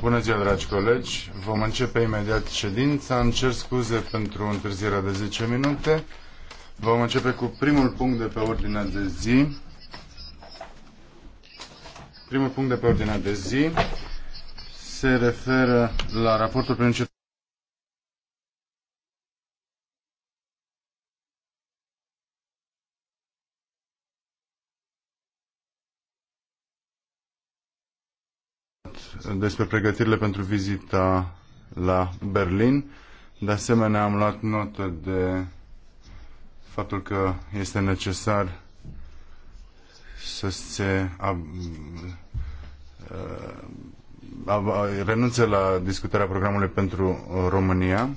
Bună ziua, dragi colegi. Vom începe imediat ședința. Îmi cer scuze pentru întârzierea de 10 minute. Vom începe cu primul punct de pe ordinea de zi. Primul punct de pe ordinea de zi se referă la raportul privind despre pregătirile pentru vizita la Berlin. De asemenea, am luat notă de faptul că este necesar să se ab, uh, ab, renunțe la discutarea programului pentru uh, România,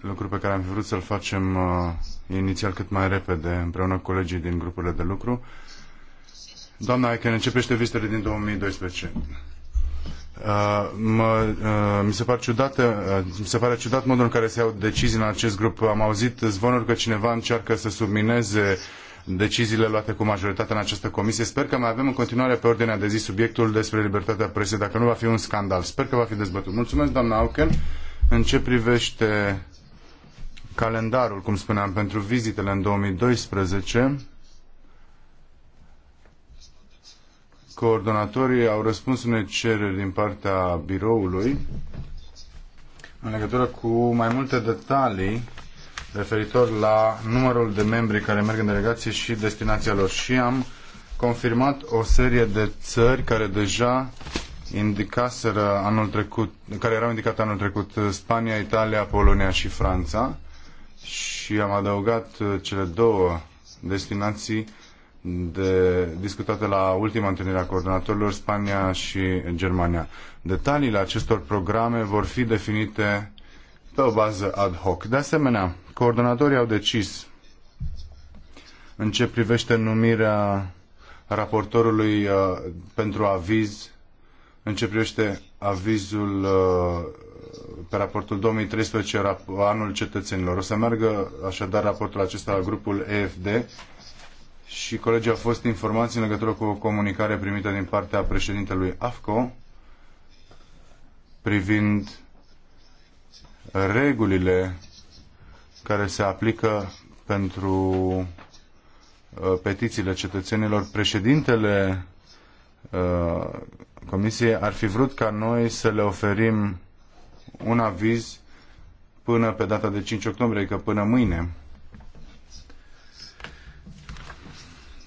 lucru pe care am vrut să-l facem uh, inițial cât mai repede împreună cu colegii din grupurile de lucru. Doamna Aiken, începește vizitele din 2012. Uh, mă, uh, mi, se pare ciudat, uh, mi se pare ciudat modul în care se iau decizii în acest grup. Am auzit zvonuri că cineva încearcă să submineze deciziile luate cu majoritate în această comisie. Sper că mai avem în continuare pe ordinea de zi subiectul despre libertatea presei, dacă nu va fi un scandal. Sper că va fi dezbătut. Mulțumesc, doamna Auken. În ce privește calendarul, cum spuneam, pentru vizitele în 2012, coordonatorii au răspuns unei cereri din partea biroului în legătură cu mai multe detalii referitor la numărul de membri care merg în delegație și destinația lor. Și am confirmat o serie de țări care deja indicaseră anul trecut, care erau indicate anul trecut, Spania, Italia, Polonia și Franța. Și am adăugat cele două destinații de, discutate la ultima întâlnire a coordonatorilor Spania și Germania. Detaliile acestor programe vor fi definite pe o bază ad hoc. De asemenea, coordonatorii au decis în ce privește numirea raportorului uh, pentru aviz, în ce privește avizul uh, pe raportul 2013, anul cetățenilor. O să meargă așadar raportul acesta la grupul EFD și colegii au fost informați în legătură cu o comunicare primită din partea președintelui AFCO privind regulile care se aplică pentru uh, petițiile cetățenilor. Președintele uh, Comisiei ar fi vrut ca noi să le oferim un aviz până pe data de 5 octombrie, că până mâine.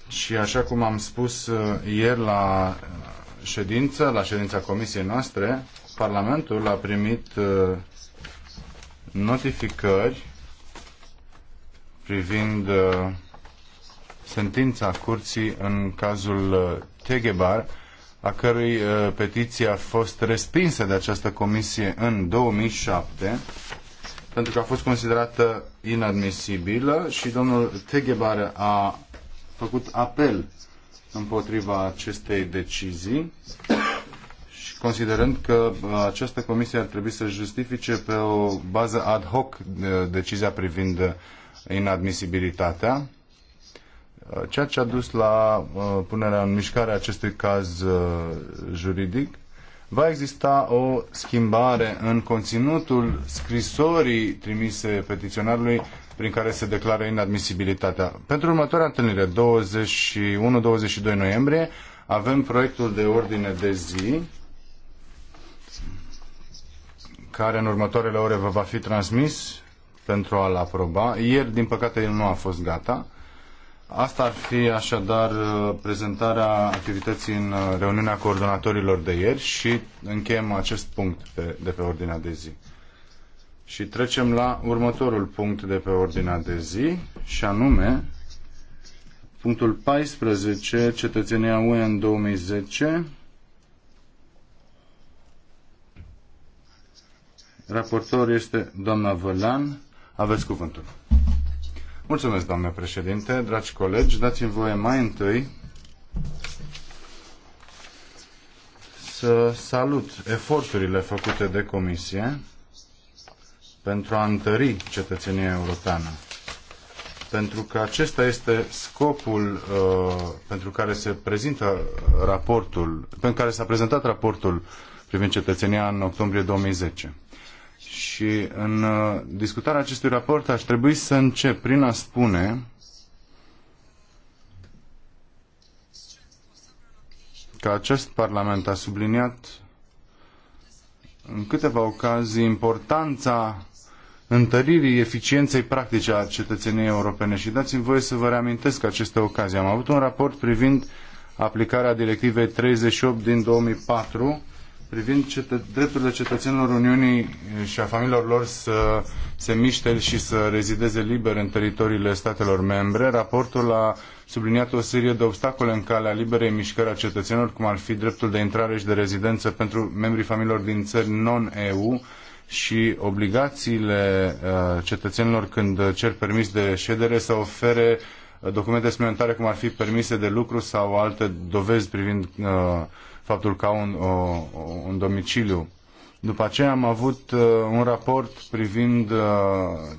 Și așa cum am spus uh, ieri la uh, ședință, la ședința comisiei noastre, Parlamentul a primit uh, notificări privind sentința curții în cazul Tegebar, a cărui petiție a fost respinsă de această comisie în 2007 pentru că a fost considerată inadmisibilă și domnul Tegebar a făcut apel împotriva acestei decizii și considerând că uh, această comisie ar trebui să justifice pe o bază ad hoc uh, decizia privind uh, inadmisibilitatea, ceea ce a dus la punerea în mișcare a acestui caz juridic. Va exista o schimbare în conținutul scrisorii trimise petiționarului prin care se declară inadmisibilitatea. Pentru următoarea întâlnire, 21-22 noiembrie, avem proiectul de ordine de zi care în următoarele ore vă va fi transmis pentru a-l aproba. Ieri, din păcate, el nu a fost gata. Asta ar fi așadar prezentarea activității în reuniunea coordonatorilor de ieri și încheiem acest punct de pe ordinea de zi. Și trecem la următorul punct de pe ordinea de zi, și anume punctul 14, cetățenia UE în 2010. Raportor este doamna Vălan. Aveți cuvântul. Mulțumesc, doamne președinte, dragi colegi. Dați-mi voie mai întâi să salut eforturile făcute de comisie pentru a întări cetățenia europeană. Pentru că acesta este scopul uh, pentru care se prezintă raportul, pentru care s-a prezentat raportul privind cetățenia în octombrie 2010. Și în uh, discutarea acestui raport aș trebui să încep prin a spune că acest Parlament a subliniat în câteva ocazii importanța întăririi eficienței practice a cetățeniei europene. Și dați-mi voie să vă reamintesc aceste ocazii. Am avut un raport privind aplicarea directivei 38 din 2004 privind cetă- drepturile cetățenilor Uniunii eh, și a familiilor lor să se miște și să rezideze liber în teritoriile statelor membre. Raportul a subliniat o serie de obstacole în calea liberei mișcări a cetățenilor, cum ar fi dreptul de intrare și de rezidență pentru membrii familiilor din țări non-EU, și obligațiile uh, cetățenilor când cer permis de ședere să ofere uh, documente suplimentare cum ar fi permise de lucru sau alte dovezi privind uh, faptul că au un, un domiciliu. După aceea am avut un raport privind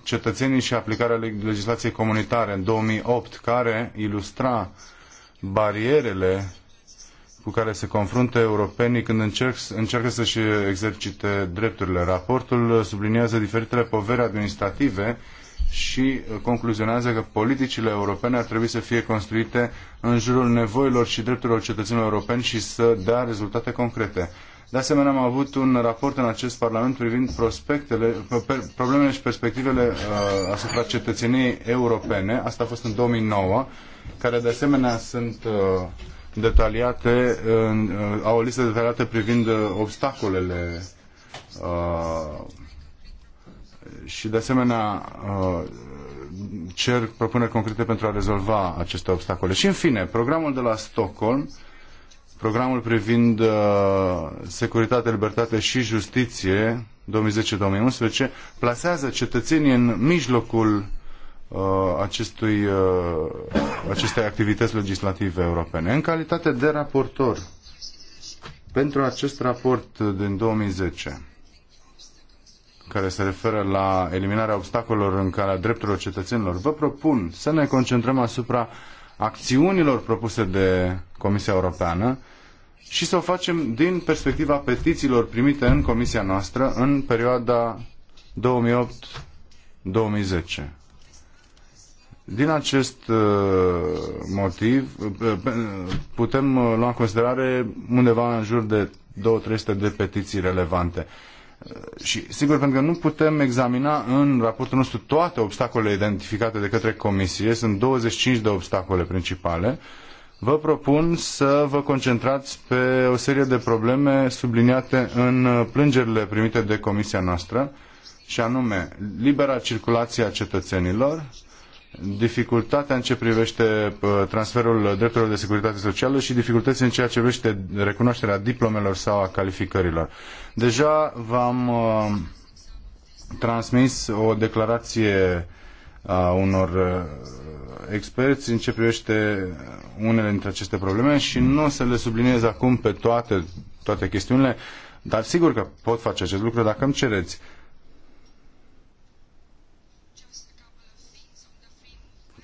cetățenii și aplicarea legislației comunitare în 2008, care ilustra barierele cu care se confruntă europenii când încerc, încearcă să-și exercite drepturile. Raportul subliniază diferitele poveri administrative și concluzionează că politicile europene ar trebui să fie construite în jurul nevoilor și drepturilor cetățenilor europeni și să dea rezultate concrete. De asemenea, am avut un raport în acest Parlament privind prospectele, problemele și perspectivele uh, asupra cetățeniei europene. Asta a fost în 2009, care de asemenea sunt uh, detaliate, uh, au o listă detaliată privind uh, obstacolele uh, și de asemenea cer propuneri concrete pentru a rezolva aceste obstacole. Și în fine, programul de la Stockholm, programul privind securitate, libertate și justiție 2010-2011, plasează cetățenii în mijlocul Uh, acestui, uh, acestei activități legislative europene. În calitate de raportor pentru acest raport din 2010, care se referă la eliminarea obstacolelor în calea drepturilor cetățenilor, vă propun să ne concentrăm asupra acțiunilor propuse de Comisia Europeană și să o facem din perspectiva petițiilor primite în Comisia noastră în perioada 2008-2010. Din acest uh, motiv uh, putem uh, lua în considerare undeva în jur de 2-300 de petiții relevante. Și sigur, pentru că nu putem examina în raportul nostru toate obstacolele identificate de către comisie, sunt 25 de obstacole principale, vă propun să vă concentrați pe o serie de probleme subliniate în plângerile primite de comisia noastră, și anume libera circulație a cetățenilor, dificultatea în ce privește uh, transferul drepturilor de securitate socială și dificultăți în ceea ce privește recunoașterea diplomelor sau a calificărilor. Deja v-am uh, transmis o declarație a unor uh, experți în ce privește unele dintre aceste probleme și nu o să le subliniez acum pe toate, toate chestiunile, dar sigur că pot face acest lucru dacă îmi cereți.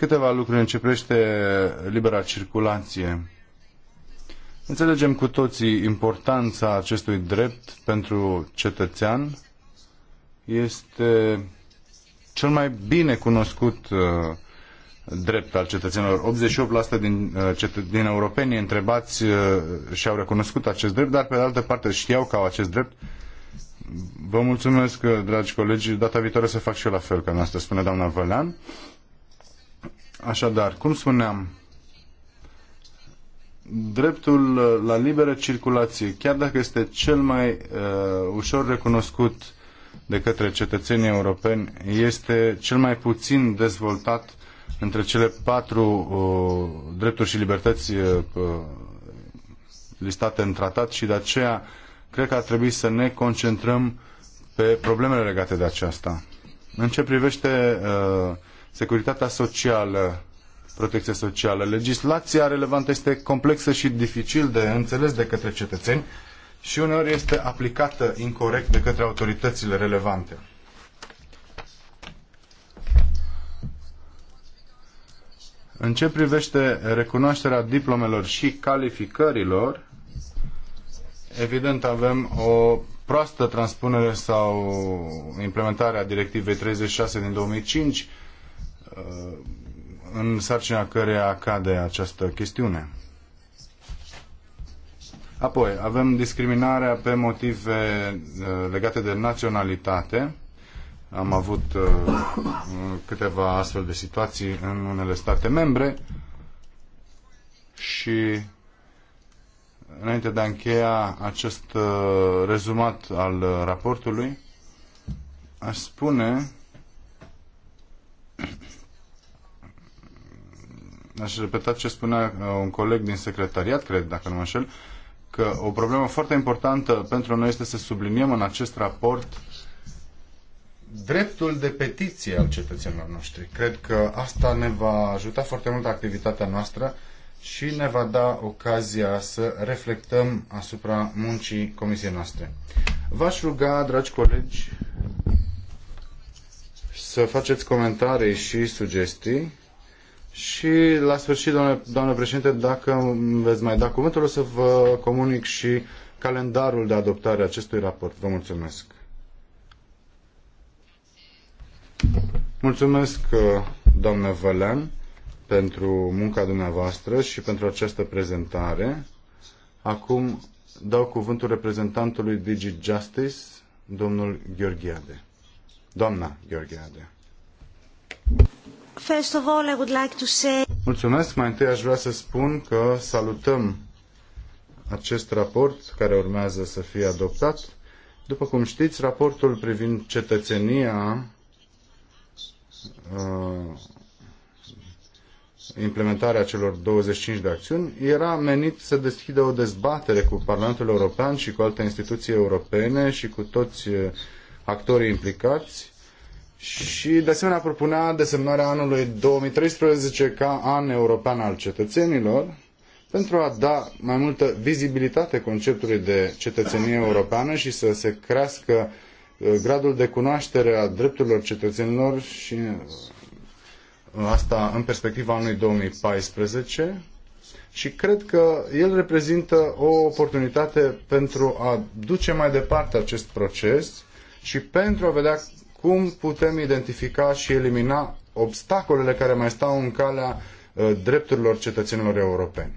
câteva lucruri în ce privește libera circulație. Înțelegem cu toții importanța acestui drept pentru cetățean. Este cel mai bine cunoscut uh, drept al cetățenilor. 88% din, uh, din europenii întrebați uh, și-au recunoscut acest drept, dar pe de altă parte știau că au acest drept. Vă mulțumesc, uh, dragi colegi. Data viitoare să fac și eu la fel ca noastră, spune doamna Vălean. Așadar, cum spuneam, dreptul la liberă circulație, chiar dacă este cel mai uh, ușor recunoscut de către cetățenii europeni, este cel mai puțin dezvoltat între cele patru uh, drepturi și libertăți uh, listate în tratat și de aceea cred că ar trebui să ne concentrăm pe problemele legate de aceasta. În ce privește uh, securitatea socială, protecția socială. Legislația relevantă este complexă și dificil de înțeles de către cetățeni și uneori este aplicată incorrect de către autoritățile relevante. În ce privește recunoașterea diplomelor și calificărilor, evident avem o proastă transpunere sau implementare a directivei 36 din 2005 Uh, în sarcina căreia cade această chestiune. Apoi, avem discriminarea pe motive uh, legate de naționalitate. Am avut uh, câteva astfel de situații în unele state membre și înainte de a încheia acest rezumat al raportului, aș spune aș repeta ce spunea uh, un coleg din secretariat, cred, dacă nu mă înșel, că o problemă foarte importantă pentru noi este să subliniem în acest raport dreptul de petiție al cetățenilor noștri. Cred că asta ne va ajuta foarte mult activitatea noastră și ne va da ocazia să reflectăm asupra muncii comisiei noastre. V-aș ruga, dragi colegi, să faceți comentarii și sugestii și la sfârșit, doamne, doamne președinte, dacă îmi veți mai da cuvântul, o să vă comunic și calendarul de adoptare a acestui raport. Vă mulțumesc. Mulțumesc, uh, doamnă Vălean, pentru munca dumneavoastră și pentru această prezentare. Acum dau cuvântul reprezentantului Digi Justice, domnul Gheorghiade. Doamna Gheorghiade. First of all, I would like to say... Mulțumesc. Mai întâi aș vrea să spun că salutăm acest raport care urmează să fie adoptat. După cum știți, raportul privind cetățenia uh, implementarea celor 25 de acțiuni era menit să deschidă o dezbatere cu Parlamentul European și cu alte instituții europene și cu toți uh, actorii implicați și de asemenea propunea desemnarea anului 2013 ca an european al cetățenilor pentru a da mai multă vizibilitate conceptului de cetățenie europeană și să se crească uh, gradul de cunoaștere a drepturilor cetățenilor și uh, asta în perspectiva anului 2014 și cred că el reprezintă o oportunitate pentru a duce mai departe acest proces și pentru a vedea cum putem identifica și elimina obstacolele care mai stau în calea uh, drepturilor cetățenilor europeni.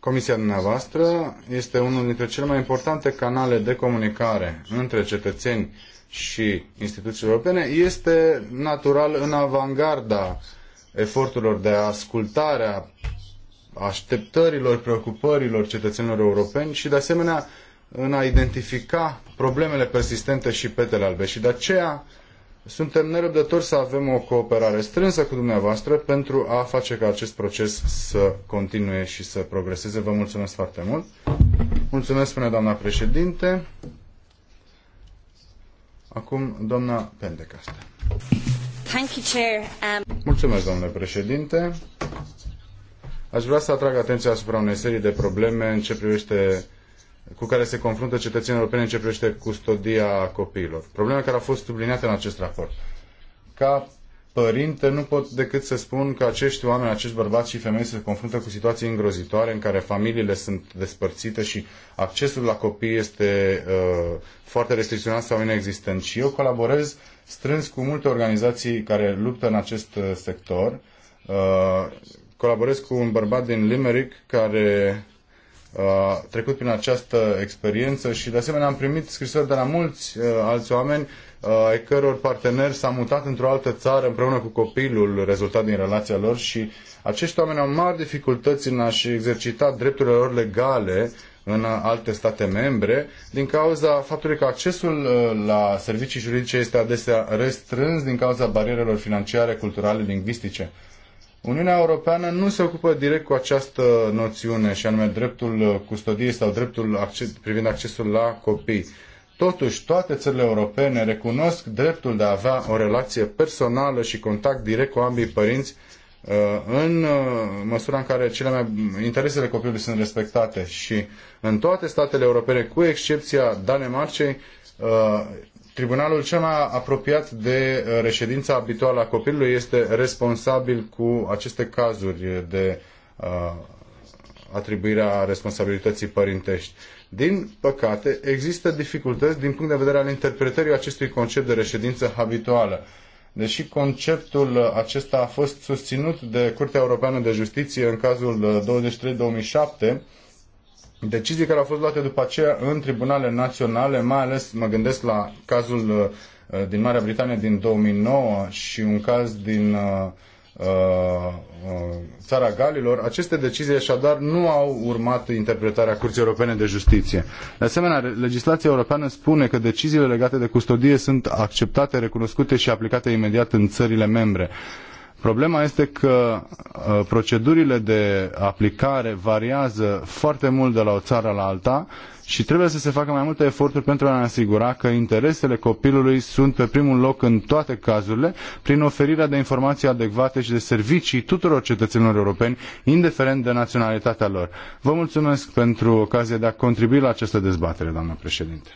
Comisia dumneavoastră este unul dintre cele mai importante canale de comunicare între cetățeni și instituțiile europene. Este natural în avangarda eforturilor de ascultare a așteptărilor, preocupărilor cetățenilor europeni și, de asemenea, în a identifica problemele persistente și petele albe. Și de aceea suntem nerăbdători să avem o cooperare strânsă cu dumneavoastră pentru a face ca acest proces să continue și să progreseze. Vă mulțumesc foarte mult. Mulțumesc, spune doamna președinte. Acum, doamna Pendecaste. Thank you, Chair. Um... Mulțumesc, domnule președinte. Aș vrea să atrag atenția asupra unei serii de probleme în ce privește cu care se confruntă cetățenii europeni în ce privește custodia copiilor. Problema care a fost subliniată în acest raport. Ca părinte, nu pot decât să spun că acești oameni, acești bărbați și femei se confruntă cu situații îngrozitoare în care familiile sunt despărțite și accesul la copii este uh, foarte restricționat sau inexistent. Și eu colaborez strâns cu multe organizații care luptă în acest uh, sector. Uh, colaborez cu un bărbat din Limerick care Uh, trecut prin această experiență și de asemenea am primit scrisori de la mulți uh, alți oameni uh, ai uh, căror partener s-a mutat într-o altă țară împreună cu copilul rezultat din relația lor și acești oameni au mari dificultăți în a-și exercita drepturile lor legale în alte state membre din cauza faptului că accesul uh, la servicii juridice este adesea restrâns din cauza barierelor financiare, culturale, lingvistice Uniunea Europeană nu se ocupă direct cu această noțiune și anume dreptul custodiei sau dreptul acces, privind accesul la copii. Totuși, toate țările europene recunosc dreptul de a avea o relație personală și contact direct cu ambii părinți uh, în uh, măsura în care cele mai, interesele copilului sunt respectate și în toate statele europene, cu excepția Danemarcei, uh, Tribunalul cel mai apropiat de uh, reședința abituală a copilului este responsabil cu aceste cazuri de uh, atribuirea responsabilității părintești. Din păcate, există dificultăți din punct de vedere al interpretării acestui concept de reședință habituală. Deși conceptul acesta a fost susținut de Curtea Europeană de Justiție în cazul 23-2007, uh, decizii care au fost luate după aceea în tribunale naționale, mai ales mă gândesc la cazul uh, din Marea Britanie din 2009 și un caz din uh, uh, țara Galilor, aceste decizii așadar nu au urmat interpretarea Curții Europene de Justiție. De asemenea, legislația europeană spune că deciziile legate de custodie sunt acceptate, recunoscute și aplicate imediat în țările membre. Uh, Problema este că uh, procedurile de aplicare variază foarte mult de la o țară la alta și trebuie să se facă mai multe eforturi pentru a ne asigura că interesele copilului sunt pe primul loc în toate cazurile, prin oferirea de informații adecvate și de servicii tuturor cetățenilor europeni, indiferent de naționalitatea lor. Vă mulțumesc pentru ocazia de a contribui la această dezbatere, doamnă președinte.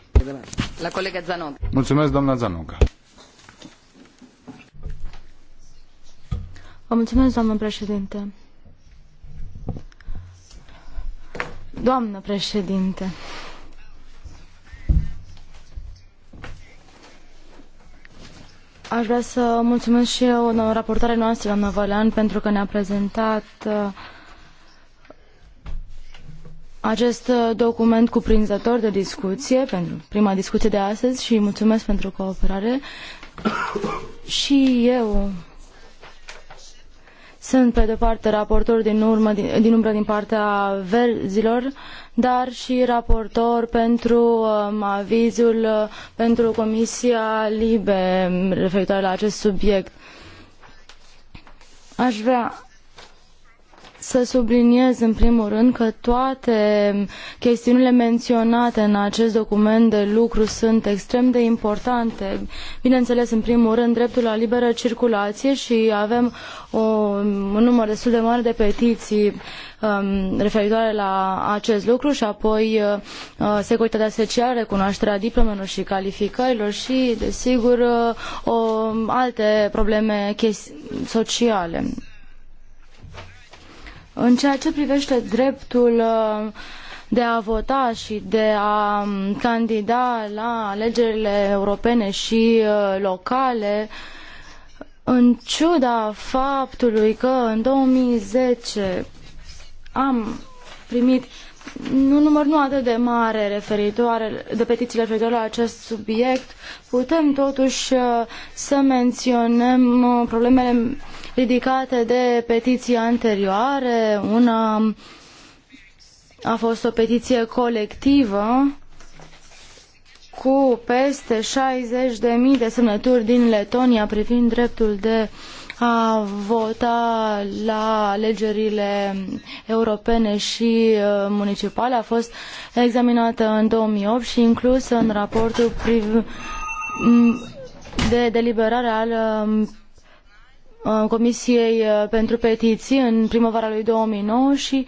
La colega Zanoga. Mulțumesc, doamna Zanoga. mulțumesc, doamnă președinte. Doamnă președinte. Aș vrea să mulțumesc și eu raportarea noastră, doamna Valean, pentru că ne-a prezentat uh, acest uh, document cuprinzător de discuție, pentru prima discuție de astăzi și mulțumesc pentru cooperare. Și eu sunt, pe de-o parte, raportor din, urmă, din, din umbră din partea verzilor, dar și raportor pentru um, avizul uh, pentru Comisia Libe um, referitoare la acest subiect. Aș vrea să subliniez în primul rând că toate chestiunile menționate în acest document de lucru sunt extrem de importante. Bineînțeles, în primul rând, dreptul la liberă circulație și avem o, un număr destul de mare de petiții um, referitoare la acest lucru și apoi uh, uh securitatea socială, recunoașterea diplomelor și calificărilor și, desigur, uh, o, alte probleme sociale în ceea ce privește dreptul uh, de a vota și de a um, candida la alegerile europene și uh, locale, în ciuda faptului că în 2010 am primit un număr nu atât de mare referitoare, de petiții referitoare la acest subiect, putem totuși uh, să menționăm problemele ridicate de petiții anterioare. Una a fost o petiție colectivă cu peste 60.000 de semnături din Letonia privind dreptul de a vota la alegerile europene și uh, municipale a fost examinată în 2008 și inclusă în raportul priv- de deliberare al um, Comisiei pentru Petiții în primăvara lui 2009 și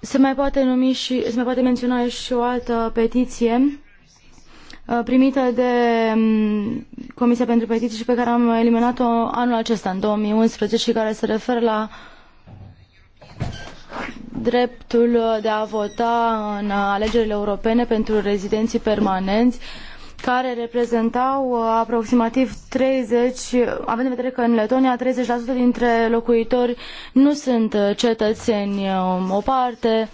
se mai poate numi și se mai poate menționa și o altă petiție primită de Comisia pentru Petiții și pe care am eliminat-o anul acesta, în 2011, și care se referă la dreptul de a vota în alegerile europene pentru rezidenții permanenți uh, care reprezentau uh, aproximativ 30, având în vedere că în Letonia 30% dintre locuitori nu sunt uh, cetățeni, um, o parte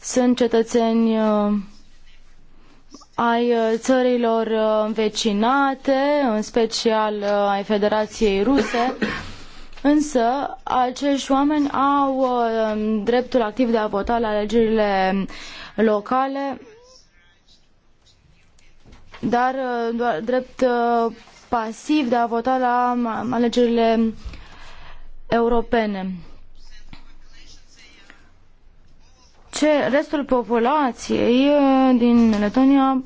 sunt cetățeni uh, ai țărilor vecinate, în special ai Federației Ruse, însă acești oameni au dreptul activ de a vota la alegerile locale dar uh, doar, drept uh, pasiv de a vota la alegerile europene. Ce restul populației uh, din Letonia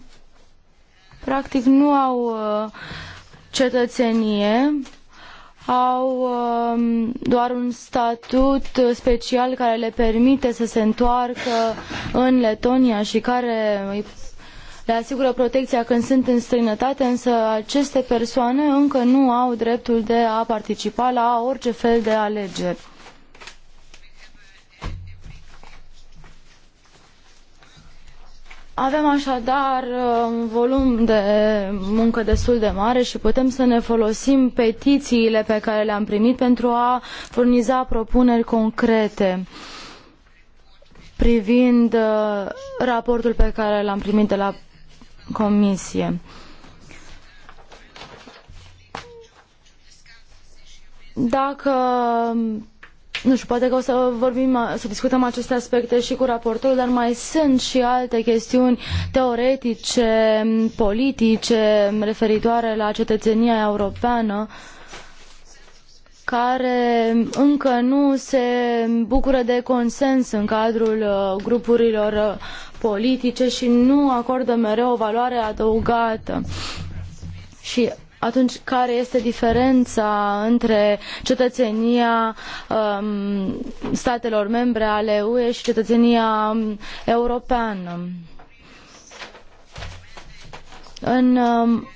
practic nu au cetățenie, au um, doar un statut special care le permite să se întoarcă în Letonia și care îi le asigură protecția când sunt în străinătate, însă aceste persoane încă nu au dreptul de a participa la orice fel de alegeri. Avem așadar un um, volum de muncă destul de mare și putem să ne folosim petițiile pe care le-am primit pentru a furniza propuneri concrete privind uh, raportul pe care l-am primit de la comisie. Dacă nu știu, poate că o să vorbim, să discutăm aceste aspecte și cu raportorul, dar mai sunt și alte chestiuni teoretice, politice, referitoare la cetățenia europeană. Uh, care încă nu se bucură de consens în cadrul uh, grupurilor uh, politice și nu acordă mereu o valoare adăugată. Și atunci care este diferența între cetățenia um, statelor membre ale UE și cetățenia um, europeană? În um,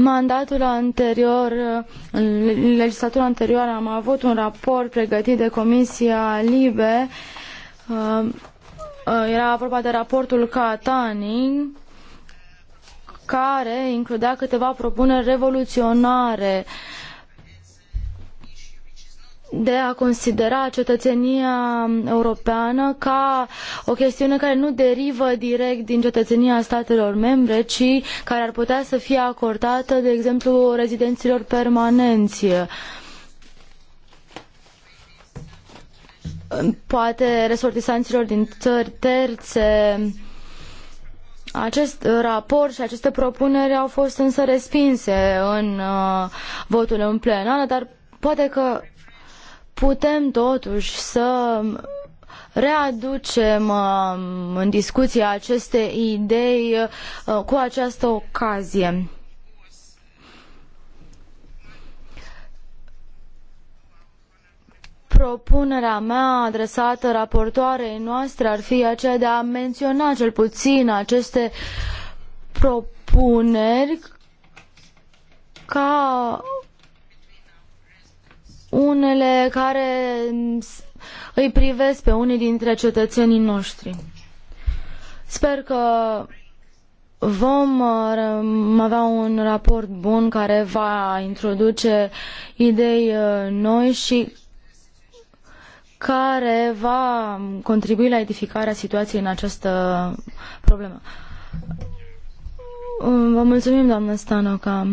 mandatul anterior, în legislatura anterioară, am avut un raport pregătit de Comisia Libe. Uh, uh, era vorba de raportul Catani, care includea câteva propuneri revoluționare uh, de a considera cetățenia europeană ca o chestiune care nu derivă direct din cetățenia statelor membre, ci care ar putea să fie acordată, de exemplu, rezidenților permanenți. Poate resortisanților din țări terțe. Acest raport și aceste propuneri au fost însă respinse în uh, votul în plenară, dar poate că putem totuși să readucem um, în discuție aceste idei uh, cu această ocazie. propunerea mea adresată raportoarei noastre ar fi aceea de a menționa cel puțin aceste propuneri ca unele care îi privesc pe unii dintre cetățenii noștri. Sper că vom uh, avea un raport bun care va introduce idei uh, noi și care va contribui la edificarea situației în această problemă. Vă mulțumim, doamnă Stanoca.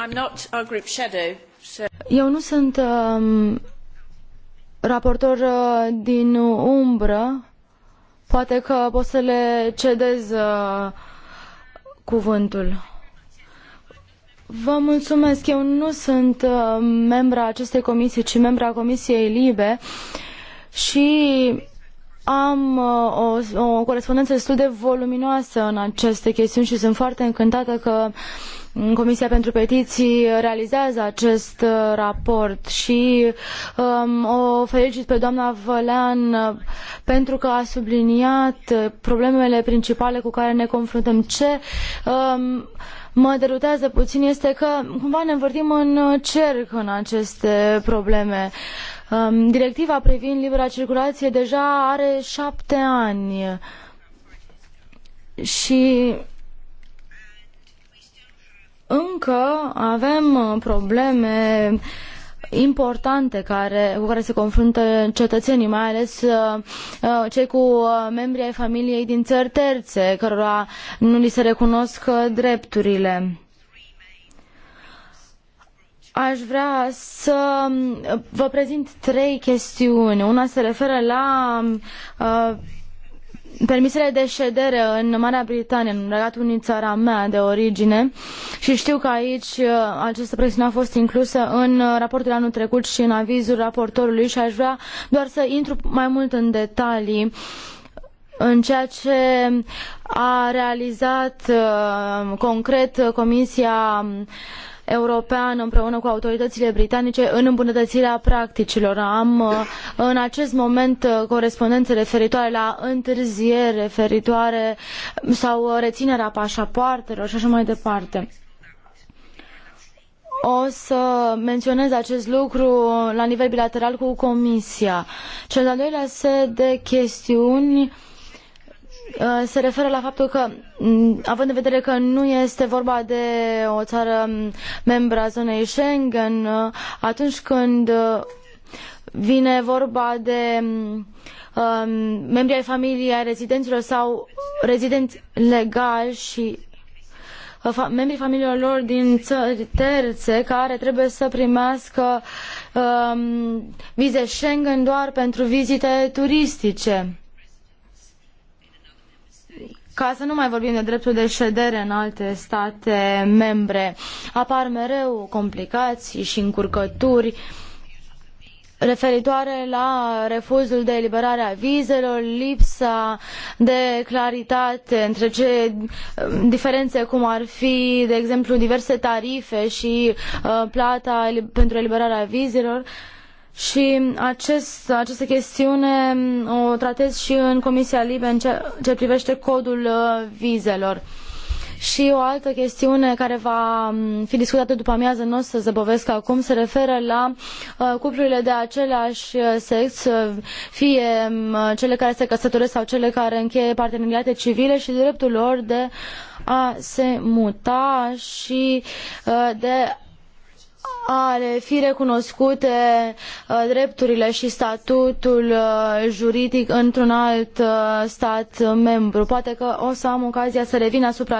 Um, Eu nu sunt um, raportor uh, din umbră. Poate că pot să le cedez uh, cuvântul. Vă mulțumesc. Eu nu sunt uh, membra acestei comisii, ci membra Comisiei Libe și am uh, o, o corespondență destul de voluminoasă în aceste chestiuni și sunt foarte încântată că uh, Comisia pentru Petiții realizează acest uh, raport și um, o felicit pe doamna Vălean uh, pentru că a subliniat uh, problemele principale cu care ne confruntăm. Ce um, mă derutează puțin este că cumva ne învârtim în cerc în aceste probleme. Um, directiva privind libera circulație deja are șapte ani și încă avem uh, probleme importante care, cu care se confruntă cetățenii, mai ales uh, uh cei cu uh, membrii ai familiei din țări terțe, cărora nu li se recunosc drepturile. Aș vrea să vă prezint trei chestiuni. Una se referă la uh, permisele de ședere în Marea Britanie, în Regatul Unit, țara mea de origine și știu că aici uh, această presiune a fost inclusă în uh, raportul anul trecut și în avizul raportorului și aș vrea doar să intru mai mult în detalii în ceea ce a realizat uh, concret Comisia um, European împreună cu autoritățile britanice în îmbunătățirea practicilor. Am uh, în acest moment uh, corespondențe referitoare la întârzieri, referitoare sau uh, reținerea pașapoartelor și așa mai departe. O să menționez acest lucru la nivel bilateral cu Comisia. Cel de-al doilea set de chestiuni uh, Uh, se referă la faptul că, mm, având în vedere că nu este vorba de o țară mm, membra zonei Schengen, uh, atunci când uh, vine vorba de mm, um, membrii ai familiei, ai rezidenților sau rezidenți legali și membrii familiilor lor din țări terțe care trebuie să primească um, vize Schengen doar pentru vizite turistice ca să nu mai vorbim de dreptul de ședere în alte state membre. Apar mereu complicații și încurcături referitoare la refuzul de eliberare a vizelor, lipsa de claritate între ce diferențe cum ar fi, de exemplu, diverse tarife și uh, plata pentru eliberarea vizelor. Uh, și acest, această chestiune o tratez și în Comisia Libe în ce, ce privește codul uh, vizelor. Și o altă chestiune care va fi discutată după amiază, nu o să zăbovesc acum, se referă la uh, cuplurile de același uh, sex, fie cele care se căsătoresc sau cele care încheie parteneriate civile și dreptul lor de a se muta și de a le fi recunoscute uh, drepturile și statutul uh, juridic într-un alt uh, stat membru. Poate că o să am ocazia să revin asupra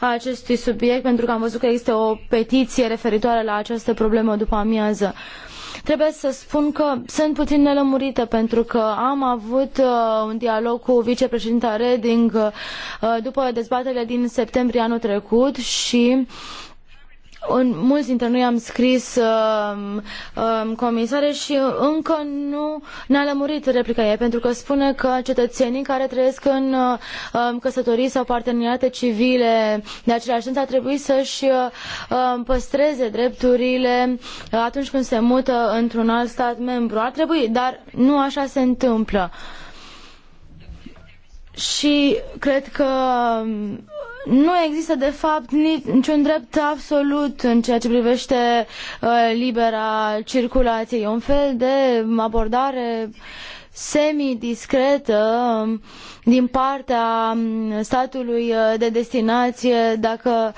acestui subiect pentru că am văzut că există o petiție referitoare la această problemă după amiază. Trebuie să spun că sunt puțin nelămurită pentru că am avut un dialog cu vicepreședinta Reding după dezbaterile din septembrie anul trecut și uh, un mulți dintre noi am scris um, um, comisare și încă nu ne-a lămurit replica ei, pentru că spune că cetățenii care trăiesc în uh, um, căsătorii sau parteneriate civile de același sens ar trebui să-și uh, um, păstreze drepturile atunci când se mută într-un alt stat membru. Ar trebui, dar nu așa se întâmplă. Și cred că um, nu există de fapt niciun drept absolut în ceea ce privește uh, libera circulație. E un fel de abordare semidiscretă um, din partea um, statului uh, de destinație dacă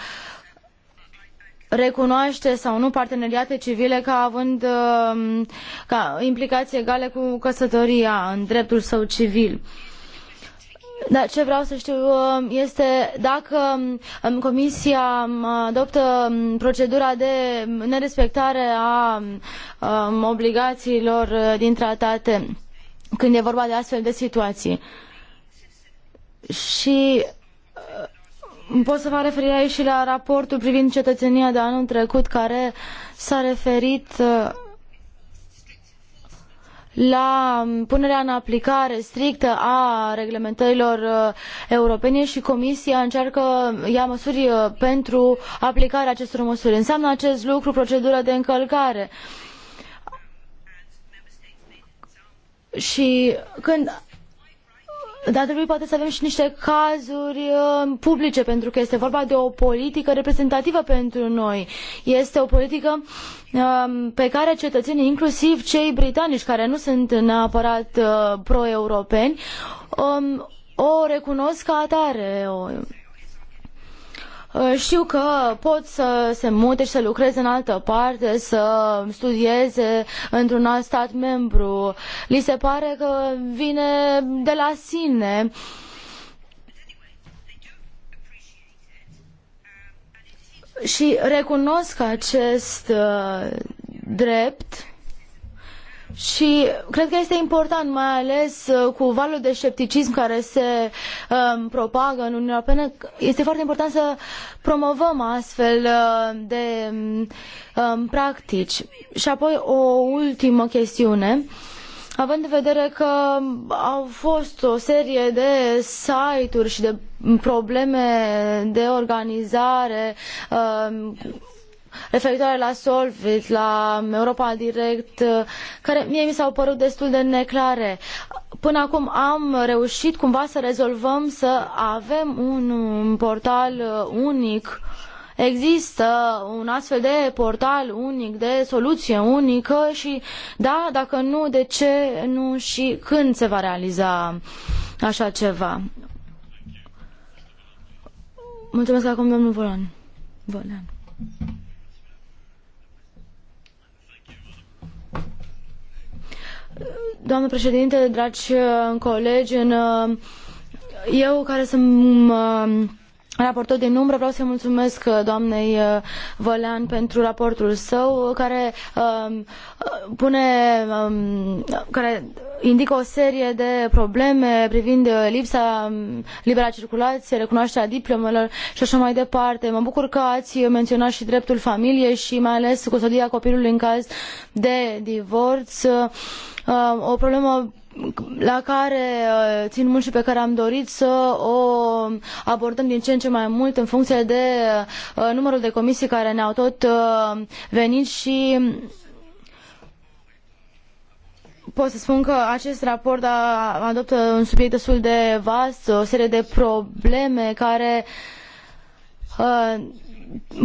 recunoaște sau nu parteneriate civile ca având um, ca implicații egale cu căsătoria în dreptul său civil. Uh, da, ce vreau să știu um, este dacă um, um, Comisia adoptă procedura de nerespectare a obligațiilor uh, din tratate când e vorba de astfel de situații. Și uh, pot să fac referire aici și la raportul privind cetățenia de anul trecut care s-a referit uh, la punerea în aplicare strictă a reglementărilor uh, europene și Comisia încearcă, uh, ia măsuri uh, pentru aplicarea acestor măsuri. Înseamnă acest lucru procedură de încălcare. Și când dar trebuie poate să avem și niște cazuri uh, publice, pentru că este vorba de o politică reprezentativă pentru noi. Este o politică um, pe care cetățenii, inclusiv cei britanici, care nu sunt neapărat uh, pro-europeni, um, o recunosc ca atare. O Uh, știu că pot să se mute și să lucreze în altă parte, să studieze într-un alt stat membru. Li se pare că vine de la sine. Și recunosc acest uh, drept și cred că este important, mai ales uh, cu valul de scepticism care se um, propagă în Uniunea Europeană, este foarte important să promovăm astfel uh, de um, practici. Și apoi o ultimă chestiune. Având în vedere că au fost o serie de site-uri și de probleme de organizare, um, referitoare la Solvit, la Europa Direct, uh, care mie mi s-au părut destul de neclare. Până acum am reușit cumva să rezolvăm să avem un portal uh, unic există un astfel de portal unic, de soluție unică și da, dacă nu, de ce nu și când se va realiza așa ceva? Mulțumesc acum domnul Volan. Volan. Doamnă președinte, dragi uh, colegi, în, uh, eu care sunt uh, raportor din umbră, vreau să-i mulțumesc uh, doamnei uh, Vălean pentru raportul său uh, care um, pune um, care indică o serie de probleme privind lipsa um, libera circulație, recunoașterea diplomelor și așa mai departe. Mă bucur că ați menționat și dreptul familiei și mai ales custodia copilului în caz de divorț, um, o problemă la care uh, țin mult și pe care am dorit să o abordăm din ce în ce mai mult în funcție de uh, numărul de comisii care ne-au tot uh, venit și pot să spun că acest raport adoptă un subiect destul de vast, o serie de probleme care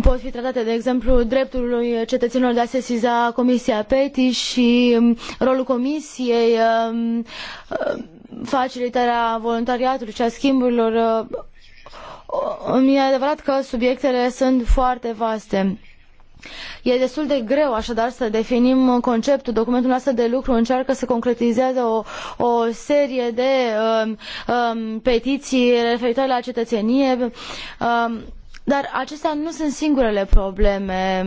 pot fi tratate, de exemplu, dreptul cetățenilor de a sesiza Comisia PETI și um, rolul Comisiei, um, uh, facilitarea voluntariatului și a schimburilor. Uh, e adevărat că subiectele sunt foarte vaste. E destul de greu așadar să definim conceptul. Documentul nostru de lucru încearcă să concretizeze o, o serie de um, um, petiții referitoare la cetățenie. Um, dar acestea nu sunt singurele probleme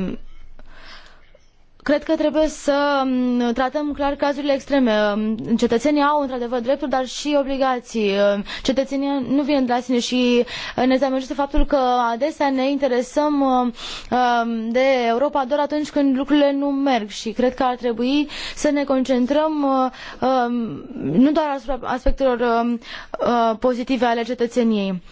cred că trebuie să tratăm clar cazurile extreme. Cetățenii au într-adevăr drepturi, dar și obligații. Cetățenii nu vine de la sine și ne zamăjește faptul că adesea ne interesăm de Europa doar atunci când lucrurile nu merg și cred că ar trebui să ne concentrăm nu doar asupra aspectelor pozitive ale cetățeniei.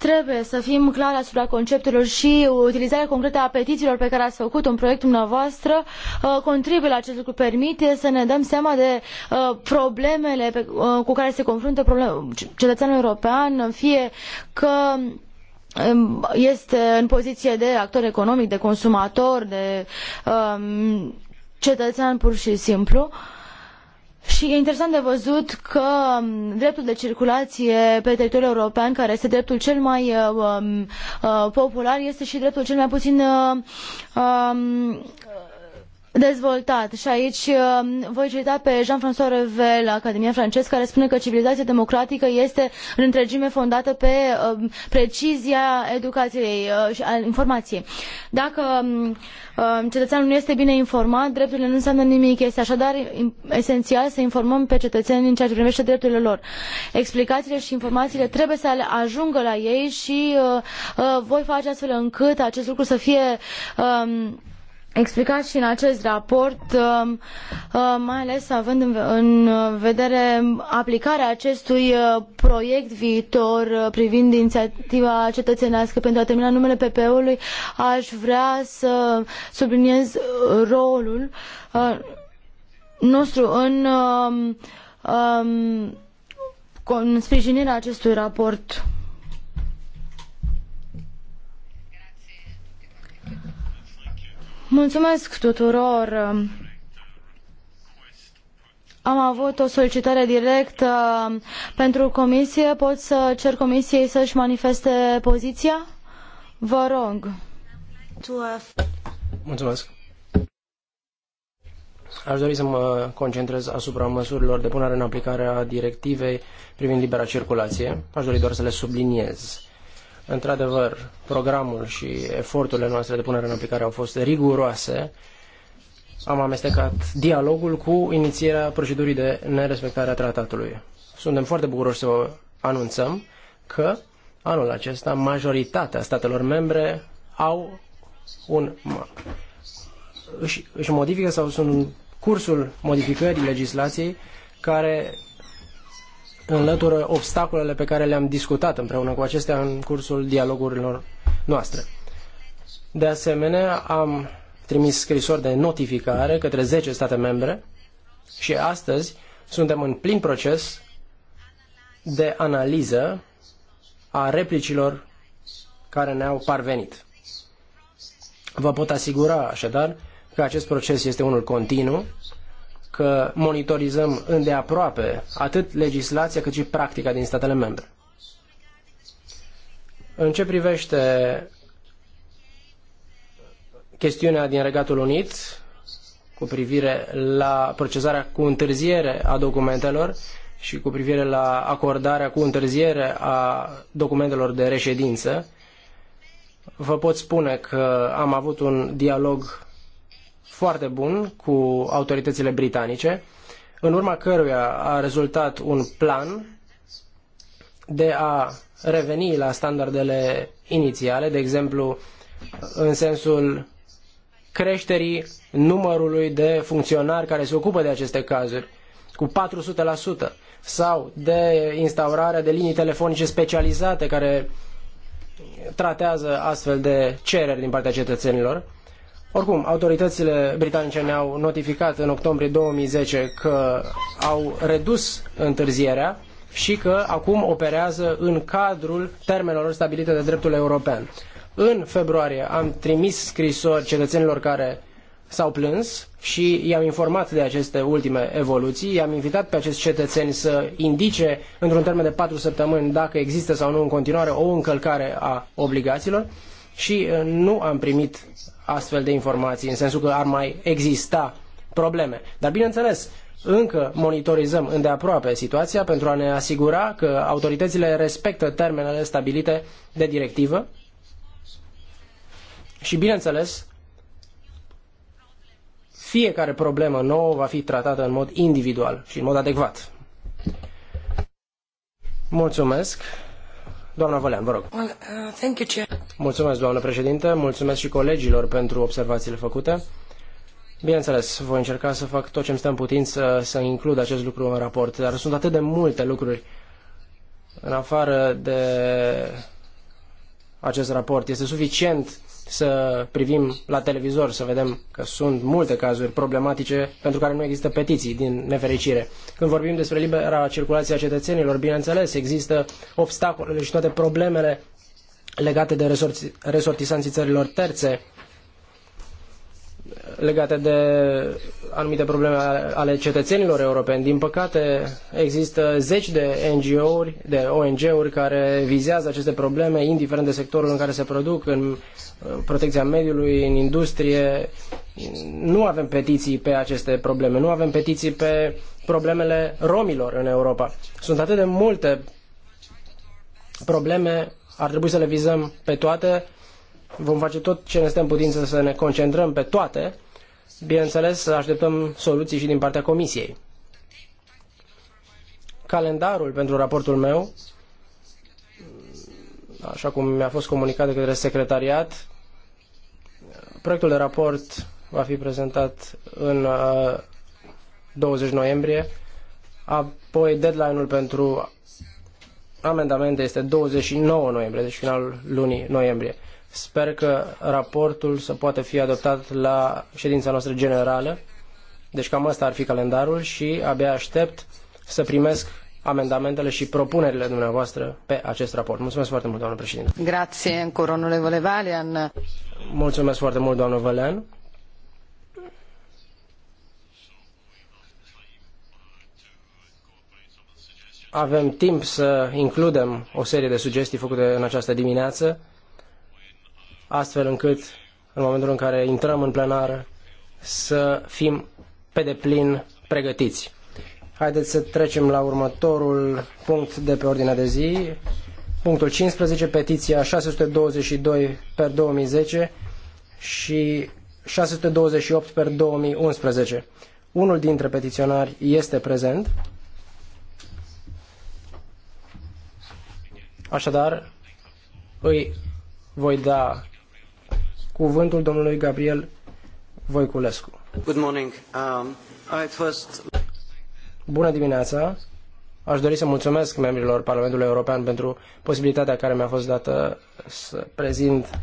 Trebuie să fim clari asupra conceptelor și utilizarea concretă a petițiilor pe care ați făcut un proiect dumneavoastră uh, contribuie la acest lucru, permite să ne dăm seama de uh, problemele uh, cu care se confruntă cetățeanul european, fie că um, este în poziție de actor economic, de consumator, de um, cetățean pur și simplu. Uh, și e interesant de văzut că um, dreptul de circulație pe teritoriul european, care este dreptul cel mai uh, um, uh popular, este și dreptul cel mai puțin uh, um, uh, dezvoltat și aici um, voi cita pe Jean-François Revel, Academia Francesc, care spune că civilizația democratică este în întregime fondată pe um, precizia educației uh, și a informației. Dacă um, cetățeanul nu este bine informat, drepturile nu înseamnă nimic. Este așadar esențial să informăm pe cetățeni în ceea ce privește drepturile lor. Explicațiile și informațiile trebuie să ajungă la ei și uh, uh, voi face astfel încât acest lucru să fie explicat și în acest raport, um, um, mai ales având în vedere aplicarea acestui uh, proiect viitor uh, privind inițiativa cetățenească pentru a termina numele PP-ului, aș vrea să subliniez rolul uh, nostru în, în um, sprijinirea acestui raport. Mulțumesc tuturor. Am avut o solicitare directă pentru comisie. Pot să cer comisiei să-și manifeste poziția? Vă rog. Mulțumesc. Aș dori să mă concentrez asupra măsurilor de punere în aplicare a directivei privind libera circulație. Aș dori doar să le subliniez. Într-adevăr, programul și eforturile noastre de punere în aplicare au fost riguroase. Am amestecat dialogul cu inițierea procedurii de nerespectare a tratatului. Suntem foarte bucuroși să anunțăm că anul acesta majoritatea statelor membre au un își, își modifică sau sunt în cursul modificării legislației care înlătură obstacolele pe care le-am discutat împreună cu acestea în cursul dialogurilor noastre. De asemenea, am trimis scrisori de notificare către zece state membre și astăzi suntem în plin proces de analiză a replicilor care ne-au parvenit. Vă pot asigura așadar că acest proces este unul continuu că monitorizăm îndeaproape atât legislația cât și practica din statele membre. În ce privește chestiunea din Regatul Unit cu privire la procesarea cu întârziere a documentelor și cu privire la acordarea cu întârziere a documentelor de reședință, vă pot spune că am avut un dialog foarte bun cu autoritățile britanice, în urma căruia a rezultat un plan de a reveni la standardele inițiale, de exemplu, în sensul creșterii numărului de funcționari care se ocupă de aceste cazuri cu 400% sau de instaurarea de linii telefonice specializate care tratează astfel de cereri din partea cetățenilor. Oricum, autoritățile britanice ne-au notificat în octombrie 2010 că au redus întârzierea și că acum operează în cadrul termenelor stabilite de dreptul european. În februarie am trimis scrisori cetățenilor care s-au plâns și i-am informat de aceste ultime evoluții, i-am invitat pe acești cetățeni să indice într-un termen de patru săptămâni dacă există sau nu în continuare o încălcare a obligațiilor și uh, nu am primit astfel de informații, în sensul că ar mai exista probleme. Dar bineînțeles, încă monitorizăm îndeaproape situația pentru a ne asigura că autoritățile respectă termenele stabilite de directivă și, bineînțeles, fiecare problemă nouă va fi tratată în mod individual și în mod adecvat. Mulțumesc! Doamna Vălean, vă rog. Well, uh, thank you, Chair. Mulțumesc, doamnă președintă. mulțumesc și colegilor pentru observațiile făcute. Bineînțeles, voi încerca să fac tot ce-mi stă în putință să includ acest lucru în raport, dar sunt atât de multe lucruri în afară de acest raport. Este suficient să privim la televizor, să vedem că sunt multe cazuri problematice pentru care nu există petiții, din nefericire. Când vorbim despre libera circulație a cetățenilor, bineînțeles, există obstacolele și toate problemele legate de resorti, resortisanții țărilor terțe legate de anumite probleme ale cetățenilor europeni. Din păcate, există zeci de NGO-uri, de ONG-uri care vizează aceste probleme, indiferent de sectorul în care se produc, în uh, protecția mediului, în industrie. Nu avem petiții pe aceste probleme, nu avem petiții pe problemele romilor în Europa. Sunt atât de multe probleme, ar trebui să le vizăm pe toate Vom face tot ce ne stă în putință să ne concentrăm pe toate. Bineînțeles, să așteptăm soluții și din partea Comisiei. Calendarul pentru raportul meu, așa cum mi-a fost comunicat de către secretariat, proiectul de raport va fi prezentat în 20 uh, noiembrie, apoi deadline-ul pentru amendamente este 29 noiembrie, deci finalul lunii noiembrie. Sper că raportul să poată fi adoptat la ședința noastră generală. Deci cam asta ar fi calendarul și abia aștept să primesc amendamentele și propunerile dumneavoastră pe acest raport. Mulțumesc foarte mult, doamnă președinte. Grație, încă onorevole Valian. Mulțumesc foarte mult, doamnă Vălean. Avem timp să includem o serie de sugestii făcute în această dimineață astfel încât în momentul în care intrăm în plenară să fim pe deplin pregătiți. Haideți să trecem la următorul punct de pe ordinea de zi. Punctul 15, petiția 622 per 2010 și 628 per 2011. Unul dintre petiționari este prezent. Așadar, îi voi da cuvântul domnului Gabriel Voiculescu. Good morning. Um, I first... Bună dimineața! Aș dori să mulțumesc membrilor Parlamentului European pentru posibilitatea care mi-a fost dată să prezint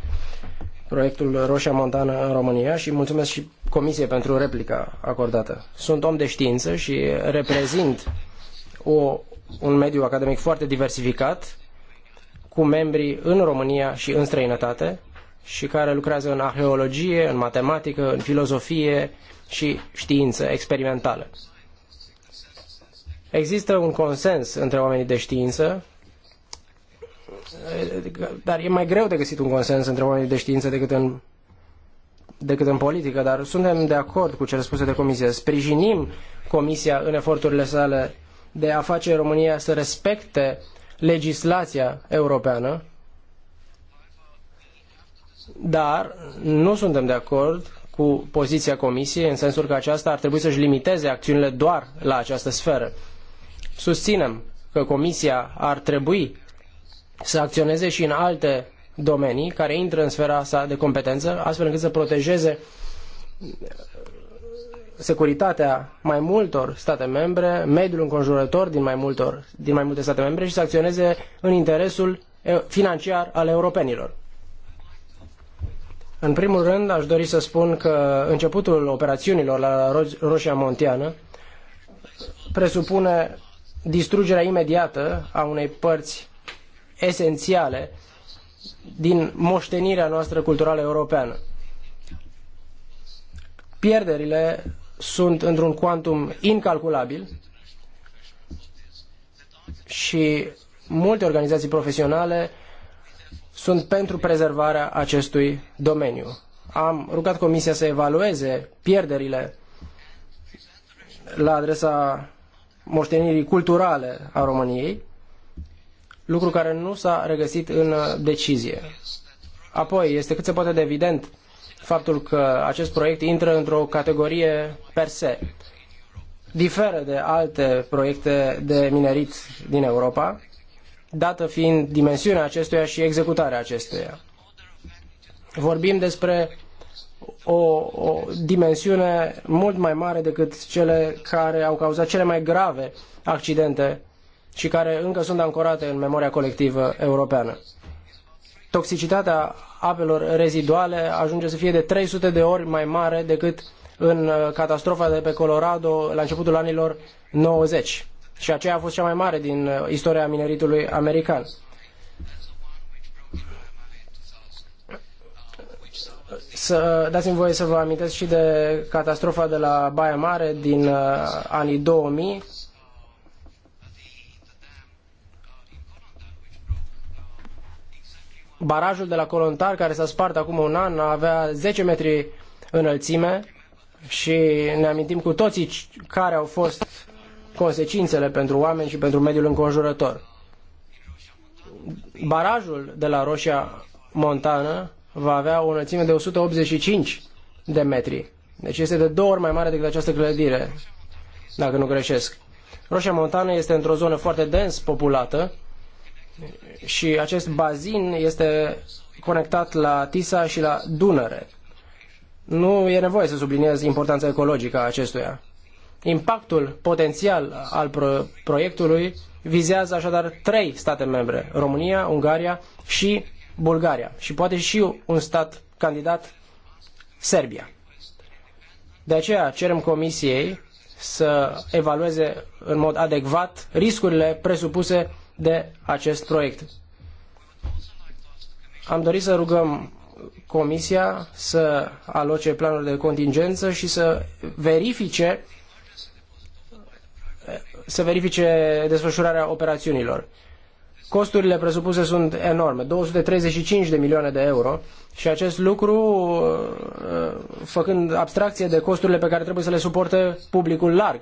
proiectul Roșia Montană în România și mulțumesc și Comisiei pentru replica acordată. Sunt om de știință și reprezint o, un mediu academic foarte diversificat cu membri în România și în străinătate și care lucrează în arheologie, în matematică, în filozofie și știință experimentală. Există un consens între oamenii de știință, dar e mai greu de găsit un consens între oamenii de știință decât în, decât în politică, dar suntem de acord cu cele spuse de comisie. Sprijinim comisia în eforturile sale de a face România să respecte legislația europeană, dar nu suntem de acord cu poziția Comisiei în sensul că aceasta ar trebui să-și limiteze acțiunile doar la această sferă. Susținem că Comisia ar trebui să acționeze și în alte domenii care intră în sfera sa de competență, astfel încât să protejeze securitatea mai multor state membre, mediul înconjurător din mai, multor, din mai multe state membre și să acționeze în interesul eh, financiar al europenilor. În primul rând, aș dori să spun că începutul operațiunilor la Ro Roșia Monteană presupune distrugerea imediată a unei părți esențiale din moștenirea noastră culturală europeană. Pierderile sunt într-un cuantum incalculabil și multe organizații profesionale sunt pentru prezervarea acestui domeniu. Am rugat Comisia să evalueze pierderile la adresa moștenirii culturale a României, lucru care nu s-a regăsit în decizie. Apoi, este cât se poate de evident faptul că acest proiect intră într-o categorie per se. Diferă de alte proiecte de minerit din Europa dată fiind dimensiunea acestuia și executarea acestuia. Vorbim despre o, o dimensiune mult mai mare decât cele care au cauzat cele mai grave accidente și care încă sunt ancorate în memoria colectivă europeană. Toxicitatea apelor reziduale ajunge să fie de 300 de ori mai mare decât în uh, catastrofa de pe Colorado la începutul anilor 90 și aceea a fost cea mai mare din uh, istoria mineritului american. Să uh, dați-mi voie să vă amintesc și de catastrofa de la Baia Mare din uh, anii 2000. Barajul de la Colontar, care s-a spart acum un an, avea 10 metri înălțime și ne amintim cu toții care au fost consecințele pentru oameni și pentru mediul înconjurător. Barajul de la Roșia Montană va avea o înălțime de 185 de metri. Deci este de două ori mai mare decât această clădire, dacă nu greșesc. Roșia Montană este într-o zonă foarte dens populată și acest bazin este conectat la Tisa și la Dunăre. Nu e nevoie să subliniez importanța ecologică a acestuia. Impactul potențial al proiectului vizează așadar trei state membre, România, Ungaria și Bulgaria și poate și un stat candidat, Serbia. De aceea cerem Comisiei să evalueze în mod adecvat riscurile presupuse de acest proiect. Am dorit să rugăm Comisia să aloce planuri de contingență și să verifice să verifice desfășurarea operațiunilor. Costurile presupuse sunt enorme, 235 de milioane de euro și acest lucru uh, făcând abstracție de costurile pe care trebuie să le suporte publicul larg.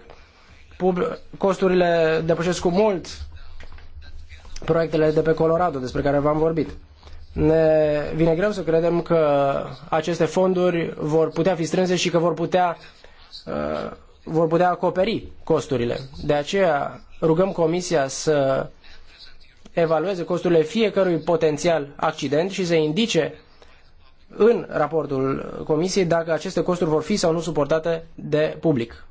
Pub- costurile depășesc cu mult proiectele de pe Colorado despre care v-am vorbit. Ne vine greu să credem că aceste fonduri vor putea fi strânse și că vor putea uh, vor putea acoperi costurile. De aceea rugăm Comisia să evalueze costurile fiecărui potențial accident și să indice în raportul Comisiei dacă aceste costuri vor fi sau nu suportate de public.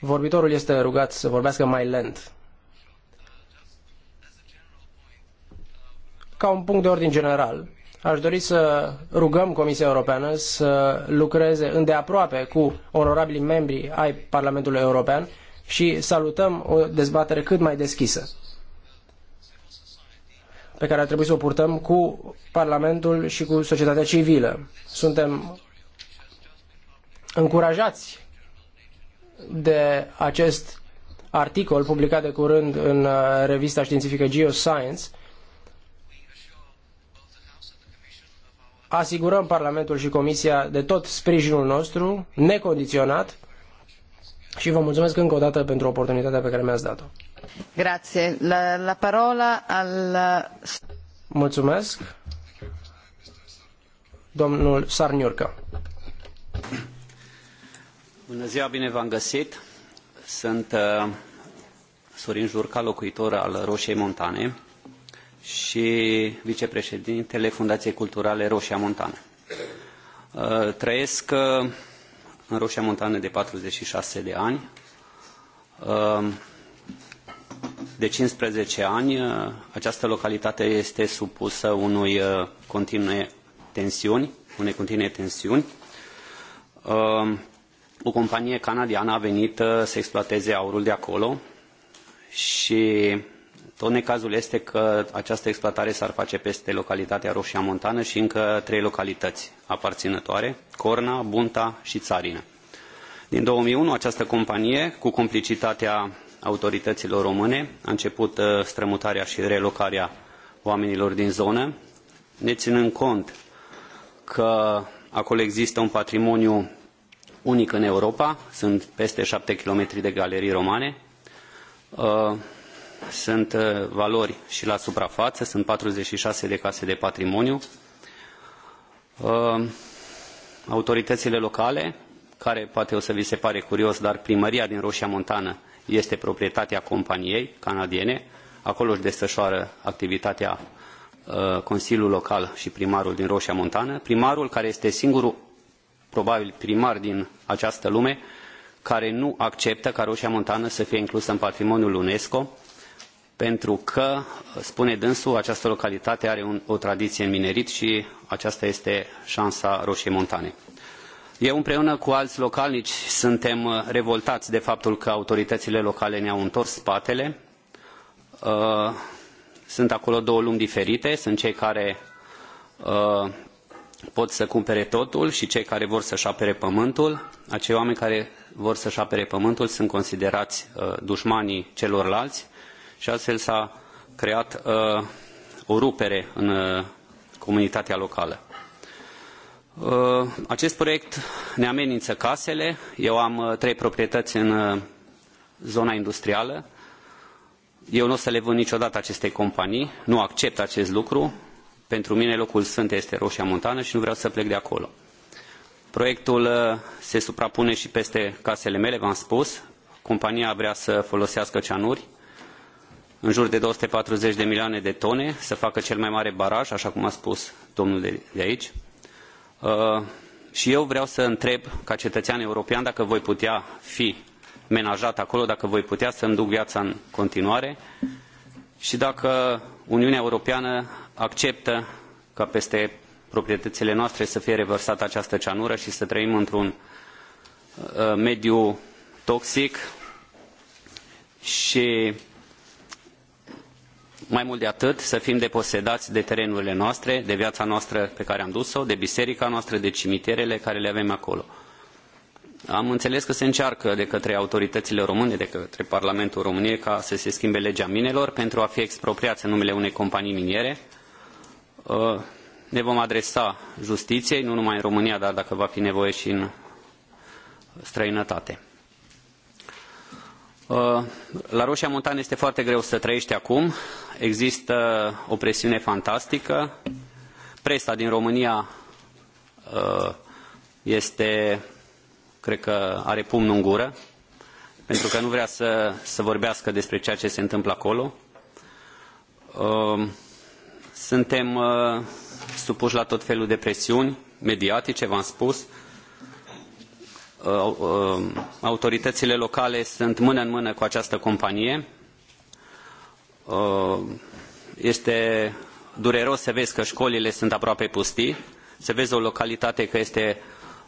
Vorbitorul este rugat să vorbească mai lent. Ca un punct de ordin general, Aș dori să rugăm Comisia Europeană să lucreze îndeaproape cu onorabilii membri ai Parlamentului European și salutăm o dezbatere cât mai deschisă pe care ar trebui să o purtăm cu Parlamentul și cu societatea civilă. Suntem încurajați de acest articol publicat de curând în uh, revista științifică Geoscience asigurăm Parlamentul și Comisia de tot sprijinul nostru, necondiționat, și vă mulțumesc încă o dată pentru oportunitatea pe care mi-ați dat-o. Grazie. La, la parola al... Mulțumesc. Domnul Sarniurca. Bună ziua, bine v-am găsit. Sunt uh, Sorin Jurca, locuitor al Roșiei Montane și vicepreședintele Fundației Culturale Roșia Montană. Uh, trăiesc uh, în Roșia Montană de 46 de ani. Uh, de 15 ani această localitate este supusă unui continue tensiuni, unei continue tensiuni. O companie canadiană a venit să exploateze aurul de acolo și tot necazul este că această exploatare s-ar face peste localitatea Roșia Montană și încă trei localități aparținătoare, Corna, Bunta și Țarină. Din 2001, această companie, cu complicitatea autorităților române, a început uh, strămutarea și relocarea oamenilor din zonă, neținând cont că acolo există un patrimoniu unic în Europa, sunt peste șapte kilometri de galerii romane, uh, sunt uh, valori și la suprafață, sunt 46 de case de patrimoniu. Uh, autoritățile locale, care poate o să vi se pare curios, dar primăria din Roșia Montană este proprietatea companiei canadiene, acolo își desfășoară activitatea uh, Consiliul Local și primarul din Roșia Montană, primarul care este singurul, probabil, primar din această lume, care nu acceptă ca Roșia Montană să fie inclusă în patrimoniul UNESCO, pentru că, spune dânsul, această localitate are un, o tradiție în minerit și aceasta este șansa Roșiei Montane. Eu împreună cu alți localnici suntem uh, revoltați de faptul că autoritățile locale ne-au întors spatele. Uh, sunt acolo două lumi diferite, sunt cei care uh, pot să cumpere totul și cei care vor să-și apere pământul. Acei oameni care vor să-și apere pământul sunt considerați dușmanii celorlalți și astfel s-a creat uh, o rupere în uh, comunitatea locală. Uh, acest proiect ne amenință casele. Eu am uh, trei proprietăți în uh, zona industrială. Eu nu o să le vând niciodată acestei companii, nu accept acest lucru. Pentru mine locul sfânt este Roșia Montană și nu vreau să plec de acolo. Proiectul uh, se suprapune și peste casele mele, v-am spus. Compania vrea să folosească ceanuri în jur de 240 de milioane de tone, să facă cel mai mare baraj, așa cum a spus domnul de, de aici. Uh, și eu vreau să întreb, ca cetățean european, dacă voi putea fi menajat acolo, dacă voi putea să-mi duc viața în continuare și dacă Uniunea Europeană acceptă ca peste proprietățile noastre să fie revărsată această ceanură și să trăim într-un uh, mediu toxic și mai mult de atât, să fim deposedați de terenurile noastre, de viața noastră pe care am dus-o, de biserica noastră, de cimitirele care le avem acolo. Am înțeles că se încearcă de către autoritățile române, de către Parlamentul României, ca să se schimbe legea minelor pentru a fi expropriați în numele unei companii miniere. Uh, ne vom adresa justiției, nu numai în România, dar dacă va fi nevoie și în străinătate. Uh, la Roșia Montană este foarte greu să trăiești acum. Există o presiune fantastică. Presa din România uh, este, cred că are pumnul în gură, pentru că nu vrea să, să vorbească despre ceea ce se întâmplă acolo. Uh, suntem supuși la tot felul de presiuni mediatice, v-am spus, Uh, autoritățile locale sunt mână în mână cu această companie. Uh, este dureros să vezi că școlile sunt aproape pustii, să vezi o localitate că este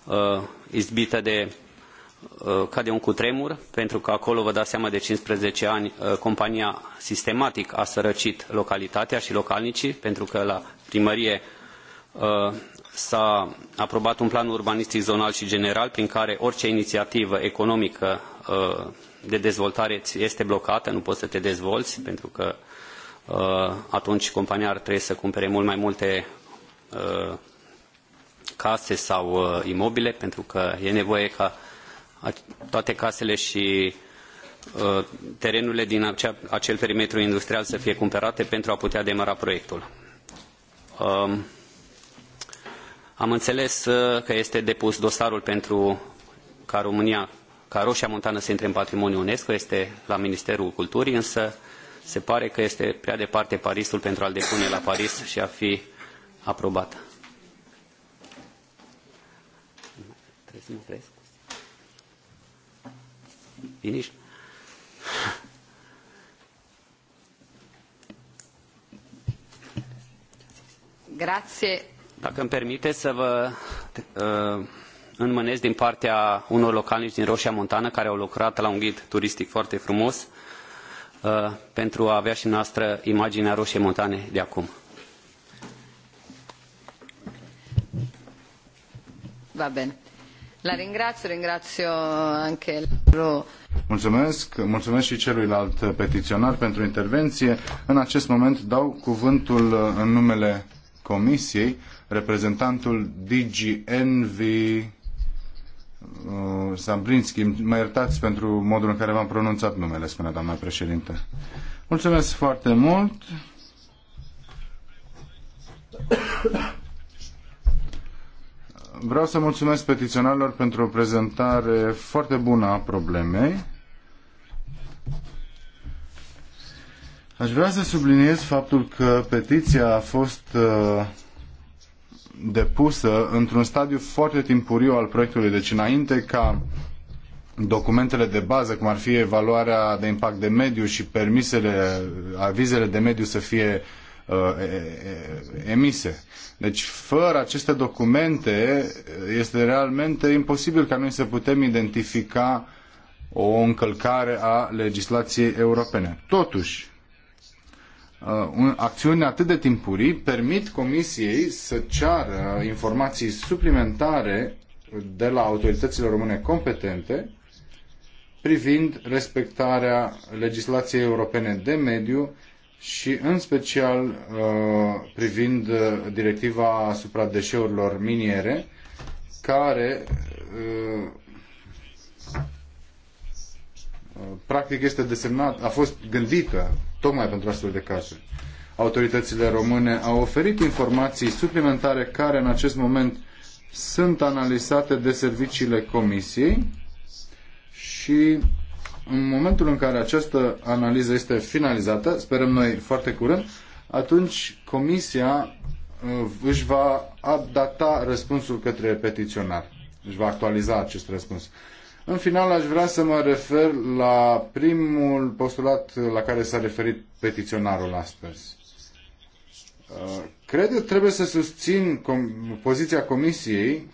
uh, izbită de ca de un cutremur, pentru că acolo, vă dați seama, de 15 ani compania sistematic a sărăcit localitatea și localnicii, pentru că la primărie s-a aprobat un plan urbanistic zonal și general prin care orice inițiativă economică uh, de dezvoltare este blocată, nu poți să te dezvolți pentru că uh, atunci compania ar trebui să cumpere mult mai multe uh, case sau imobile pentru că e nevoie ca toate casele și terenurile din acel perimetru industrial să fie cumpărate pentru a putea demara proiectul. Um, am înțeles uh, că este depus dosarul pentru ca România, ca Roșia Montană să intre în patrimoniul UNESCO, este la Ministerul Culturii, însă se pare că este prea departe Parisul pentru a-l depune la Paris și a fi aprobat. Finish? Grazie dacă îmi permiteți să vă uh, înmânez din partea unor localnici din Roșia Montană care au lucrat la un ghid turistic foarte frumos uh, pentru a avea și noastră imaginea Roșiei Montane de acum. Va bene. La ringrazio, ringrazio anche Mulțumesc, mulțumesc și celuilalt petiționar pentru intervenție. În acest moment dau cuvântul în numele Comisiei reprezentantul DG Envy uh, Sambrinski, mă iertați pentru modul în care v-am pronunțat numele, spune doamna președinte. Mulțumesc foarte mult. Vreau să mulțumesc petiționarilor pentru o prezentare foarte bună a problemei. Aș vrea să subliniez faptul că petiția a fost uh, depusă într-un stadiu foarte timpuriu al proiectului, deci înainte ca documentele de bază, cum ar fi evaluarea de impact de mediu și permisele, avizele de mediu să fie uh, emise. Deci, fără aceste documente, este realmente imposibil ca noi să putem identifica o încălcare a legislației europene. Totuși, Uh, acțiuni atât de timpurii permit Comisiei să ceară informații suplimentare de la autoritățile române competente privind respectarea legislației europene de mediu și în special uh, privind uh, directiva asupra deșeurilor miniere care Uh, practic este desemnat, a fost gândită tocmai pentru astfel de cazuri. Autoritățile române au oferit informații suplimentare care în acest moment sunt analizate de serviciile comisiei și în momentul în care această analiză este finalizată, sperăm noi foarte curând, atunci comisia uh, își va adapta răspunsul către petiționar. Își va actualiza acest răspuns. În final, aș vrea să mă refer la primul postulat la care s-a referit petiționarul Aspers. Uh, cred că trebuie să susțin poziția Comisiei,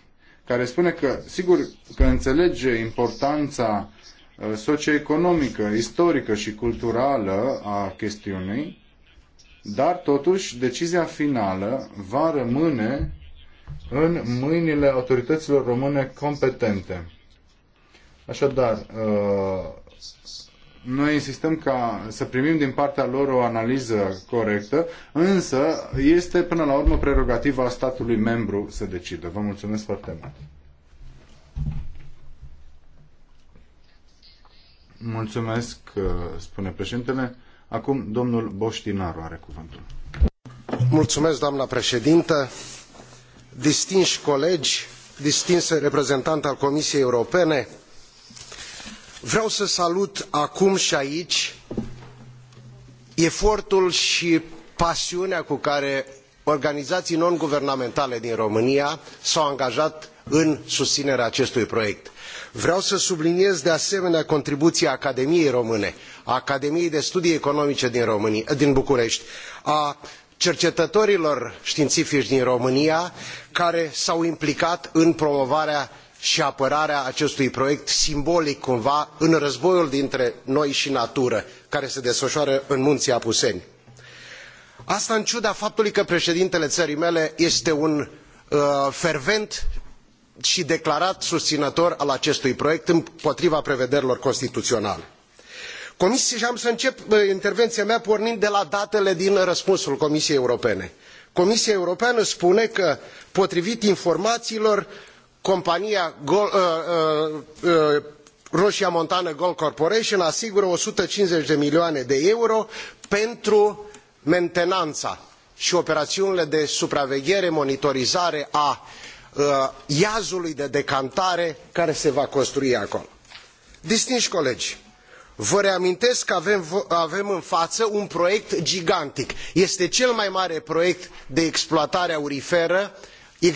care spune că, sigur, că înțelege importanța uh, socioeconomică, istorică și culturală a chestiunii, dar totuși decizia finală va rămâne în mâinile autorităților române competente. Așadar, uh, noi insistăm ca să primim din partea lor o analiză corectă, însă este până la urmă prerogativa statului membru să decidă. Vă mulțumesc foarte mult! Mulțumesc, uh, spune președintele. Acum domnul Boștinaru are cuvântul. Mulțumesc, doamna președintă. Distinși colegi, distinse reprezentant al Comisiei Europene, Vreau să salut acum și aici efortul și pasiunea cu care organizații non-guvernamentale din România s-au angajat în susținerea acestui proiect. Vreau să subliniez de asemenea contribuția Academiei Române, a Academiei de Studii Economice din, România, din București, a cercetătorilor științifici din România care s-au implicat în promovarea i apărarea acestui proiect simbolic cumva în războiul dintre noi i natură care se desfăoară în munii apuseni asta în ciuda faptului că preedintele ării mele este un uh, fervent i declarat susinător al acestui proiect împotriva prevederilor constituionale. i am să încep uh, intervenia mea pornind de la datele din răspunsul comisiei europene. comisia europeană spune că potrivit informaiilor compania uh, uh, uh, roia montană gold corporation asigură o sută cincizeci de milioane de euro pentru mentenana i operaiunile de supraveghere monitorizare a iazului de decantare care se va construi acolo. distini colegi vă reamintesc că avem, în faă un proiect gigantic este cel mai mare proiect de exploatare auriferă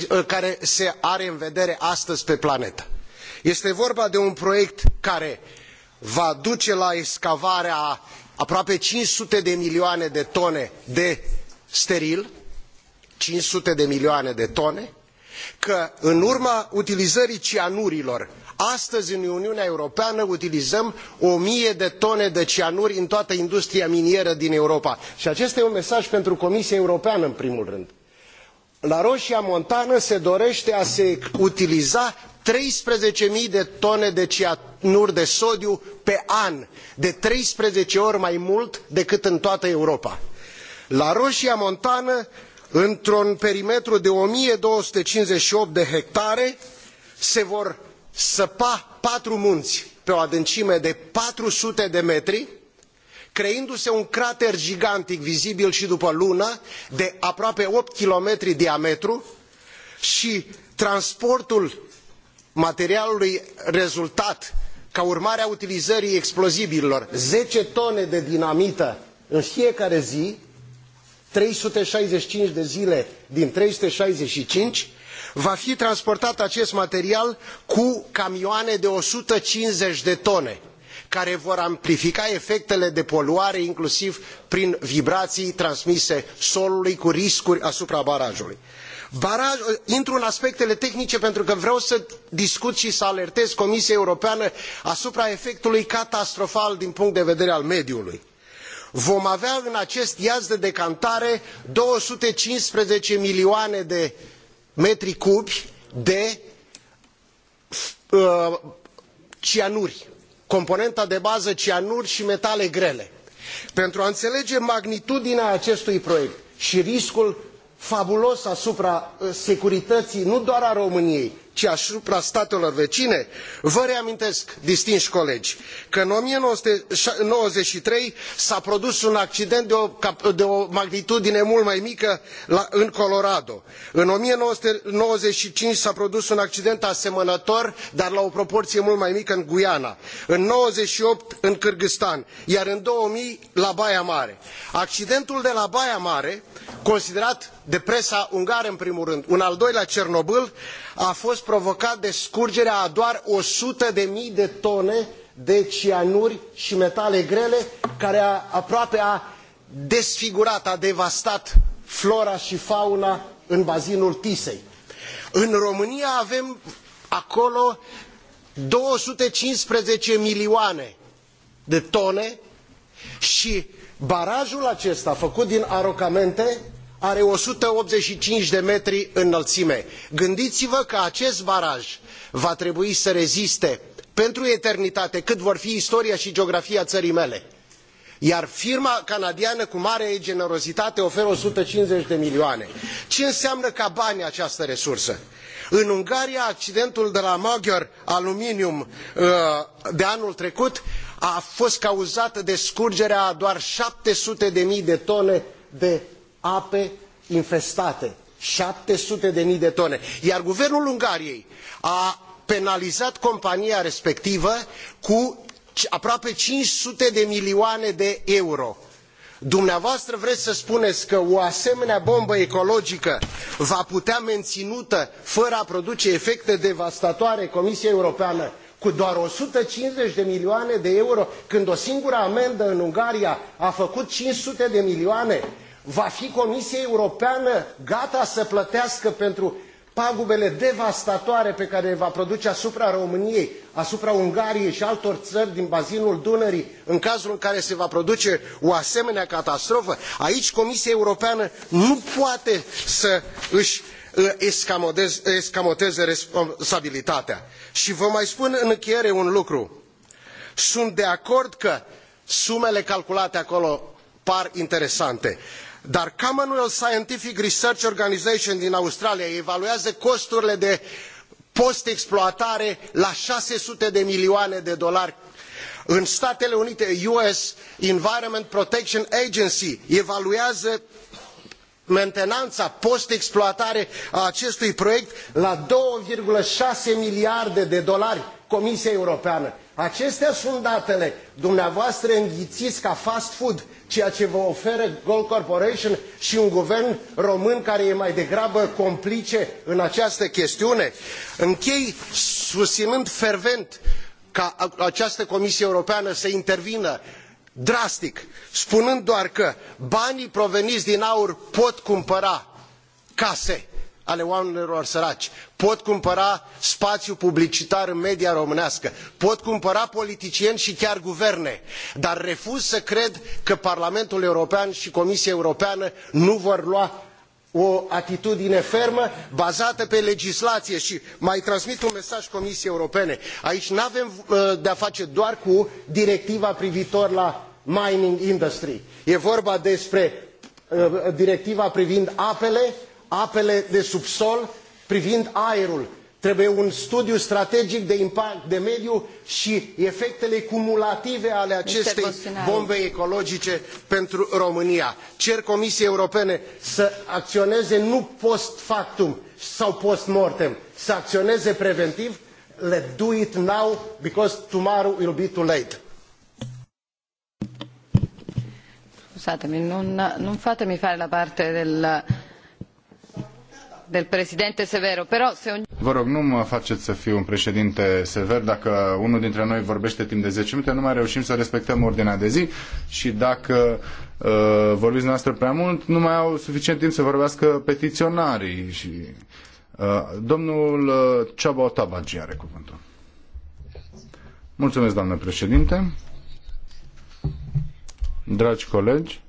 Ă, care se are în vedere astăzi pe planetă. este vorba de un proiect care va duce la excavarea a aproape cinci sute de milioane de tone de steril cinci sute de milioane de tone că în urma utilizării cianurilor astăzi în uniunea europeană utilizăm o mie de tone de cianuri în toată industria minieră din europa i acesta este un mesaj pentru comisia europeană în primul rând la roia montană se dorete a se utiliza treisprezece zero de tone de cianuri de sodiu pe an de treisprezece ori mai mult decât în toată europa. la roia montană într un perimetru de 1.258 două sute cincizeci și opt de hectare se vor săpa patru muni pe o adâncime de patru sute de metri creându se un crater gigantic vizibil i după lună de aproape opt km diametru i transportul materialului rezultat ca urmare a utilizării explozibililor zece tone de dinamită în fiecare zi trei sute șaizeci și cinci de zile din trei sute șaizeci și cinci va fi transportat acest material cu camioane de o sută cincizeci de tone care vor amplifica efectele de poluare inclusiv prin vibraii transmise solului cu riscuri asupra barajului. Baraj, intru în aspectele tehnice pentru că vreau să discut i să alertez comisia europeană asupra efectului catastrofal din punct de vedere al mediului vom avea în acest iaz de decantare două sute cincisprezece milioane de metri cubi de uh, cianuri componenta de bază cianuri i metale grele. pentru a înelege magnitudinea acestui proiect i riscul fabulos asupra uh, securității nu doar a României, ci asupra statelor vecine? Vă reamintesc, distinși colegi, că în 1993 s-a produs un accident de o, de o magnitudine mult mai mică la, în Colorado. În 1995 s-a produs un accident asemănător, dar la o proporție mult mai mică în Guyana. În 1998 în Kyrgyzstan, iar în 2000 la Baia Mare. Accidentul de la Baia Mare considerat de presa ungară în primul rând un al doilea cernobâl a fost provocat de scurgerea a doar o sută de mii de tone de cianuri i metale grele care a, aproape a desfigurat a devastat flora i fauna în bazinul tisei. în românia avem acolo două sute cincisprezece milioane de tone i Barajul acesta, făcut din arocamente, are 185 de metri înălțime. Gândiți-vă că acest baraj va trebui să reziste pentru eternitate cât vor fi istoria și geografia țării mele. Iar firma canadiană cu mare generozitate oferă 150 de milioane. Ce înseamnă ca bani această resursă? în ungaria accidentul de la magyar aluminium uh, de anul trecut a fost cauzat de scurgerea a doar șapte sute mii de tone de ape infestate șapte sute mii de tone iar guvernul ungariei a penalizat compania respectivă cu aproape cinci sute de milioane de euro dumneavoastră vrei să spunei că o asemenea bombă ecologică va putea meninută fără a produce efecte devastatoare comisia europeană cu doar o sută cincizeci de milioane de euro când o singură amendă în ungaria a făcut cinci sute de milioane va fi comisia europeană gata să plătească pentru pagubele devastatoare pe care le va produce asupra României, asupra Ungariei și altor țări din bazinul Dunării în cazul în care se va produce o asemenea catastrofă, aici Comisia Europeană nu poate să își uh, escamoteze responsabilitatea. Și vă mai spun în încheiere un lucru. Sunt de acord că sumele calculate acolo par interesante dar commonwealth scientific research organisation din australia evaluează costurile de post exploatare la șase sute de milioane de dolari în statele unite us environment protection agency evaluează mentenana post exploatare a acestui proiect la doi șase miliarde de dolari comisia europeană. Acestea sunt datele. Dumneavoastră înghițiți ca fast food ceea ce vă oferă Gold Corporation și un guvern român care e mai degrabă complice în această chestiune. Închei susținând fervent ca această Comisie Europeană să intervină drastic, spunând doar că banii proveniți din aur pot cumpăra case ale oamenilor săraci pot cumpăra spaiu publicitar în media românească pot cumpăra politicieni i chiar guverne dar refuz să cred că parlamentul european i comisia europeană nu vor lua o atitudine fermă bazată pe legislaie i mai transmit un mesaj comisiei europene aici nu avem uh, de a face doar cu directiva privitor la mining industry e vorba despre uh, directiva privind apele apele de subsol, privind aerul. Trebuie un studiu strategic de impact de mediu și efectele cumulative ale acestei bombe ecologice pentru România. Cer Comisiei Europene să acționeze nu post factum sau post mortem, să acționeze preventiv. Let do it now because tomorrow will be too late. Scusatemi, non, non fatemi fare la parte del del presidente severo, però se... Vă rog, nu mă faceți să fiu un președinte sever. Dacă unul dintre noi vorbește timp de zece minute, nu mai reușim să respectăm ordinea de zi și dacă uh, vorbiți noastră prea mult, nu mai au suficient timp să vorbească petiționarii. Și, uh, domnul uh, Ceaba Otabagi are cuvântul. Mulțumesc, doamnă președinte. Dragi colegi,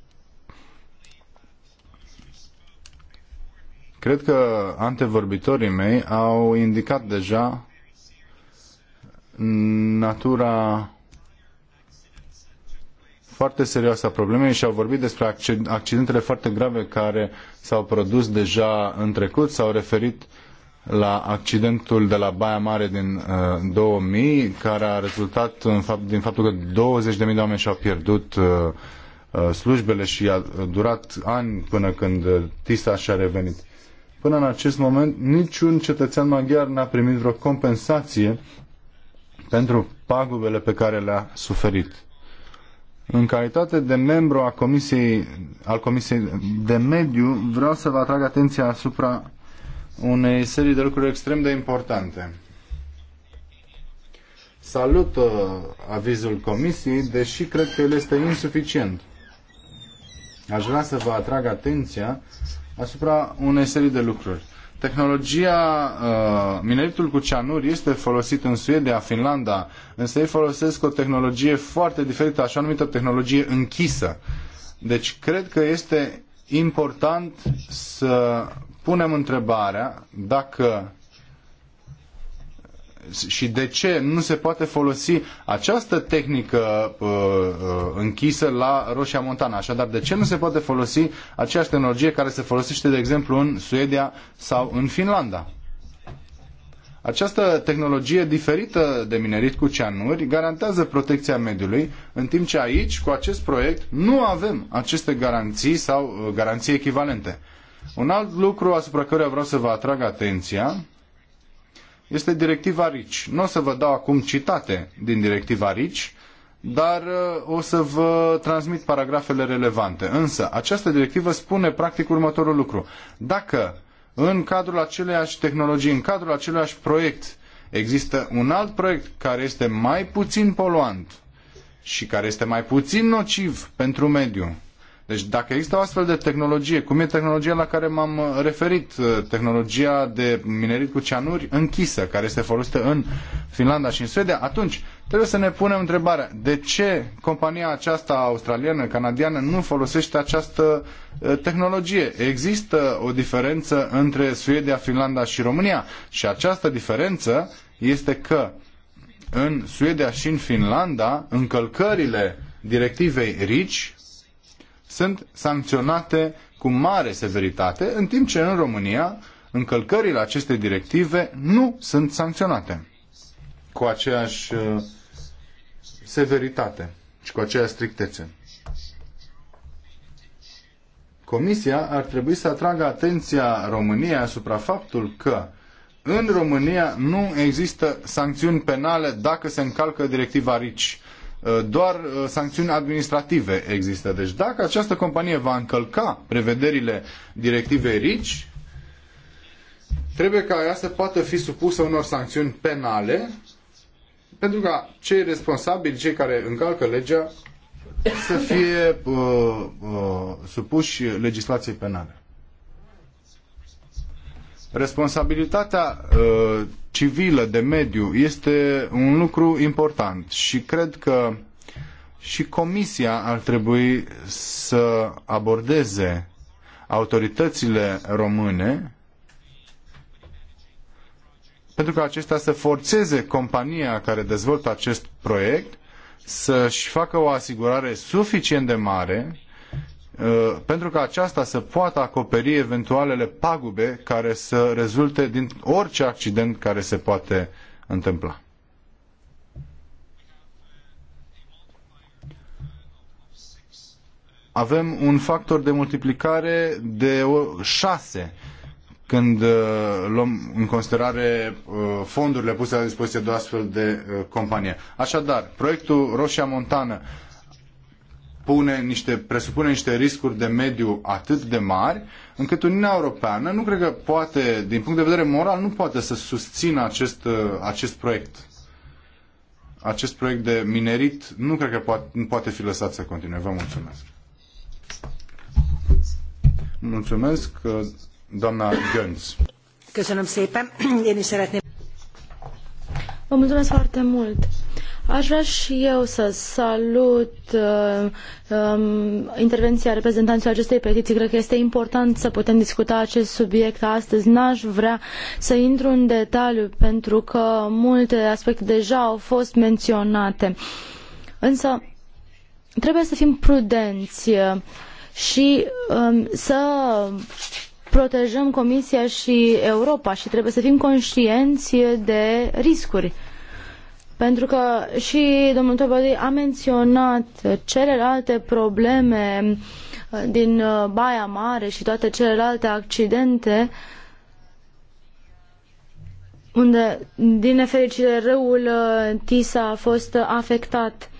Cred că antevorbitorii mei au indicat deja natura foarte serioasă a problemei și au vorbit despre accidentele foarte grave care s-au produs deja în trecut, s-au referit la accidentul de la Baia Mare din uh, 2000, care a rezultat în fapt, din faptul că 20.000 de oameni și-au pierdut uh, uh, slujbele și a durat ani până când TISA și-a revenit. Până în acest moment, niciun cetățean maghiar n-a primit vreo compensație pentru pagubele pe care le-a suferit. În calitate de membru a comisiei, al Comisiei de Mediu, vreau să vă atrag atenția asupra unei serii de lucruri extrem de importante. Salut uh, avizul Comisiei, deși cred că el este insuficient. Aș vrea să vă atrag atenția asupra unei serii de lucruri. Tehnologia, uh, mineritul cu cianuri este folosit în Suedia, Finlanda, însă ei folosesc o tehnologie foarte diferită, așa numită tehnologie închisă. Deci cred că este important să punem întrebarea dacă și de ce nu se poate folosi această tehnică uh, uh închisă la Roșia Montană. Așadar, de ce nu se poate folosi aceeași tehnologie care se folosește, de exemplu, în Suedia sau în Finlanda? Această tehnologie diferită de minerit cu ceanuri garantează protecția mediului, în timp ce aici, cu acest proiect, nu avem aceste garanții sau uh, garanții echivalente. Un alt lucru asupra căruia vreau să vă atrag atenția este directiva RICI. Nu o să vă dau acum citate din directiva RICI, dar uh, o să vă transmit paragrafele relevante. Însă, această directivă spune practic următorul lucru. Dacă în cadrul aceleiași tehnologii, în cadrul aceleiași proiect, există un alt proiect care este mai puțin poluant și care este mai puțin nociv pentru mediu deci dacă există o astfel de tehnologie, cum e tehnologia la care m-am uh, referit, uh, tehnologia de minerit cu cianuri închisă, care este folosită în Finlanda și în Suedia, atunci trebuie să ne punem întrebarea de ce compania aceasta australiană, canadiană nu folosește această uh, tehnologie. Există o diferență între Suedia, Finlanda și România și această diferență este că în Suedia și în Finlanda încălcările directivei RICI sunt sancționate cu mare severitate, în timp ce în România încălcările acestei directive nu sunt sancționate cu aceeași uh, severitate și cu aceeași strictețe. Comisia ar trebui să atragă atenția României asupra faptul că în România nu există sancțiuni penale dacă se încalcă directiva RICI. Uh, doar uh, sancțiuni administrative există. Deci dacă această companie va încălca prevederile directivei RICI, trebuie ca ea să poată fi supusă unor sancțiuni penale pentru ca cei responsabili, cei care încalcă legea, să fie uh, uh, supuși legislației penale responsabilitatea uh, civilă de mediu este un lucru important și cred că și Comisia ar trebui să abordeze autoritățile române pentru că acestea să forțeze compania care dezvoltă acest proiect să-și facă o asigurare suficient de mare Uh, pentru că aceasta să poată acoperi eventualele pagube care să rezulte din orice accident care se poate întâmpla. Avem un factor de multiplicare de 6 când uh, luăm în considerare uh, fondurile puse la dispoziție de o astfel de companie. Așadar, proiectul Roșia Montană pune niște, presupune niște riscuri de mediu atât de mari, încât Uniunea Europeană nu cred că poate, din punct de vedere moral, nu poate să susțină acest, uh, acest proiect. Acest proiect de minerit nu cred că poate, nu poate fi lăsat să continue. Vă mulțumesc. Mulțumesc, uh, doamna Gönz. Köszönöm szépen. Én Vă mulțumesc foarte mult. Aș vrea și eu să salut uh, um, intervenția reprezentanților acestei petiții. Cred că este important să putem discuta acest subiect astăzi. N-aș vrea să intru în detaliu pentru că multe aspecte deja au fost menționate. Însă trebuie să fim prudenți uh, și um, să protejăm Comisia și Europa și trebuie să fim conștienți de riscuri pentru că și domnul Tobadi a menționat celelalte probleme uh, din uh, Baia Mare și toate celelalte accidente unde, din nefericire, râul uh, Tisa a fost afectat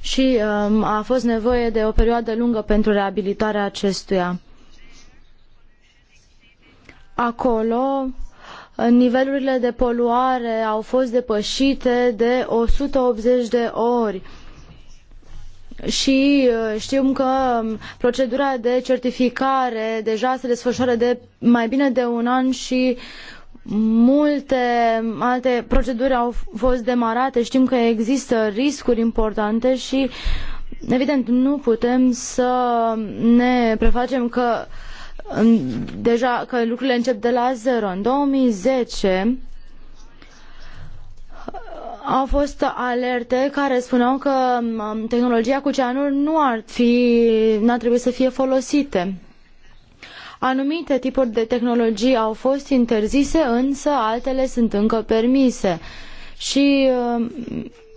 și um, a fost nevoie de o perioadă lungă pentru reabilitarea acestuia. Acolo nivelurile de poluare au fost depășite de 180 de ori și uh, știm că um, procedura de certificare deja se desfășoară de mai bine de un an și multe alte proceduri au fost demarate. Știm că există riscuri importante și evident nu putem să ne prefacem că uh, deja că lucrurile încep de la zero. În 2010 au fost alerte care spuneau că um, tehnologia cu ceanuri nu ar fi, nu ar trebui să fie folosite. Anumite tipuri de tehnologii au fost interzise, însă altele sunt încă permise. Și um,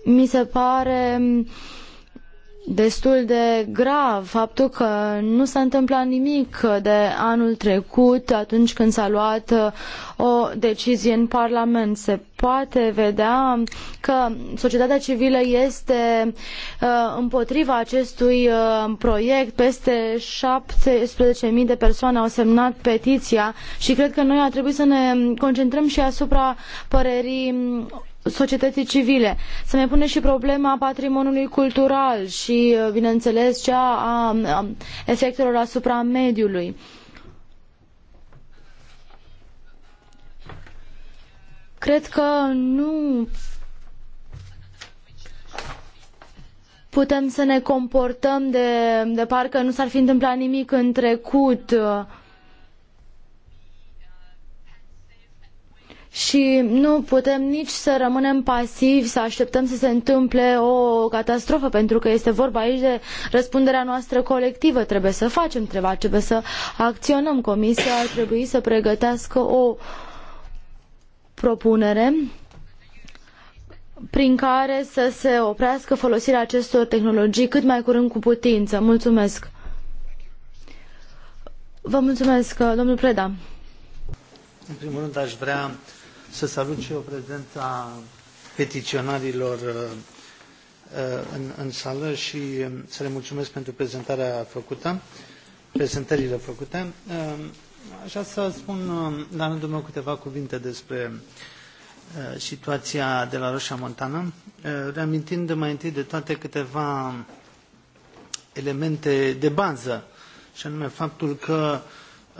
mi se pare uh, destul de grav faptul că nu s-a întâmplat nimic de anul trecut atunci când s-a luat uh, o decizie în Parlament. Se poate vedea că societatea civilă este uh, împotriva acestui uh, proiect. Peste 17.000 de persoane au semnat petiția și cred că noi ar trebui să ne concentrăm și asupra părerii societății civile. Să mai pune și problema patrimoniului cultural și, uh, bineînțeles, cea a efectelor asupra mediului. Cred că nu putem să ne comportăm de, de parcă nu s-ar fi întâmplat nimic în trecut. Uh, și nu putem nici să rămânem pasivi, să așteptăm să se întâmple o catastrofă, pentru că este vorba aici de răspunderea noastră colectivă. Trebuie să facem ceva, trebuie să acționăm. Comisia ar trebui să pregătească o propunere prin care să se oprească folosirea acestor tehnologii cât mai curând cu putință. Mulțumesc! Vă mulțumesc, domnul Preda. În primul rând aș vrea să salut și eu prezența petiționarilor uh, uh, în, în sală și um, să le mulțumesc pentru prezentarea făcută, prezentările făcute. Um, Așa să spun um, la rândul meu câteva cuvinte despre uh, situația de la Roșia Montană, reamintind mai întâi de toate câteva elemente de bază, și anume faptul că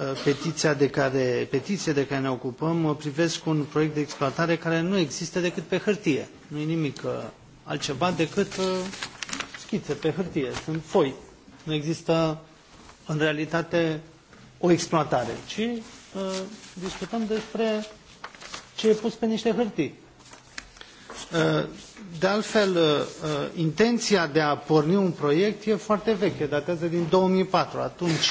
Uh, petiția de care, petiție de care ne ocupăm privesc un proiect de exploatare care nu există decât pe hârtie. Nu e nimic uh, altceva decât uh, schițe pe hârtie, sunt foi. Nu există în realitate o exploatare, ci discutăm despre ce e pus pe niște hârtii. de altfel, intenția de a porni un proiect e foarte veche, datează din 2004. Atunci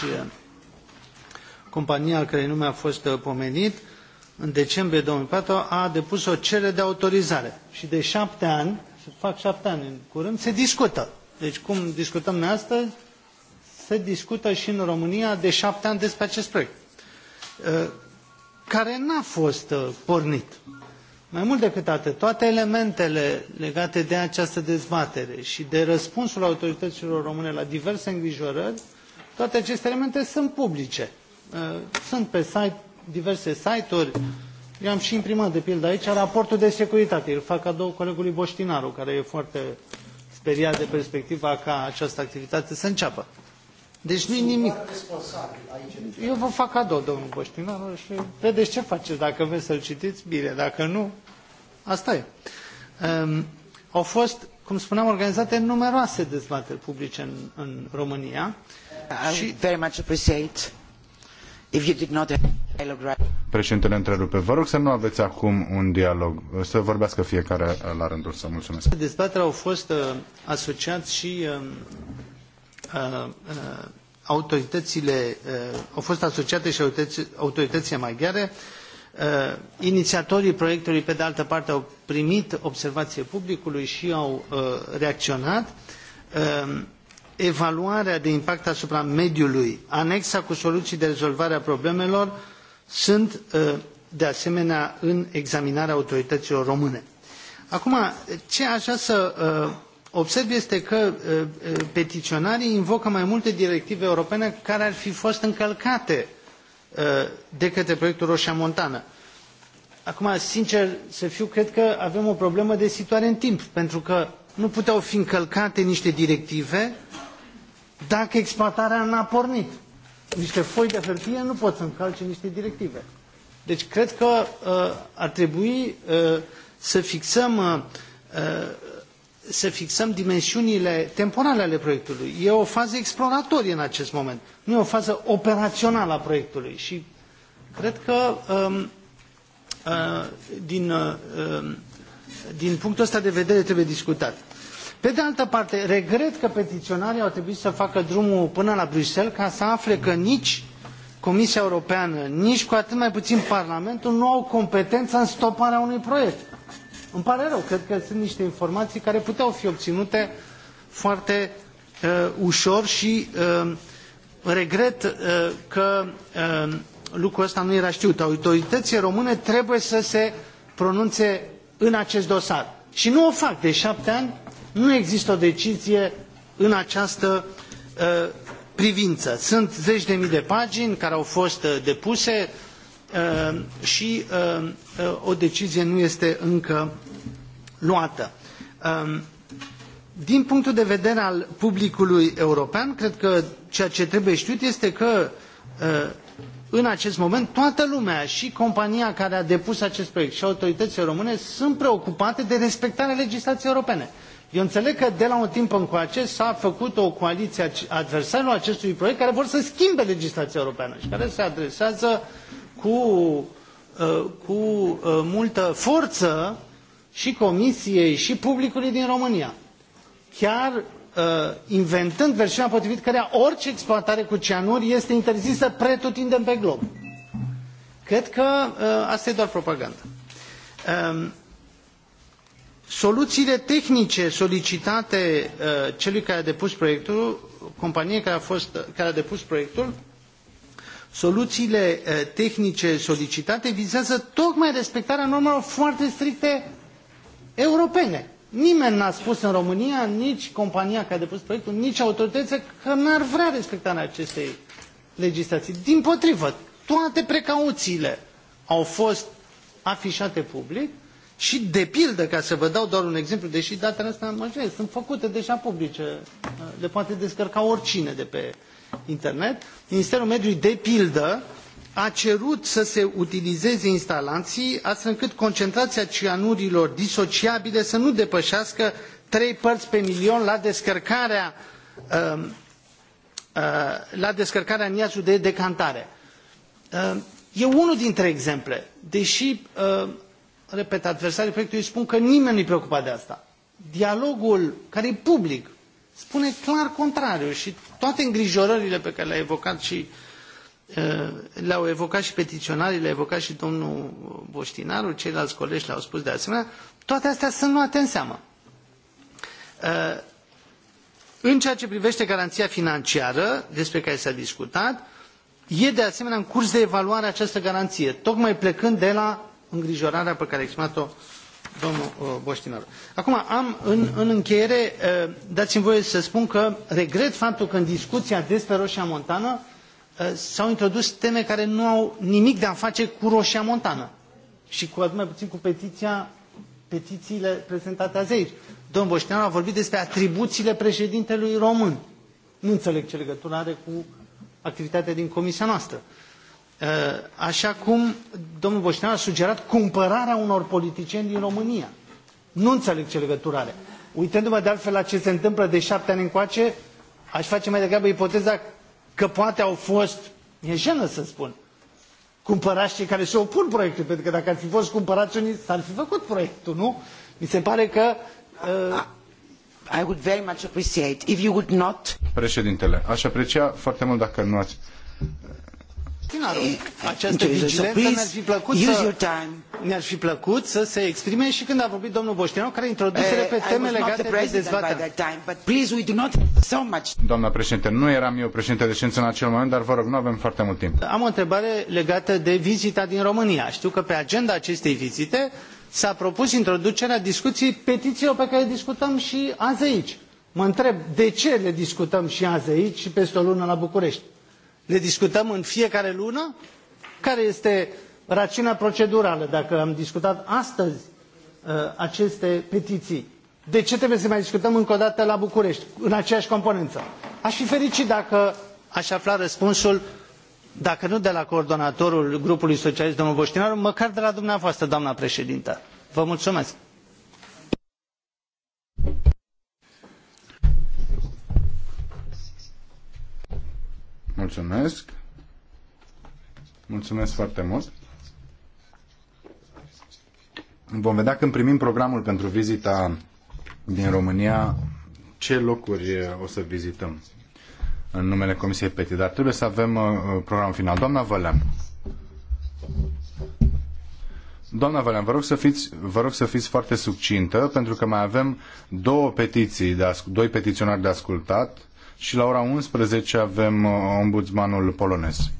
Compania, al cărei nume a fost uh, pomenit, în decembrie 2004 a depus o cerere de autorizare și de șapte ani, se fac șapte ani în curând, se discută. Deci cum discutăm noi astăzi, se discută și în România de șapte ani despre acest proiect, uh, care n-a fost uh, pornit. Mai mult decât atât, toate elementele legate de această dezbatere și de răspunsul autorităților române la diverse îngrijorări, toate aceste elemente sunt publice. Uh, sunt pe site diverse site-uri, eu am și imprimat de pildă aici raportul de securitate. Îl fac cadou colegului Boștinaru, care e foarte speriat de perspectiva ca această activitate să înceapă. Deci nu-i nimic. Eu vă fac cadou, domnul Boștinaru, și vedeți ce faceți. Dacă vreți să-l citiți, bine. Dacă nu, asta e. Um, au fost, cum spuneam, organizate numeroase dezbateri publice în, în România. I și... very much appreciate Președintele întrerupe. Vă rog să nu aveți acum un dialog, să vorbească fiecare la rândul său. Mulțumesc. Dezbaterea au fost uh, asociați și uh, uh, autoritățile, uh, au fost asociate și autorități, autoritățile maghiare. Uh, inițiatorii proiectului, pe de altă parte, au primit observație publicului și au uh, reacționat. Uh, evaluarea de impact asupra mediului, anexa cu soluții de rezolvare a problemelor sunt uh, de asemenea în examinarea autorităților române. Acum, ce a vrea să uh, observ este că uh, petiionarii invocă mai multe directive europene care ar fi fost încălcate de către proiectul Roșia Montană. Acum, sincer să fiu, cred că avem o problemă de situare în timp, pentru că nu puteau fi încălcate niște directive dacă exploatarea n-a pornit. Niște foi de hârtie nu pot să încalce niște directive. Deci cred că uh, ar trebui uh, să fixăm uh, uh, să fixăm dimensiunile temporale ale proiectului. E o fază exploratorie în acest moment. Nu e o fază operațională a proiectului și cred că um, uh, din, uh, um, din punctul ăsta de vedere trebuie discutat. Pe de altă parte, regret că petiționarii au trebuit să facă drumul până la Bruxelles ca să afle că nici Comisia Europeană, nici cu atât mai puțin Parlamentul nu au competența în stoparea unui proiect. Îmi pare rău, cred că sunt niște informații care puteau fi obținute foarte uh, ușor și uh, regret uh, că uh, lucrul ăsta nu era știut. Autoritățile române trebuie să se pronunțe în acest dosar. Și nu o fac de șapte ani nu există o decizie în această uh, privință. Sunt zeci de mii de pagini care au fost uh, depuse uh, și uh, uh, o decizie nu este încă luată. Um, din punctul de vedere al publicului european, cred că ceea ce trebuie știut este că uh, în acest moment toată lumea și compania care a depus acest proiect și autoritățile române sunt preocupate de respectarea legislației europene. Eu înțeleg că de la un timp încoace s-a făcut o coaliție adversarilor acestui proiect care vor să schimbe legislația europeană și care se adresează cu, uh, cu uh, multă forță și Comisiei și publicului din România. Chiar uh, inventând versiunea potrivit cărea orice exploatare cu cianuri este interzisă pretutindem pe glob. Cred că asta e doar propagandă. Um, Soluțiile tehnice solicitate uh, celui care a depus proiectul, companiei care a, fost, care a depus proiectul, soluțiile uh, tehnice solicitate vizează tocmai respectarea normelor foarte stricte europene. Nimeni n-a spus în România, nici compania care a depus proiectul, nici autoritățile că n-ar vrea respectarea acestei legislații. Din potrivă, toate precauțiile au fost afișate public și de pildă, ca să vă dau doar un exemplu, deși datele astea mă jurez, sunt făcute deja publice, le poate descărca oricine de pe internet, Ministerul Mediului de pildă a cerut să se utilizeze instalații astfel încât concentrația cianurilor disociabile să nu depășească trei părți pe milion la descărcarea, um, uh, la descărcarea în iazul de decantare. Uh, e unul dintre exemple, deși uh, repet, adversarii proiectului spun că nimeni nu-i preocupat de asta. Dialogul care e public spune clar contrariu și toate îngrijorările pe care le-a evocat și uh, le-au evocat și petiționarii, le-a evocat și domnul Boștinaru, ceilalți colegi le-au spus de asemenea, toate astea sunt luate în seamă. Uh, în ceea ce privește garanția financiară, despre care s-a discutat, e de asemenea în curs de evaluare această garanție, tocmai plecând de la îngrijorarea pe care a exprimat-o domnul uh, Boștinaru. Acum, am în, în încheiere, uh, dați-mi voie să spun că regret faptul că în discuția despre Roșia Montană uh, s-au introdus teme care nu au nimic de a face cu Roșia Montană și cu atât mai puțin cu petiția, petițiile prezentate azi aici. Domnul Boștinaru a vorbit despre atribuțiile președintelui român. Nu înțeleg ce legătură are cu activitatea din comisia noastră. Uh, așa cum domnul Boșnean a sugerat cumpărarea unor politicieni din România. Nu înțeleg ce legătură are. Uitându-mă de altfel la ce se întâmplă de șapte ani încoace, aș face mai degrabă ipoteza că poate au fost, e jenă să spun, cumpărați cei care se opun proiectului, pentru că dacă ar fi fost cumpărați unii, s-ar fi făcut proiectul, nu? Mi se pare că... Uh... I would very much appreciate if you would not... Președintele, aș aprecia foarte mult dacă nu ați această vigilență ne-ar fi, plăcut să, ne fi plăcut să se exprime și când a vorbit domnul Boștinu, care introducere eh, pe teme legate de dezbatere. Doamna președinte, nu eram eu președinte de ședință în acel moment, dar vă rog, nu avem foarte mult timp. Am o întrebare legată de vizita din România. Știu că pe agenda acestei vizite s-a propus introducerea discuției petițiilor pe care discutăm și azi aici. Mă întreb de ce le discutăm și azi aici și peste o lună la București le discutăm în fiecare lună? Care este rațiunea procedurală dacă am discutat astăzi uh, aceste petiții? De ce trebuie să mai discutăm încă o dată la București, în aceeași componență? Aș fi fericit dacă aș afla răspunsul, dacă nu de la coordonatorul grupului socialist, domnul Boștinaru, măcar de la dumneavoastră, doamna președintă. Vă mulțumesc. Mulțumesc. Mulțumesc foarte mult. Vom vedea când primim programul pentru vizita din România ce locuri o să vizităm în numele Comisiei PETI, dar trebuie să avem uh, programul final. Doamna Vălean. Doamna Vălean, vă rog, să fiți, vă rog să fiți foarte succintă, pentru că mai avem două petiții, de doi petiționari de ascultat și la ora 11 avem uh, ombudsmanul polonez.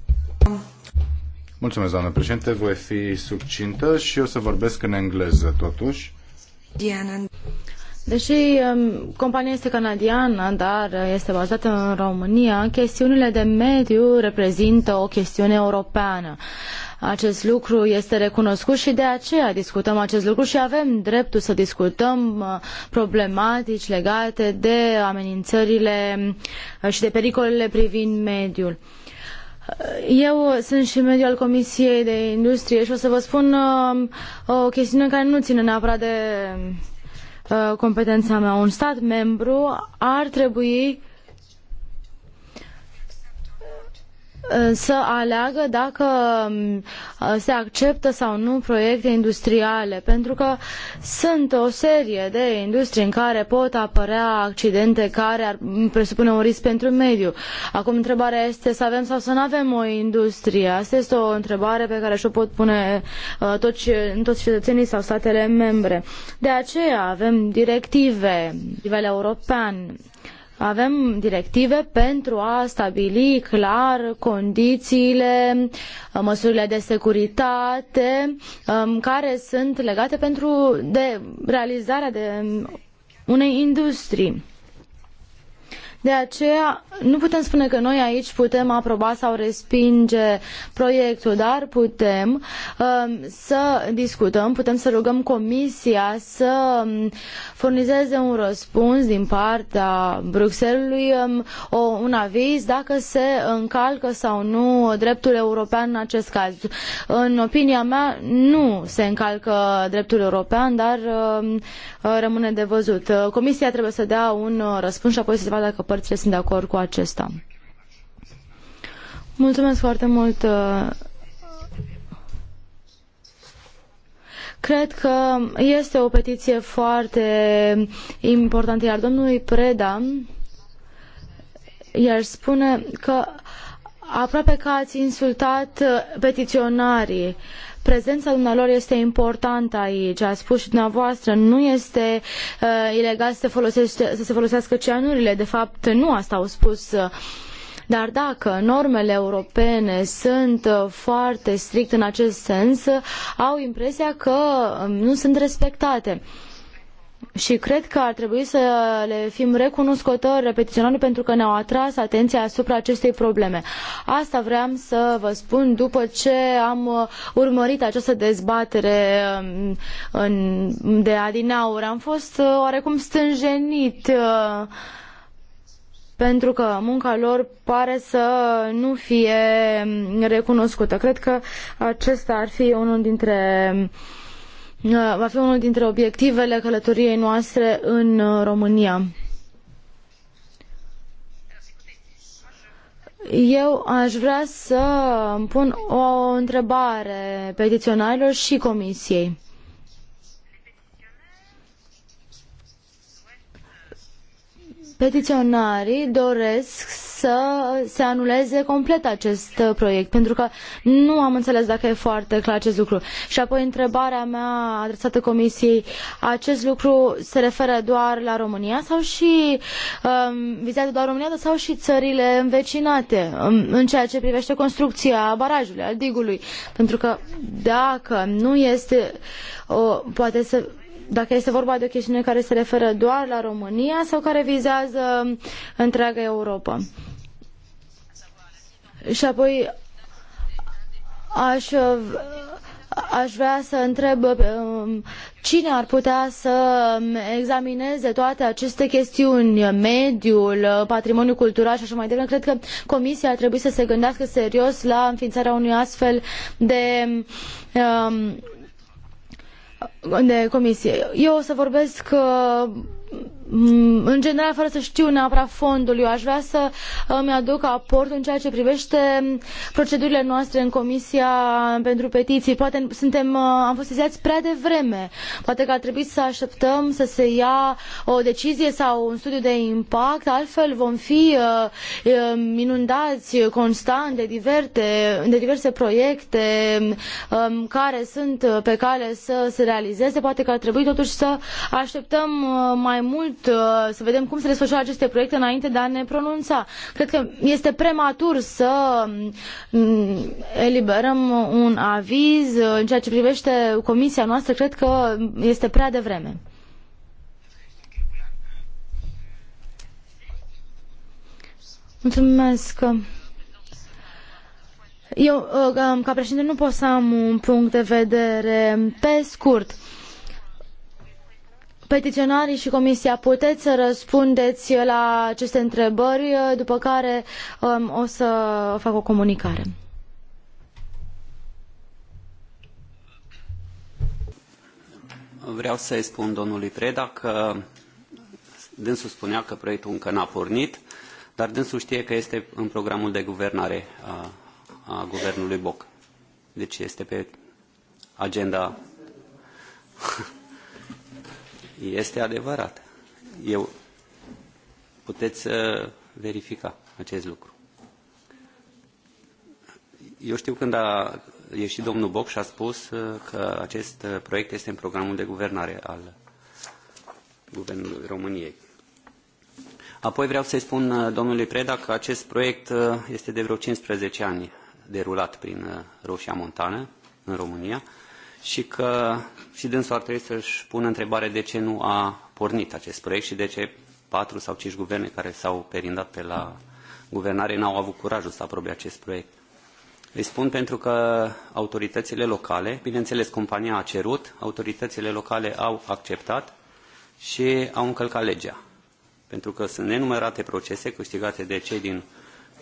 Mulțumesc, doamnă președinte, voi fi subcintă și o să vorbesc în engleză, totuși. Diana. Deși um, compania este canadiană, dar este bazată în România, chestiunile de mediu reprezintă o chestiune europeană. Acest lucru este recunoscut și de aceea discutăm acest lucru și avem dreptul să discutăm uh, problematici legate de amenințările uh, și de pericolele privind mediul. Uh, eu sunt și mediu al Comisiei de Industrie și o să vă spun o chestiune care nu ține neapărat de competența mea, un stat membru ar trebui Uh, să aleagă dacă um, uh, se acceptă sau nu proiecte industriale, pentru că sunt o serie de industrii în care pot apărea accidente care ar presupune un risc pentru mediu. Acum întrebarea este să avem sau să nu avem o industrie. Asta este o întrebare pe care și-o pot pune uh, toți, toți cetățenii sau statele membre. De aceea avem directive la nivel european avem directive pentru a stabili clar condițiile, măsurile de securitate um, care sunt legate pentru de realizarea de unei industrii. De aceea nu putem spune că noi aici putem aproba sau respinge proiectul, dar putem um, să discutăm, putem să rugăm Comisia să um, furnizeze un răspuns din partea Bruxellesului, um, o, un aviz dacă se încalcă sau nu dreptul european în acest caz. În opinia mea nu se încalcă dreptul european, dar uh, rămâne de văzut. Comisia trebuie să dea un uh, răspuns și apoi să se vadă dacă părțile sunt de acord cu acesta. Mulțumesc foarte mult. Uh, Cred că este o petiție foarte importantă, iar domnului Preda iar spune că aproape că ați insultat uh, petiționarii. Uh, Prezența dumnealor este importantă aici. A spus și dumneavoastră, nu este uh, ilegal să se, să se folosească cianurile. De fapt, nu asta au spus uh, dar dacă normele europene sunt uh, foarte strict în acest sens, uh, au impresia că um, nu sunt respectate. Uh, și cred că ar trebui să le fim recunoscători repetiționali pentru că ne-au atras atenția asupra acestei probleme. Asta vreau să vă spun după ce am uh, urmărit această dezbatere um, în, de adinaur. Am fost uh, oarecum stânjenit uh, pentru că munca lor pare să nu fie um, recunoscută. Cred că acesta ar fi unul dintre um, Uh, va fi unul dintre obiectivele călătoriei noastre în uh, România. Eu aș vrea să pun o întrebare petiționarilor și comisiei. Petiționarii doresc să se anuleze complet acest uh, proiect, pentru că nu am înțeles dacă e foarte clar acest lucru. Și apoi întrebarea mea adresată Comisiei, acest lucru se referă doar la România sau și um, vizează doar România sau și țările învecinate în, um, în ceea ce privește construcția barajului, al digului? Pentru că dacă nu este, o, poate să dacă este vorba de o chestiune care se referă doar la România sau care vizează um, întreaga Europa. Și apoi aș, aș vrea să întreb um, cine ar putea să examineze toate aceste chestiuni, mediul, patrimoniul cultural și așa mai departe. Cred că Comisia ar trebui să se gândească serios la înființarea unui astfel de um, de comisie. Eu o să vorbesc uh, Mm, în general, fără să știu neapărat fondul, eu aș vrea să îmi aduc aportul în ceea ce privește mm, procedurile noastre în Comisia pentru Petiții. Poate suntem, uh, am fost sezați prea devreme. Poate că ar trebui să așteptăm să se ia o decizie sau un studiu de impact, altfel vom fi uh, uh, inundați constant de, diverte, de diverse proiecte mm, um, care sunt pe cale să se realizeze. Poate că ar trebui totuși să așteptăm mai mult Uh, să vedem cum se desfășoară aceste proiecte înainte de a ne pronunța. Cred că este prematur să mm, eliberăm un aviz în ceea ce privește comisia noastră, cred că este prea devreme. Mulțumesc. Eu, uh, ca președinte, nu pot să am un punct de vedere pe scurt. Petiționarii și Comisia, puteți să răspundeți la aceste întrebări, după care um, o să fac o comunicare. Vreau să-i spun domnului Preda că dânsul spunea că proiectul încă n-a pornit, dar dânsul știe că este în programul de guvernare a, a guvernului Boc. Deci este pe agenda este adevărat. Eu puteți uh, verifica acest lucru. Eu știu când a ieșit domnul Boc și a spus uh, că acest uh, proiect este în programul de guvernare al Guvernului României. Apoi vreau să-i spun domnului Preda că acest proiect este de vreo 15 ani derulat prin Roșia Montană, în România, și că și dânsul ar trebui să-și pună întrebare de ce nu a pornit acest proiect și de ce patru sau cinci guverne care s-au perindat pe la guvernare n-au avut curajul să aprobe acest proiect. Îi spun pentru că autoritățile locale, bineînțeles compania a cerut, autoritățile locale au acceptat și au încălcat legea. Pentru că sunt nenumărate procese câștigate de cei din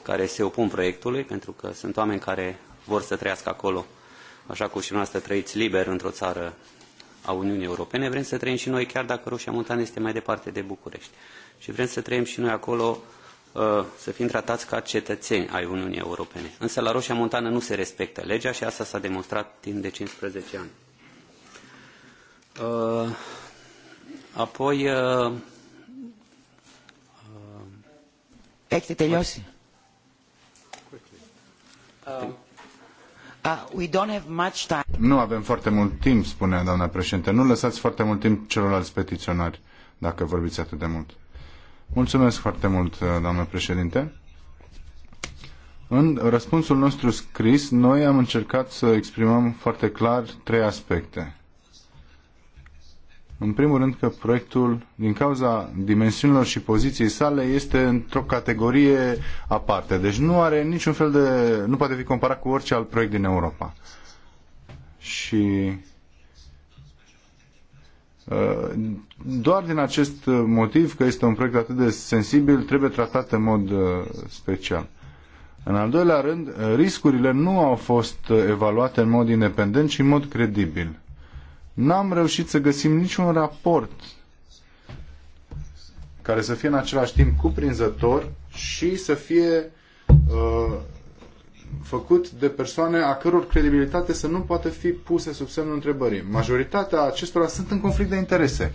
care se opun proiectului, pentru că sunt oameni care vor să trăiască acolo așa cum și noastră trăiți liber într-o țară a Uniunii Europene, vrem să trăim și noi, chiar dacă Roșia Montană este mai departe de București. Și vrem să trăim și noi acolo, uh, să fim tratați ca cetățeni ai Uniunii Europene. Însă la Roșia Montană nu se respectă legea și asta s-a demonstrat timp de 15 ani. Uh, apoi... Έχετε uh, τελειώσει. Uh, nu avem foarte mult timp, spune doamna președinte. Nu lăsați foarte mult timp celorlalți petiționari, dacă vorbiți atât de mult. Mulțumesc foarte mult, uh, doamnă președinte. În răspunsul nostru scris, noi am încercat să exprimăm foarte clar trei aspecte. În primul rând că proiectul, din cauza dimensiunilor și poziției sale, este într-o categorie aparte. Deci nu are niciun fel de... nu poate fi comparat cu orice alt proiect din Europa. Și uh, doar din acest motiv, că este un proiect atât de sensibil, trebuie tratat în mod uh, special. În al doilea rând, riscurile nu au fost evaluate în mod independent și în mod credibil n-am reușit să găsim niciun raport care să fie în același timp cuprinzător și să fie uh, făcut de persoane a căror credibilitate să nu poate fi puse sub semnul întrebării. Majoritatea acestora sunt în conflict de interese.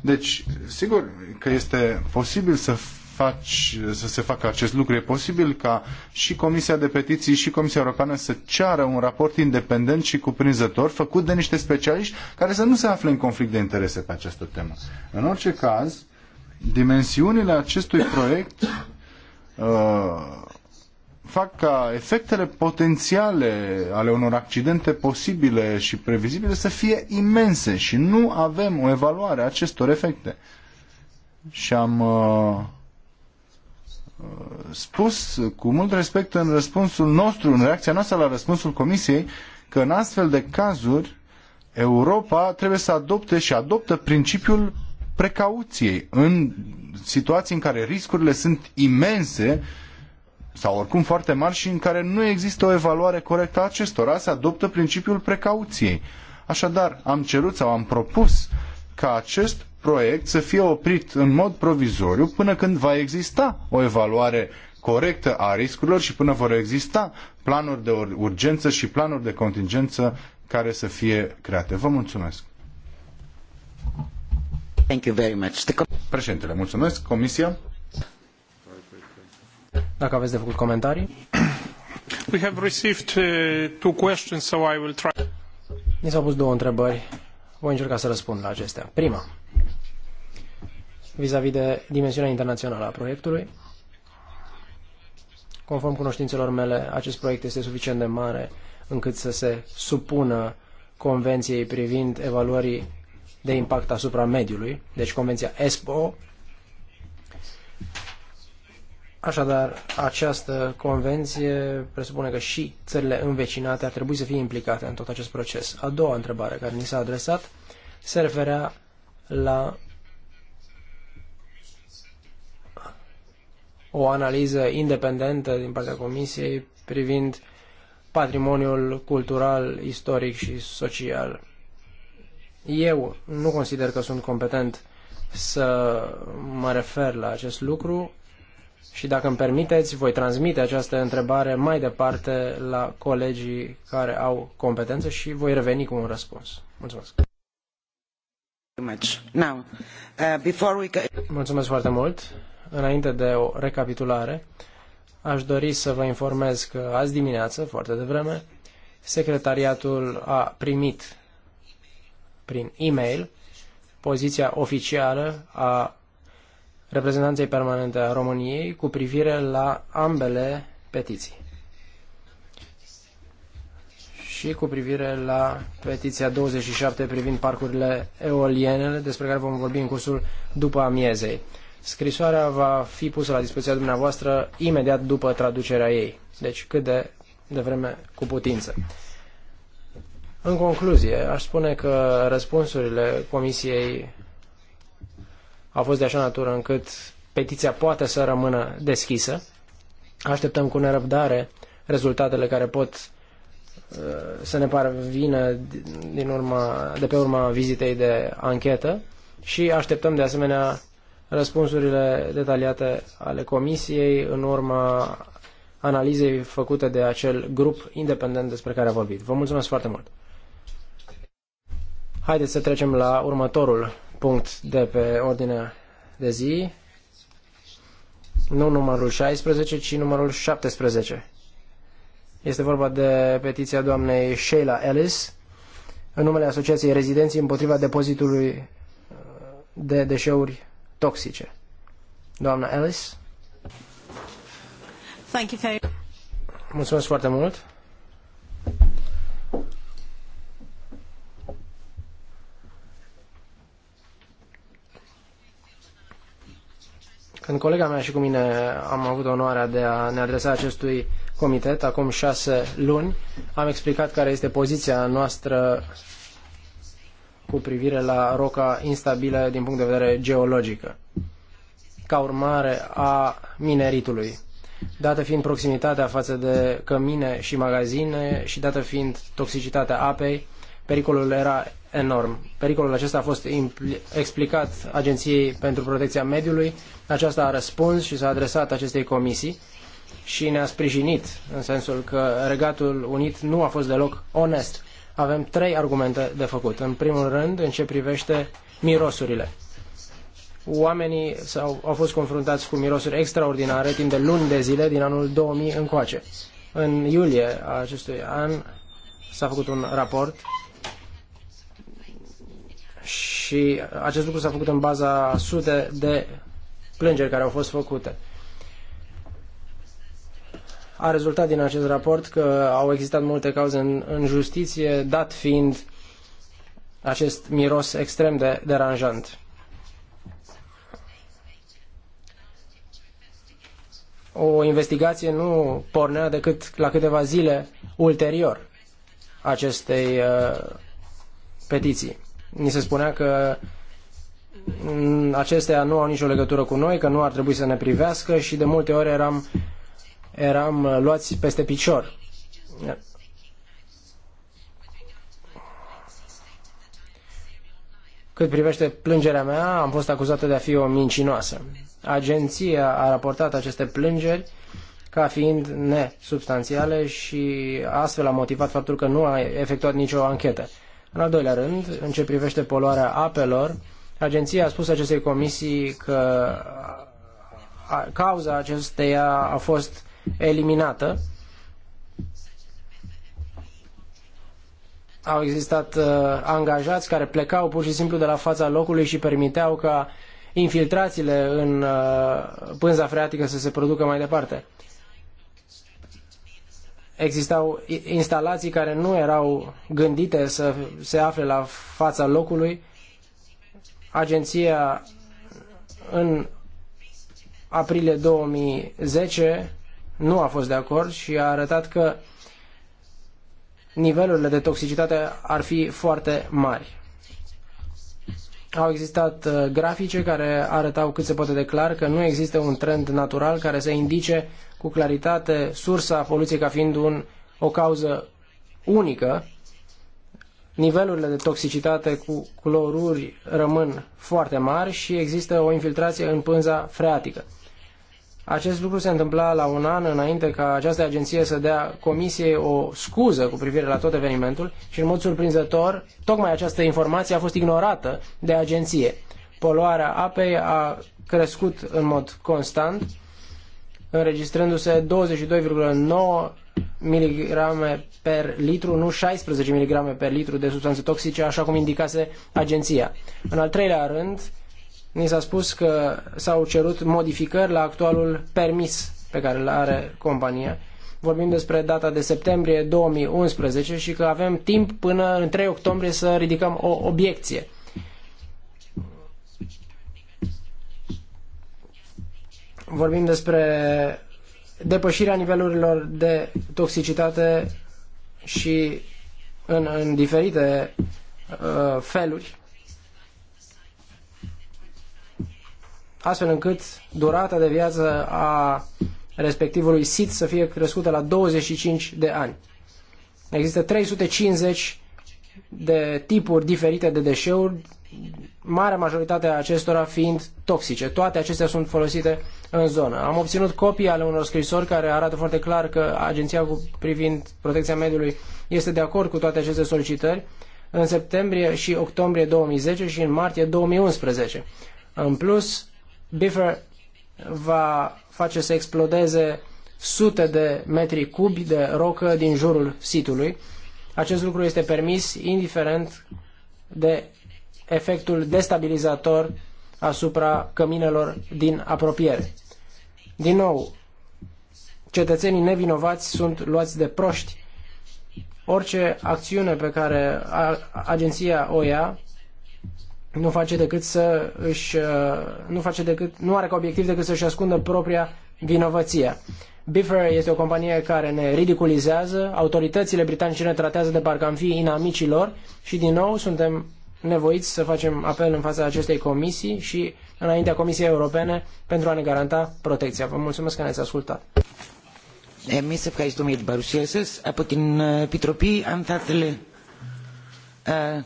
Deci, sigur că este posibil să faci, să se facă acest lucru. E posibil ca și Comisia de Petiții și Comisia Europeană să ceară un raport independent și cuprinzător făcut de niște specialiști care să nu se afle în conflict de interese pe această temă. În orice caz, dimensiunile acestui proiect uh, fac ca efectele potențiale ale unor accidente posibile și previzibile să fie imense și nu avem o evaluare a acestor efecte. Și am uh, spus cu mult respect în răspunsul nostru, în reacția noastră la răspunsul Comisiei, că în astfel de cazuri Europa trebuie să adopte și adoptă principiul precauției în situații în care riscurile sunt imense sau oricum foarte mari și în care nu există o evaluare corectă a acestora, se adoptă principiul precauției. Așadar, am cerut sau am propus ca acest proiect să fie oprit în mod provizoriu până când va exista o evaluare corectă a riscurilor și până vor exista planuri de urgență și planuri de contingență care să fie create. Vă mulțumesc. Thank you very much. Președintele, mulțumesc. Comisia? Dacă aveți de făcut comentarii. We have received uh, two questions, so I will try. Ni s-au pus două întrebări. Voi încerca să răspund la acestea. Prima vis-a-vis -vis de dimensiunea internațională a proiectului. Conform cunoștințelor mele, acest proiect este suficient de mare încât să se supună Convenției privind evaluării de impact asupra mediului, deci Convenția ESPO. Așadar, această convenție presupune că și țările învecinate ar trebui să fie implicate în tot acest proces. A doua întrebare care ni s-a adresat se referea la o analiză independentă din partea Comisiei privind patrimoniul cultural, istoric și social. Eu nu consider că sunt competent să mă refer la acest lucru și dacă îmi permiteți, voi transmite această întrebare mai departe la colegii care au competență și voi reveni cu un răspuns. Mulțumesc! Mulțumesc foarte mult! Înainte de o recapitulare, aș dori să vă informez că azi dimineață, foarte devreme, secretariatul a primit prin e-mail poziția oficială a reprezentanței permanente a României cu privire la ambele petiții și cu privire la petiția 27 privind parcurile eoliene despre care vom vorbi în cursul după amiezei. Scrisoarea va fi pusă la dispoziția dumneavoastră imediat după traducerea ei, deci cât de de vreme cu putință. În concluzie, aș spune că răspunsurile Comisiei au fost de așa natură încât petiția poate să rămână deschisă. Așteptăm cu nerăbdare rezultatele care pot uh, să ne parvină din urma, de pe urma vizitei de anchetă și așteptăm de asemenea răspunsurile detaliate ale Comisiei în urma analizei făcute de acel grup independent despre care a vorbit. Vă mulțumesc foarte mult! Haideți să trecem la următorul punct de pe ordinea de zi. Nu numărul 16, ci numărul 17. Este vorba de petiția doamnei Sheila Ellis în numele Asociației Rezidenții împotriva depozitului uh, de deșeuri toxice. Doamna Ellis? Thank you very... Mulțumesc foarte mult. Când colega mea și cu mine am avut onoarea de a ne adresa acestui comitet acum șase luni, am explicat care este poziția noastră cu privire la roca instabilă din punct de vedere geologică, ca urmare a mineritului. Dată fiind proximitatea față de cămine și magazine și dată fiind toxicitatea apei, pericolul era enorm. Pericolul acesta a fost explicat Agenției pentru Protecția Mediului. Aceasta a răspuns și s-a adresat acestei comisii și ne-a sprijinit în sensul că Regatul Unit nu a fost deloc onest avem trei argumente de făcut. În primul rând, în ce privește mirosurile. Oamenii -au, au fost confruntați cu mirosuri extraordinare timp de luni de zile din anul 2000 încoace. În iulie a acestui an s-a făcut un raport și acest lucru s-a făcut în baza sute de plângeri care au fost făcute. A rezultat din acest raport că au existat multe cauze în, în justiție, dat fiind acest miros extrem de deranjant. O investigație nu pornea decât la câteva zile ulterior acestei uh, petiții. Ni se spunea că mm, acestea nu au nicio legătură cu noi, că nu ar trebui să ne privească și de multe ori eram eram uh, luați peste picior. Cât privește plângerea mea, am fost acuzată de a fi o mincinoasă. Agenția a raportat aceste plângeri ca fiind nesubstanțiale și astfel a motivat faptul că nu a efectuat nicio anchetă. În al doilea rând, în ce privește poluarea apelor, agenția a spus acestei comisii că cauza acesteia a fost eliminată. Au existat uh, angajați care plecau pur și simplu de la fața locului și permiteau ca infiltrațiile în uh, pânza freatică să se producă mai departe. Existau instalații care nu erau gândite să se afle la fața locului. Agenția în aprilie 2010 nu a fost de acord și a arătat că nivelurile de toxicitate ar fi foarte mari. Au existat uh, grafice care arătau cât se poate de clar că nu există un trend natural care să indice cu claritate sursa poluției ca fiind un, o cauză unică. Nivelurile de toxicitate cu cloruri rămân foarte mari și există o infiltrație în pânza freatică. Acest lucru se întâmpla la un an înainte ca această agenție să dea comisiei o scuză cu privire la tot evenimentul și, în mod surprinzător, tocmai această informație a fost ignorată de agenție. Poluarea apei a crescut în mod constant, înregistrându-se 22,9 mg per litru, nu 16 mg per litru de substanțe toxice, așa cum indicase agenția. În al treilea rând, ni s-a spus că s-au cerut modificări la actualul permis pe care îl are compania. Vorbim despre data de septembrie 2011 și că avem timp până în 3 octombrie să ridicăm o obiecție. Vorbim despre depășirea nivelurilor de toxicitate și în, în diferite uh, feluri astfel încât durata de viață a respectivului sit să fie crescută la 25 de ani. Există 350 de tipuri diferite de deșeuri, marea majoritate a acestora fiind toxice. Toate acestea sunt folosite în zonă. Am obținut copii ale unor scrisori care arată foarte clar că agenția cu privind protecția mediului este de acord cu toate aceste solicitări în septembrie și octombrie 2010 și în martie 2011. În plus, Biffer va face să explodeze sute de metri cubi de rocă din jurul sitului. Acest lucru este permis indiferent de efectul destabilizator asupra căminelor din apropiere. Din nou, cetățenii nevinovați sunt luați de proști. Orice acțiune pe care agenția o ia nu face decât să își, uh, nu face decât, nu are ca obiectiv decât să-și ascundă propria vinovăție. Biffer este o companie care ne ridiculizează, autoritățile britanice ne tratează de parcă am fi inamicii lor și din nou suntem nevoiți să facem apel în fața acestei comisii și înaintea Comisiei Europene pentru a ne garanta protecția. Vă mulțumesc că ne-ați ascultat. Εμεί ευχαριστούμε για Από την Επιτροπή, αν θα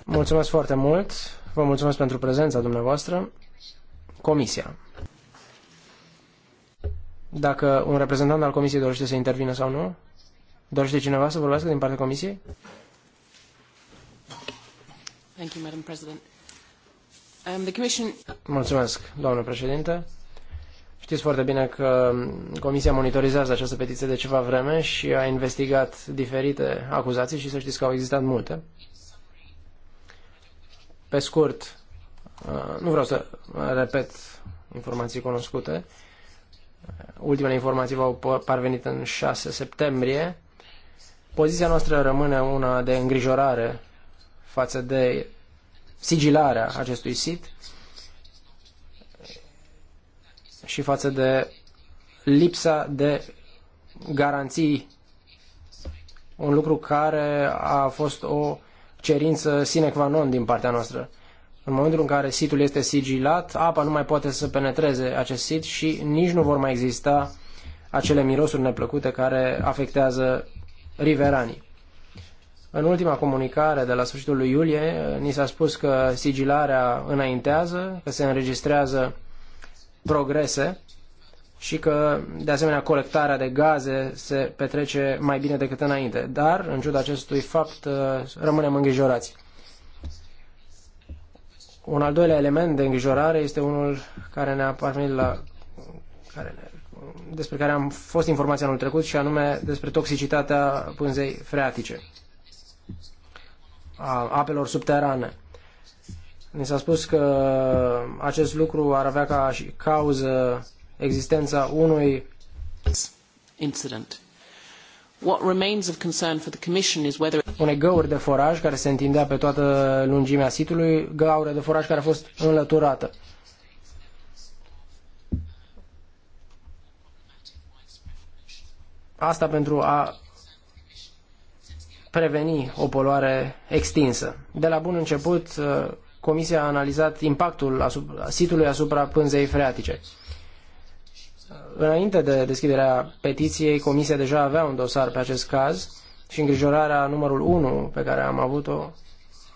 Mulțumesc foarte mult. Vă mulțumesc pentru prezența dumneavoastră. Comisia. Dacă un reprezentant al Comisiei dorește să intervină sau nu, dorește cineva să vorbească din partea Comisiei? Thank you, Madam President. Um, the commission... Mulțumesc, doamnă președinte. Știți foarte bine că Comisia monitorizează această petiție de ceva vreme și a investigat diferite acuzații și să știți că au existat multe. Pe scurt, uh, nu vreau să repet informații cunoscute. Ultimele informații v-au parvenit în 6 septembrie. Poziția noastră rămâne una de îngrijorare față de sigilarea acestui sit și față de lipsa de garanții. Un lucru care a fost o cerință sine qua non din partea noastră. În momentul în care situl este sigilat, apa nu mai poate să penetreze acest sit și nici nu vor mai exista acele mirosuri neplăcute care afectează riveranii. În ultima comunicare de la sfârșitul lui iulie, ni s-a spus că sigilarea înaintează, că se înregistrează progrese și că, de asemenea, colectarea de gaze se petrece mai bine decât înainte. Dar, în ciuda acestui fapt, uh, rămânem îngrijorați. Un al doilea element de îngrijorare este unul care ne-a parvenit la... Care ne, despre care am fost informați anul trecut și anume despre toxicitatea pânzei freatice, a apelor subterane. Ni s-a spus că acest lucru ar avea ca și cauză existența unui incident. What remains of concern for the commission is whether unei găuri de foraj care se întindea pe toată lungimea sitului, gaură de foraj care a fost înlăturată. Asta pentru a preveni o poluare extinsă. De la bun început, uh, Comisia a analizat impactul asupra, sitului asupra pânzei freatice. Înainte de deschiderea petiției, Comisia deja avea un dosar pe acest caz și îngrijorarea numărul 1 pe care am avut-o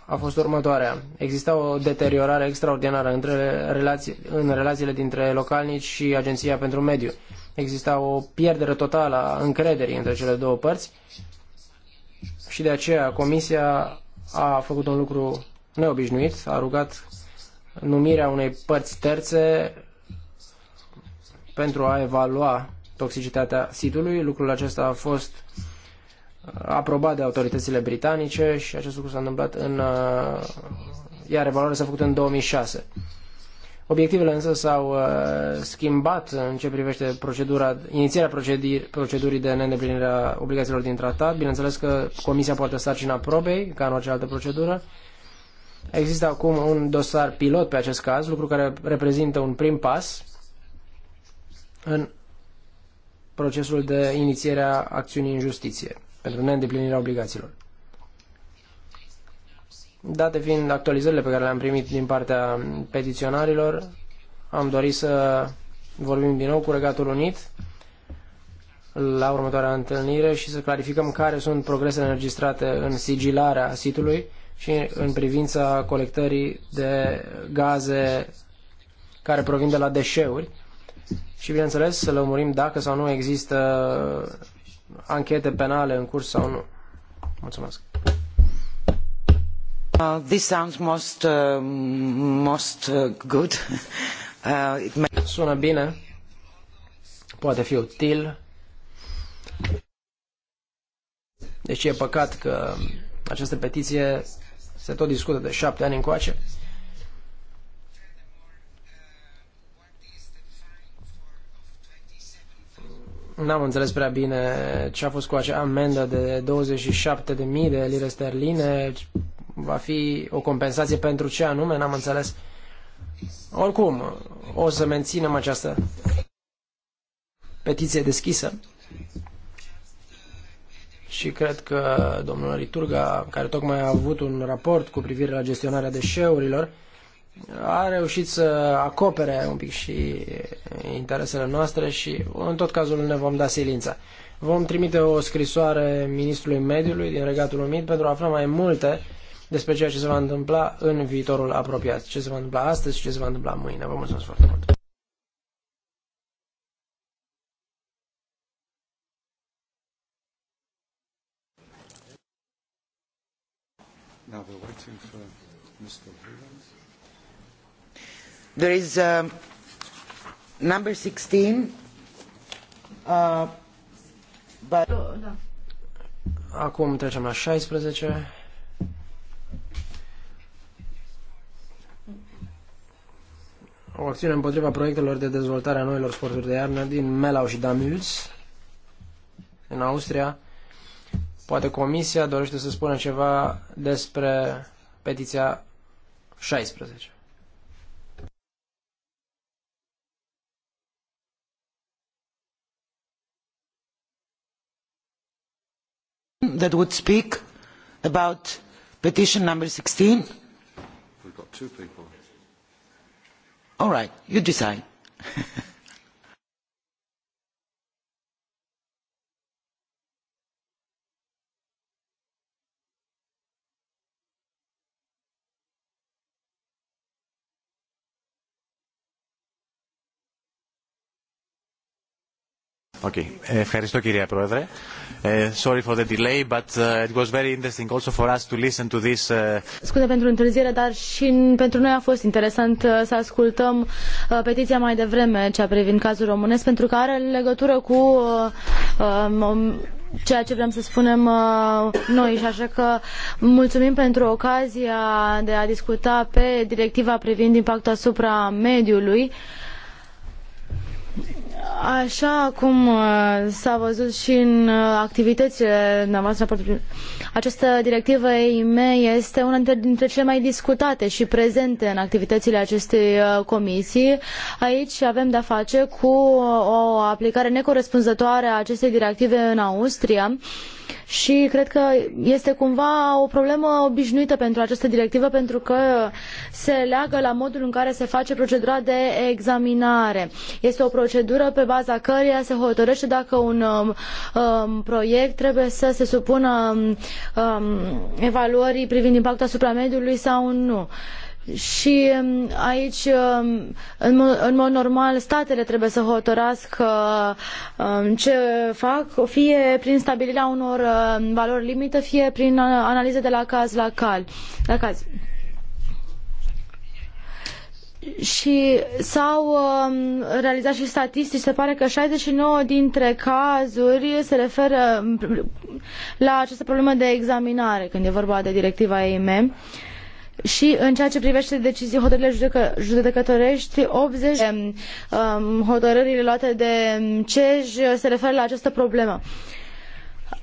a fost următoarea. Exista o deteriorare extraordinară între relații, în relațiile dintre localnici și Agenția pentru Mediu. Exista o pierdere totală a încrederii între cele două părți și de aceea Comisia a făcut un lucru neobișnuit, a rugat numirea unei părți terțe pentru a evalua toxicitatea sitului. Lucrul acesta a fost uh, aprobat de autoritățile britanice și acest lucru s-a întâmplat în... Uh, iar evaluarea s-a făcut în 2006. Obiectivele însă s-au uh, schimbat în ce privește procedura, inițierea procedurii de neîndeplinire a obligațiilor din tratat. Bineînțeles că Comisia poate sarcina probei, ca în orice altă procedură. Există acum un dosar pilot pe acest caz, lucru care reprezintă un prim pas în procesul de inițiere a acțiunii în justiție pentru neîndeplinirea obligațiilor. Date fiind actualizările pe care le-am primit din partea petiționarilor, am dorit să vorbim din nou cu Regatul Unit la următoarea întâlnire și să clarificăm care sunt progresele înregistrate în sigilarea sitului și în privința colectării de gaze care provin de la deșeuri și, bineînțeles, să lămurim dacă sau nu există anchete penale în curs sau nu. Mulțumesc. Uh, this sounds most, uh, most uh, good. Uh, it may... Sună bine, poate fi util. Deci e păcat că această petiție se tot discută de șapte ani încoace. N-am înțeles prea bine ce a fost cu acea amendă de 27.000 de lire sterline. Va fi o compensație pentru ce anume? N-am înțeles. Oricum, o să menținem această petiție deschisă. Și cred că domnul Riturga, care tocmai a avut un raport cu privire la gestionarea deșeurilor, a reușit să acopere un pic și interesele noastre și în tot cazul ne vom da silința. Vom trimite o scrisoare ministrului mediului din Regatul Unit pentru a afla mai multe despre ceea ce se va întâmpla în viitorul apropiat, ce se va întâmpla astăzi și ce se va întâmpla mâine. Vă mulțumesc foarte mult! Now we're waiting for Mr. Brewer there is uh, number 16 uh, but oh, da. Acum trecem la 16 o acțiune împotriva proiectelor de dezvoltare a noilor sporturi de iarnă din Melau și Damüls, în Austria. Poate Comisia dorește să spună ceva despre petiția 16. that would speak about petition number 16? We've got two people. All right, you decide. Okay. Ευχαριστώ κυρία Πρόεδρε. Uh, sorry for the delay, but uh, it was very interesting also for us to listen to this. Uh... Scuze pentru întârziere, dar și pentru noi a fost interesant uh, să ascultăm uh, petiția mai devreme, cea privind cazul românesc, pentru că are legătură cu uh, um, um ceea ce vrem să spunem uh, noi și așa că mulțumim pentru ocazia de a discuta pe directiva privind impactul asupra mediului. Uh, Așa cum uh, s-a văzut și în uh, activitățile noastre, această directivă EIM este una dintre cele mai discutate și prezente în activitățile acestei uh, comisii. Aici avem de-a face cu o aplicare necorespunzătoare a acestei directive în Austria și cred că este cumva o problemă obișnuită pentru această directivă pentru că se leagă la modul în care se face procedura de examinare. Este o procedură pe baza căreia se hotărăște dacă un um, um proiect trebuie să se supună um, um, evaluării privind impactul asupra mediului sau nu și um, aici, um, în mod, normal, statele trebuie să hotărască um, ce fac, fie prin stabilirea unor valori limită, fie prin uh, analize de la caz la, cal, la caz. Și s-au realizat și statistici, se pare că 69 dintre cazuri se referă la această problemă de examinare când e vorba de directiva EIM. Uh, și în ceea ce privește decizii hotărârile judecătorești, 80 um, hotărârile luate de um, CEJ se referă la această problemă. Uh,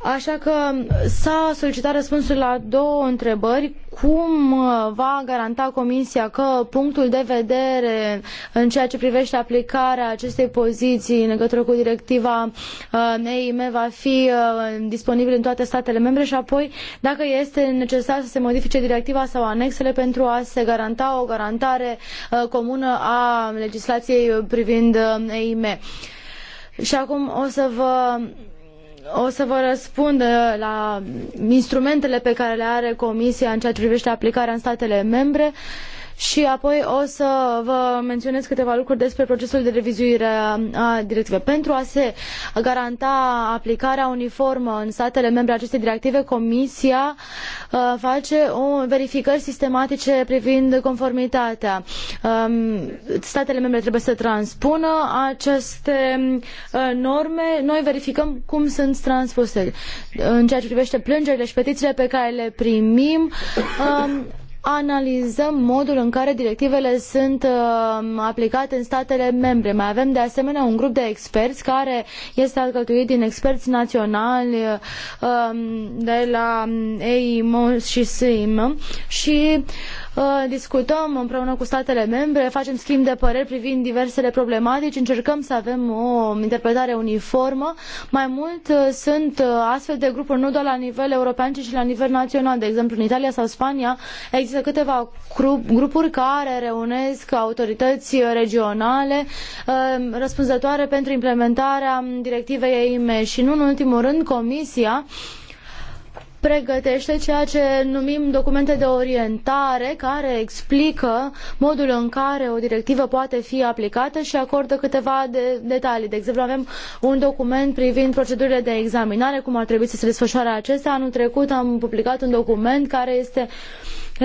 Așa că s-a solicitat răspunsul la două întrebări. Cum uh, va garanta Comisia că punctul de vedere în ceea ce privește aplicarea acestei poziții în legătură cu directiva uh, EIM va fi uh, disponibil în toate statele membre și apoi dacă este necesar să se modifice directiva sau anexele pentru a se garanta o garantare comună a legislației privind EIM. Și acum o să vă o să vă răspund la instrumentele pe care le are Comisia în ceea ce privește aplicarea în statele membre. Uh, și apoi o să vă menționez câteva lucruri despre procesul de revizuire a directivei. Pentru a se garanta aplicarea uniformă în statele membre acestei directive, Comisia face o verificări sistematice privind conformitatea. Statele membre trebuie să transpună aceste norme. Noi verificăm cum sunt transpuse. În ceea ce privește plângerile și petițiile pe care le primim, analizăm modul în care directivele sunt uh, aplicate în statele membre. Mai avem de asemenea un grup de experți care este alcătuit din experți naționali uh, de la EIMO și SIM și uh, Uh, discutăm împreună cu statele membre, facem schimb de păreri privind diversele problematici, încercăm să avem o interpretare uniformă. Mai mult uh, sunt uh, astfel de grupuri nu doar la nivel european, ci și la nivel național. De exemplu, în Italia sau Spania există câteva grupuri care reunesc autorități regionale răspunzătoare pentru implementarea directivei EIME și nu în ultimul rând Comisia pregătește ceea ce numim documente de orientare care explică modul în care o directivă poate fi aplicată și acordă câteva de detalii. De exemplu, avem un document privind procedurile de examinare, cum ar trebui să se desfășoare acestea. Anul trecut am publicat un document care este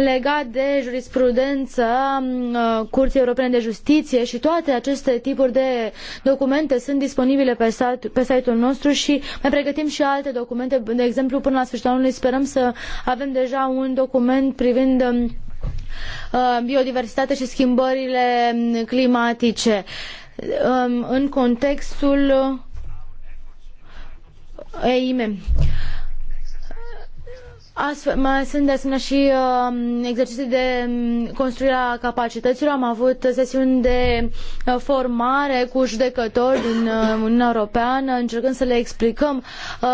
legat de jurisprudență uh, Curții Europene de Justiție și toate aceste tipuri de documente sunt disponibile pe, site, pe site-ul nostru și mai pregătim și alte documente. De exemplu, până la sfârșitul anului sperăm să avem deja un document privind um, uh, biodiversitate și schimbările um, climatice um, în contextul EIME. Uh, Astfel, mai sunt de asemenea și uh, exerciții de um, construire a capacităților. Am avut sesiuni de uh, formare cu judecători din uh, Uniunea Europeană, încercând să le explicăm uh,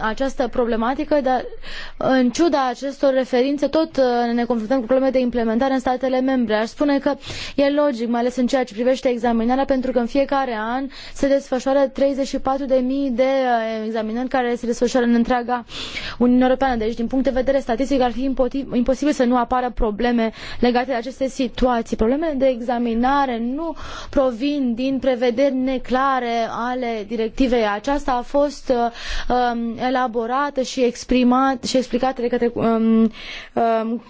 această problematică, dar în ciuda acestor referințe, tot uh, ne confruntăm cu probleme de implementare în statele membre. Aș spune că e logic, mai ales în ceea ce privește examinarea, pentru că în fiecare an se desfășoară 34.000 de uh, examinări care se desfășoară în întreaga Uniunea Europeană. Deci, din punct de vedere statistic ar fi imposibil să nu apară probleme legate de aceste situații. Problemele de examinare nu provin din prevederi neclare ale directivei. Aceasta a fost uh, um, elaborată și, exprimat, și explicată de către um,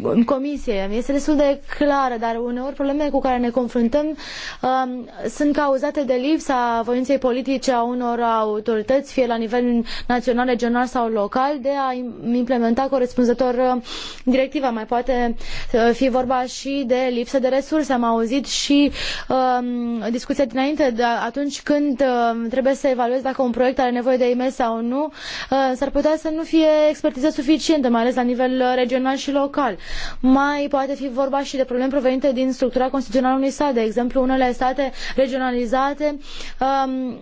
um, comisie. Este destul de clară, dar uneori problemele cu care ne confruntăm um, sunt cauzate de lipsa voinței politice a unor autorități, fie la nivel național, regional sau local, de a implementa corespunzător uh, directiva. Mai poate uh, fi vorba și de lipsă de resurse. Am auzit și um, discuția dinainte, de atunci când um, trebuie să evaluezi dacă un proiect are nevoie de IMS sau nu, uh, s-ar putea să nu fie expertiză suficientă, mai ales la nivel uh, regional și local. Mai poate fi vorba și de probleme provenite din structura constituțională unui stat. De exemplu, unele state regionalizate um,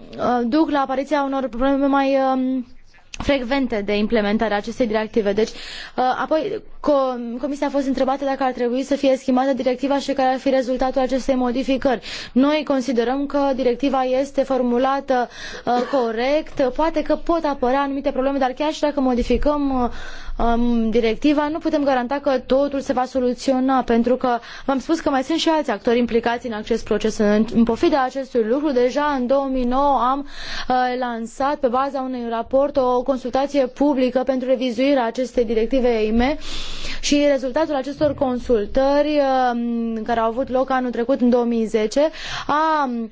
duc la apariția unor probleme mai um, frecvente de implementare a acestei directive. Deci, uh, apoi, Comisia a fost întrebată dacă ar trebui să fie schimbată directiva și care ar fi rezultatul acestei modificări. Noi considerăm că directiva este formulată uh, corect, poate că pot apărea anumite probleme, dar chiar și dacă modificăm uh, um, directiva, nu putem garanta că totul se va soluționa, pentru că v-am spus că mai sunt și alți actori implicați în acest proces. În, în pofida acestui lucru, deja în 2009 am uh, lansat pe baza unui raport o consultație publică pentru revizuirea acestei directive EIME și rezultatul acestor consultări uh, care au avut loc anul trecut, în 2010, a um,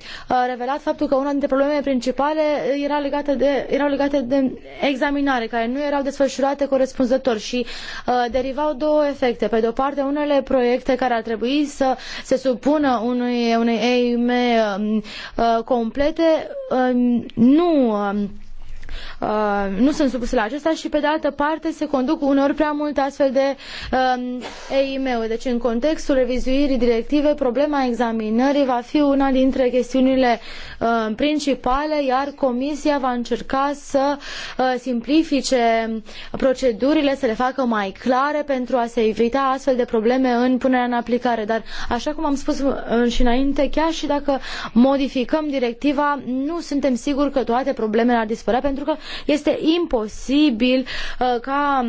revelat faptul că una dintre problemele principale era legată de, erau legate de examinare, care nu erau desfășurate corespunzător producători și uh, derivau două efecte. Pe de o parte, unele proiecte care ar trebui să se supună unui, unei EIM um, uh, complete uh, nu um, Uh, nu sunt supuse la acesta și pe de altă parte se conduc uneori prea multe astfel de uh, um, EIM-uri. Deci în contextul revizuirii directive, problema examinării va fi una dintre chestiunile uh, principale, iar Comisia va încerca să uh, simplifice procedurile, să le facă mai clare pentru a se evita astfel de probleme în punerea în aplicare. Dar așa cum am spus uh, și înainte, chiar și dacă modificăm directiva, nu suntem siguri că toate problemele ar dispărea pentru că este imposibil uh, ca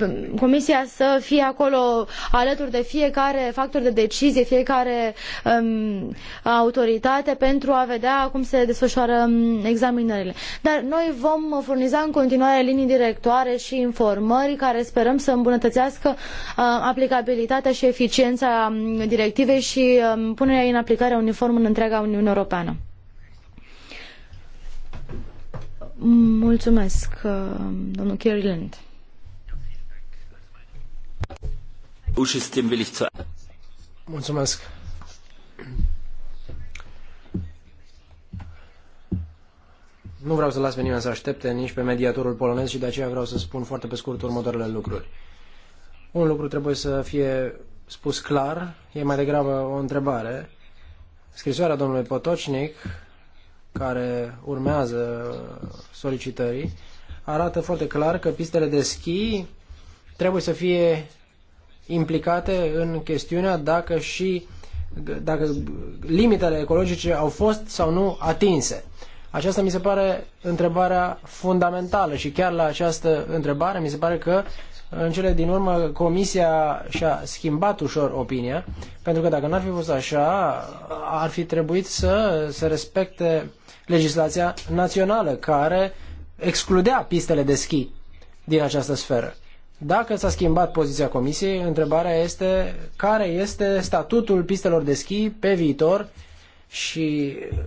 uh, Comisia să fie acolo alături de fiecare factor de decizie, fiecare um, autoritate pentru a vedea cum se desfășoară um, examinările. Dar noi vom furniza în continuare linii directoare și informări care sperăm să îmbunătățească uh, aplicabilitatea și eficiența um, directivei și punerea ei în aplicare uniform în întreaga Uniune Europeană. Mulțumesc, uh, domnul Kirland. Mulțumesc. Nu vreau să las pe nimeni să aștepte, nici pe mediatorul polonez și de aceea vreau să spun foarte pe scurt următoarele lucruri. Un lucru trebuie să fie spus clar, e mai degrabă o întrebare. Scrisoarea domnului Potocnic care urmează solicitării arată foarte clar că pistele de schi trebuie să fie implicate în chestiunea dacă și dacă limitele ecologice au fost sau nu atinse. Aceasta mi se pare întrebarea fundamentală și chiar la această întrebare mi se pare că în cele din urmă comisia și-a schimbat ușor opinia, pentru că dacă n-ar fi fost așa, ar fi trebuit să se respecte legislația națională care excludea pistele de schi din această sferă. Dacă s-a schimbat poziția comisiei, întrebarea este care este statutul pistelor de schi pe viitor și uh,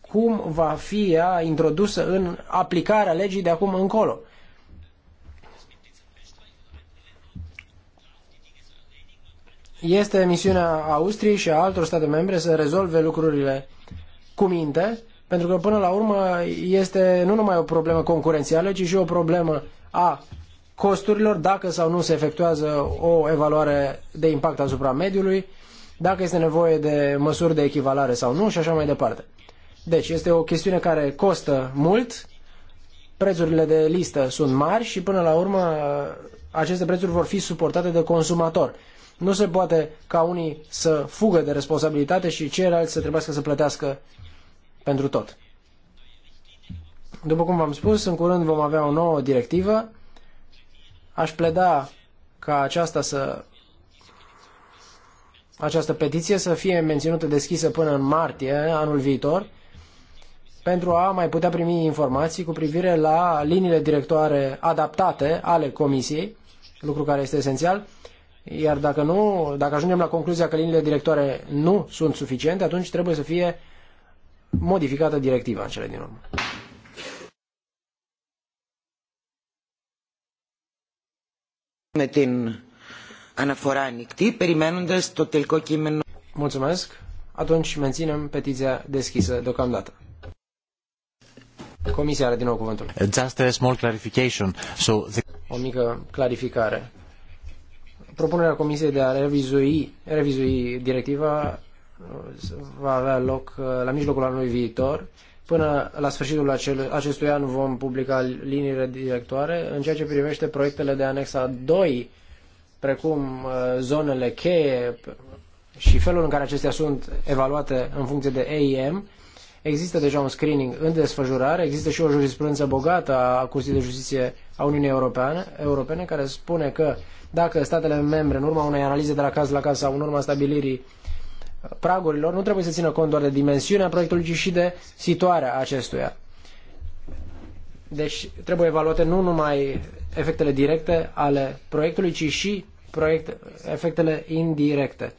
cum va fi ea introdusă în aplicarea legii de acum încolo. Este misiunea Austriei și a altor state membre să rezolve lucrurile cu minte pentru că până la urmă este nu numai o problemă concurențială, ci și o problemă a costurilor, dacă sau nu se efectuează o evaluare de impact asupra mediului, dacă este nevoie de măsuri de echivalare sau nu și așa mai departe. Deci este o chestiune care costă mult, prețurile de listă sunt mari și până la urmă aceste prețuri vor fi suportate de consumator. Nu se poate ca unii să fugă de responsabilitate și ceilalți să trebuiască să plătească pentru tot. După cum v-am spus, în curând vom avea o nouă directivă. Aș pleda ca aceasta să această petiție să fie menținută deschisă până în martie anul viitor pentru a mai putea primi informații cu privire la liniile directoare adaptate ale comisiei, lucru care este esențial, iar dacă nu, dacă ajungem la concluzia că liniile directoare nu sunt suficiente, atunci trebuie să fie modificată directiva în cele din urmă. την αναφορά ανοιχτή, περιμένοντας το τελικό κείμενο. Mulțumesc. Atunci menținem petiția deschisă deocamdată. Comisia are din nou cuvântul. Just a small clarification. So the... O mică clarificare. Propunerea Comisiei de a revizui, revizui directiva va avea loc uh, la mijlocul anului viitor. Până la sfârșitul acestui an vom publica liniile directoare. În ceea ce privește proiectele de anexa 2, precum uh, zonele cheie și felul în care acestea sunt evaluate în funcție de EIM, există deja un screening în desfășurare, există și o jurisprudență bogată a Curții de Justiție a Uniunii Europeane, Europene care spune că dacă statele membre, în urma unei analize de la caz la caz sau în urma stabilirii pragurilor nu trebuie să țină cont doar de dimensiunea proiectului, ci și de situarea acestuia. Deci trebuie evaluate nu numai efectele directe ale proiectului, ci și proiect, efectele indirecte.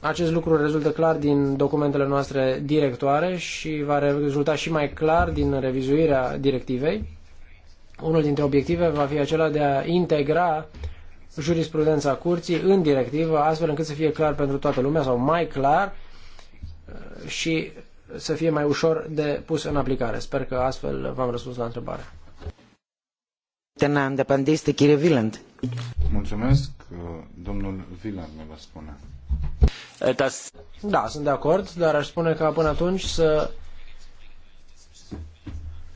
Acest lucru rezultă clar din documentele noastre directoare și va rezulta și mai clar din revizuirea directivei. Unul dintre obiective va fi acela de a integra jurisprudența curții în directivă, astfel încât să fie clar pentru toată lumea sau mai clar uh, și să fie mai ușor de pus în aplicare. Sper că astfel v-am răspuns la întrebare. Mulțumesc, domnul Vilan ne va spune. Da, sunt de acord, dar aș spune că până atunci să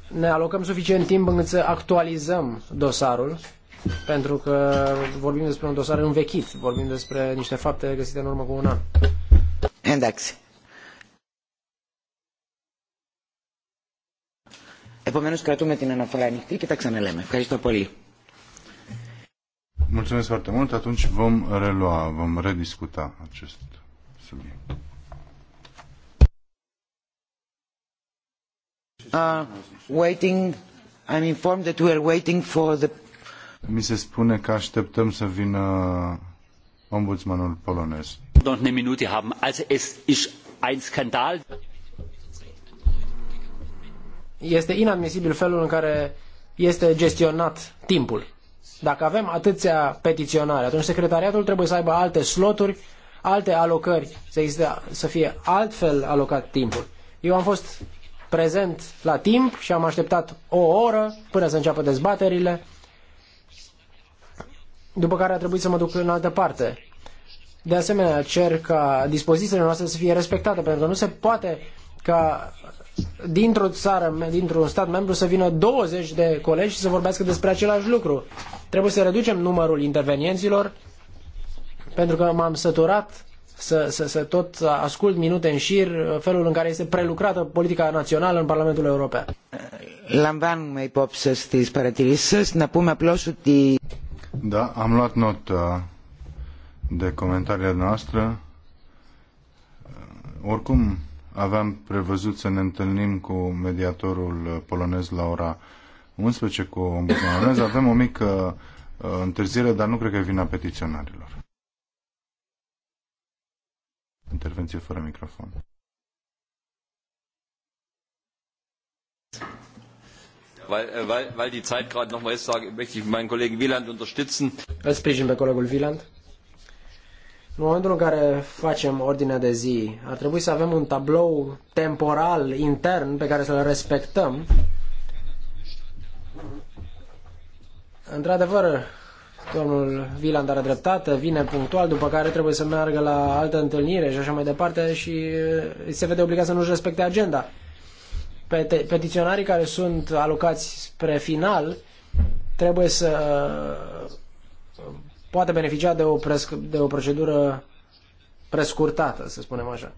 ne alocăm suficient timp încât să actualizăm dosarul pentru că vorbim despre un dosar învechit, vorbim despre niște fapte găsite în urmă cu un an. Εντάξει. Επομένως κρατούμε την αναφορά ανοιχτή και τα ξαναλέμε. Ευχαριστώ πολύ. Mulțumesc foarte mult. Atunci vom relua, vom rediscuta acest subiect. Uh, waiting, I'm informed that we are waiting for the mi se spune că așteptăm să vină ombudsmanul polonez. Noch eine Minute haben. Also es ist ein Skandal. Este inadmisibil felul în care este gestionat timpul. Dacă avem atâția petiționare, atunci secretariatul trebuie să aibă alte sloturi, alte alocări, să, existe, să fie altfel alocat timpul. Eu am fost prezent la timp și am așteptat o oră până să înceapă dezbaterile după care a trebuit să mă duc în altă parte. De asemenea, cer ca dispozițiile noastre să fie respectate, pentru că nu se poate ca dintr-o țară, dintr-un stat membru să vină 20 de colegi și să vorbească despre același lucru. Trebuie să reducem numărul intervenienților, pentru că m-am săturat să, să, să tot ascult minute în șir felul în care este prelucrată politica națională în Parlamentul European. Λαμβάνουμε υπόψη σας τις παρατηρήσεις să Να ne απλώς plosul da, am luat notă de comentariile noastre. Oricum, aveam prevăzut să ne întâlnim cu mediatorul polonez la ora 11 cu ombudsmanul. Avem o mică uh, întârziere, dar nu cred că e vina petiționarilor. Intervenție fără microfon. weil, äh, weil, weil die Zeit gerade nochmal ist, sage, möchte ich meinen Kollegen Wieland unterstützen. Îl sprijin pe colegul Wieland. În momentul în care facem ordinea de zi, ar trebui să avem un tablou temporal intern pe care să-l respectăm. Într-adevăr, domnul Wieland are dreptate, vine punctual, după care trebuie să meargă la altă întâlnire și așa mai departe și se vede obligat să nu-și respecte agenda petiționarii care sunt alocați spre final trebuie să uh, poate beneficia de o, presc, de o procedură prescurtată, să spunem așa.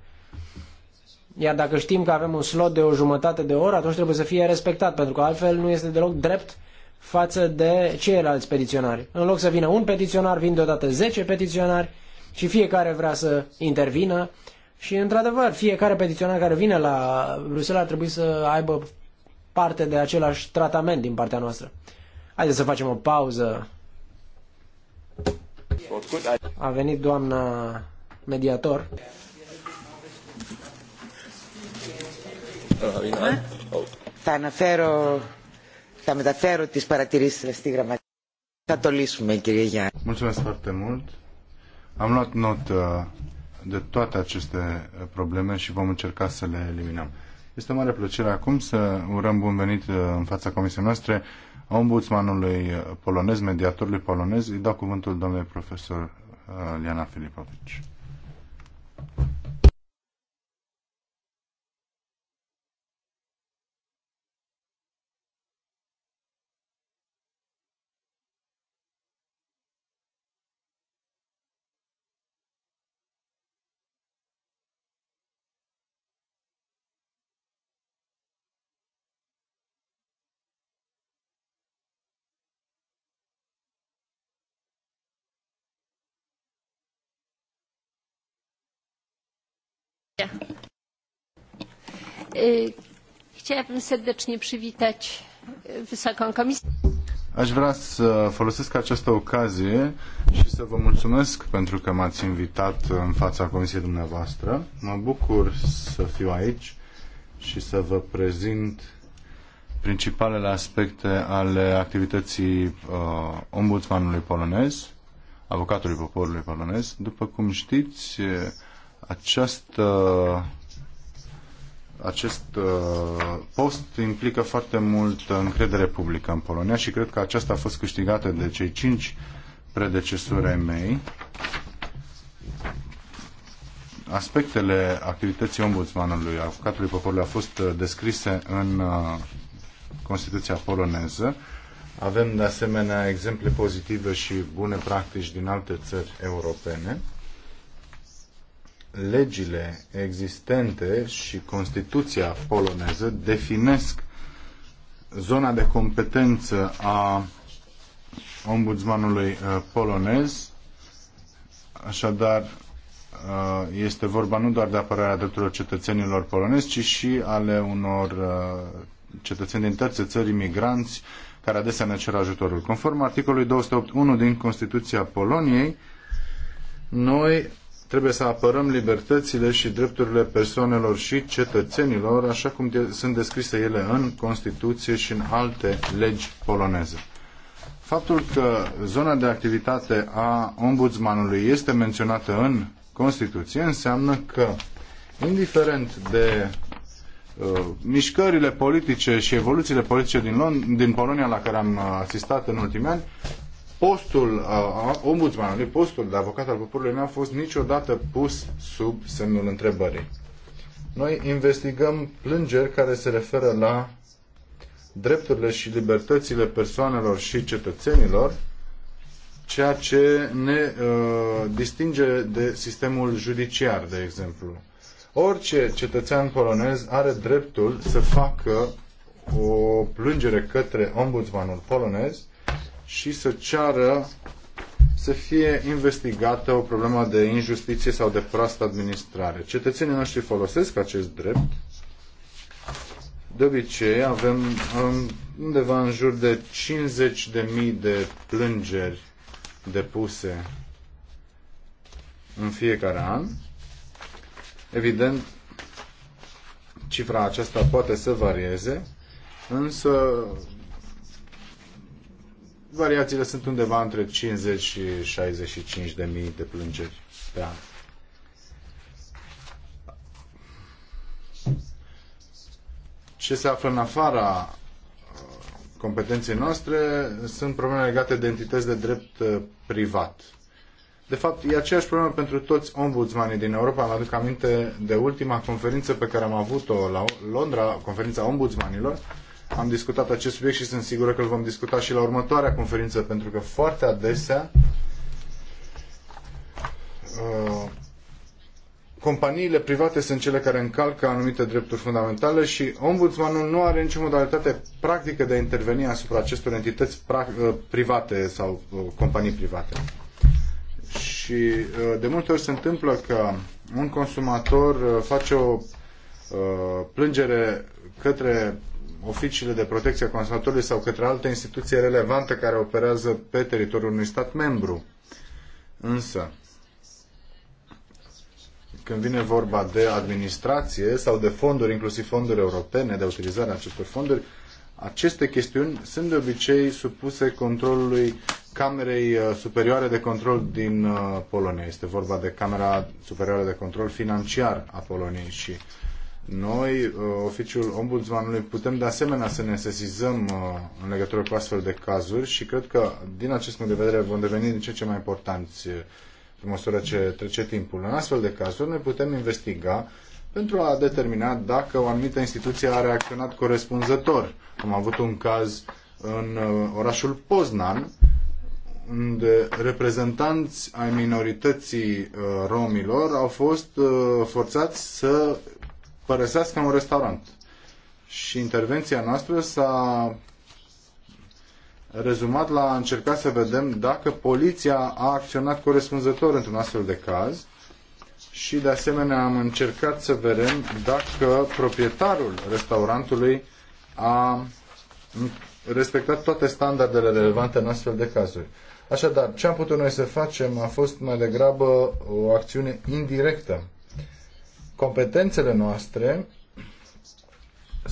Iar dacă știm că avem un slot de o jumătate de oră, atunci trebuie să fie respectat, pentru că altfel nu este deloc drept față de ceilalți petiționari. În loc să vină un petiționar, vin deodată 10 petiționari și fiecare vrea să intervină și, într-adevăr, fiecare petiționar care vine la Bruxelles ar trebui să aibă parte de același tratament din partea noastră. Haideți să facem o pauză. A venit doamna mediator. Θα αναφέρω, θα μεταφέρω τις παρατηρήσεις στη γραμματική. Θα το λύσουμε, κύριε Γιάννη. Mulțumesc foarte mult. Am luat notă de toate aceste uh, probleme și vom încerca să le eliminăm. Este o mare plăcere acum să urăm bun venit uh, în fața comisiei noastre ombudsmanului uh, polonez, mediatorului polonez. Îi dau cuvântul domnului profesor Liana Filipovici. Chciałabym serdecznie przywitać wysoką komisję. Aș vrea să folosesc această ocazie și să vă mulțumesc pentru că m-ați invitat în fața comisiei dumneavoastră. Mă bucur să fiu aici și să vă prezint principalele aspecte ale activității uh, ombudsmanului polonez, avocatului poporului polonez. După cum știți, această acest uh, post implică foarte mult încredere publică în Polonia și cred că aceasta a fost câștigată de cei cinci predecesori ai mm. mei. Aspectele activității ombudsmanului, avocatului poporului, au fost uh, descrise în uh, Constituția poloneză. Avem de asemenea exemple pozitive și bune practici din alte țări europene legile existente și Constituția poloneză definesc zona de competență a ombudsmanului uh, polonez. Așadar, uh, este vorba nu doar de apărarea drepturilor cetățenilor polonezi, ci și ale unor uh, cetățeni din terțe țări imigranți care adesea ne cer ajutorul. Conform articolului 281 din Constituția Poloniei, noi Trebuie să apărăm libertățile și drepturile persoanelor și cetățenilor, așa cum sunt descrise ele în Constituție și în alte legi poloneze. Faptul că zona de activitate a ombudsmanului este menționată în Constituție înseamnă că, indiferent de uh, mișcările politice și evoluțiile politice din, Lon- din Polonia la care am uh, asistat în ultimii ani, postul uh, ombudsmanului, postul de avocat al poporului n-a fost niciodată pus sub semnul întrebării. Noi investigăm plângeri care se referă la drepturile și libertățile persoanelor și cetățenilor, ceea ce ne uh, distinge de sistemul judiciar, de exemplu. Orice cetățean polonez are dreptul să facă o plângere către ombudsmanul polonez și să ceară să fie investigată o problemă de injustiție sau de proastă administrare. Cetățenii noștri folosesc acest drept. De obicei avem undeva în jur de 50.000 de plângeri depuse în fiecare an. Evident, cifra aceasta poate să varieze, însă variațiile sunt undeva între 50 și 65 de mii de plângeri pe an. Ce se află în afara uh, competenței noastre sunt probleme legate de entități de drept uh, privat. De fapt, e aceeași problemă pentru toți ombudsmanii din Europa. Îmi aduc aminte de ultima conferință pe care am avut-o la Londra, conferința ombudsmanilor, am discutat acest subiect și sunt sigură că îl vom discuta și la următoarea conferință, pentru că foarte adesea uh, companiile private sunt cele care încalcă anumite drepturi fundamentale și ombudsmanul nu are nicio modalitate practică de a interveni asupra acestor entități uh, private sau uh, companii private. Și uh, de multe ori se întâmplă că un consumator face o plângere către oficiile de protecție a consumatorului sau către alte instituții relevante care operează pe teritoriul unui stat membru. Însă, când vine vorba de administrație sau de fonduri, inclusiv fonduri europene, de utilizarea acestor fonduri, aceste chestiuni sunt de obicei supuse controlului Camerei uh, Superioare de Control din uh, Polonia. Este vorba de Camera Superioară de Control Financiar a Poloniei și noi, uh, oficiul ombudsmanului, putem de asemenea să ne sesizăm uh, în legătură cu astfel de cazuri și cred că, din acest punct de vedere, vom deveni din ce ce mai importanți uh, pe măsură ce trece timpul. În astfel de cazuri, noi putem investiga pentru a determina dacă o anumită instituție a reacționat corespunzător. Am avut un caz în orașul Poznan, unde reprezentanți ai minorității romilor au fost forțați să părăsească un restaurant. Și intervenția noastră s-a rezumat la a încerca să vedem dacă poliția a acționat corespunzător într-un astfel de caz și de asemenea am încercat să vedem dacă proprietarul restaurantului a respectat toate standardele relevante în astfel de cazuri. Așadar, ce am putut noi să facem a fost mai degrabă o acțiune indirectă competențele noastre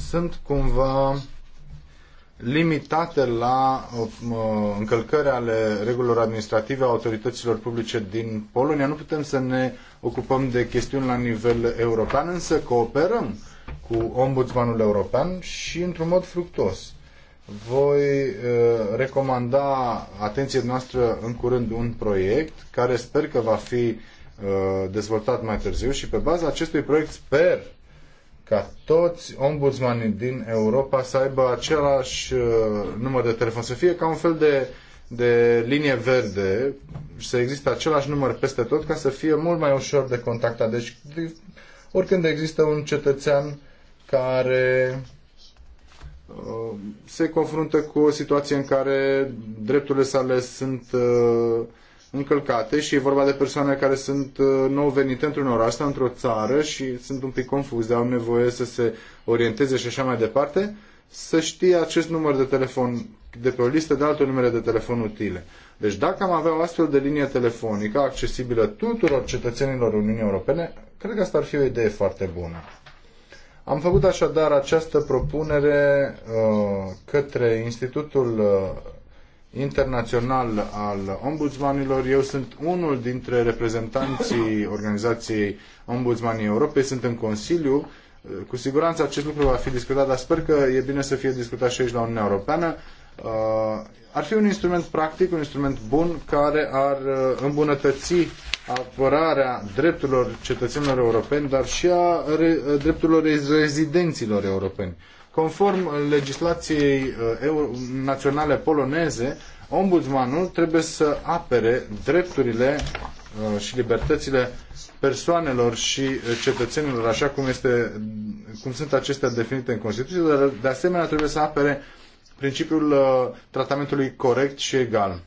sunt cumva limitate la uh, încălcări ale regulilor administrative a autorităților publice din Polonia. Nu putem să ne ocupăm de chestiuni la nivel european, însă cooperăm cu Ombudsmanul European și într-un mod fructos. Voi uh, recomanda atenției noastră în curând un proiect care sper că va fi Uh, dezvoltat mai târziu și pe baza acestui proiect sper ca toți ombudsmanii din Europa să aibă același uh, număr de telefon, să fie ca un fel de, de linie verde și să existe același număr peste tot ca să fie mult mai ușor de contactat. Deci oricând există un cetățean care uh, se confruntă cu o situație în care drepturile sale sunt încălcate și e vorba de persoane care sunt uh, nou venite într-un oraș sau într-o țară și sunt un pic confuze, au nevoie să se orienteze și așa mai departe, să știe acest număr de telefon de pe o listă de alte numere de telefon utile. Deci dacă am avea o astfel de linie telefonică accesibilă tuturor cetățenilor Uniunii Europene, cred că asta ar fi o idee foarte bună. Am făcut așadar această propunere uh, către Institutul uh, internațional al ombudsmanilor. Eu sunt unul dintre reprezentanții organizației Ombudsmanii Europei, sunt în Consiliu. Cu siguranță acest lucru va fi discutat, dar sper că e bine să fie discutat și aici la Uniunea Europeană. Uh, ar fi un instrument practic, un instrument bun care ar uh, îmbunătăți apărarea drepturilor cetățenilor europeni, dar și a uh, drepturilor rezidenților europeni. Conform legislației uh, naționale poloneze, ombudsmanul trebuie să apere drepturile uh, și libertățile persoanelor și uh, cetățenilor, așa cum, este, cum sunt acestea definite în Constituție, dar de asemenea trebuie să apere principiul tratamentului corect și egal.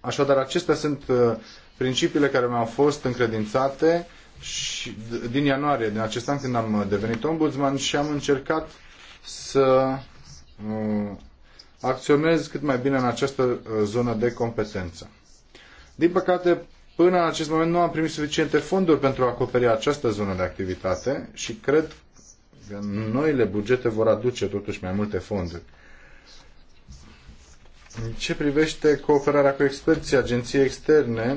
Așadar, acestea sunt principiile care mi-au fost încredințate și din ianuarie din acest an când am devenit ombudsman și am încercat să uh, acționez cât mai bine în această uh, zonă de competență. Din păcate, până în acest moment nu am primit suficiente fonduri pentru a acoperi această zonă de activitate și cred că noile bugete vor aduce totuși mai multe fonduri. În ce privește cooperarea cu experții agenții externe,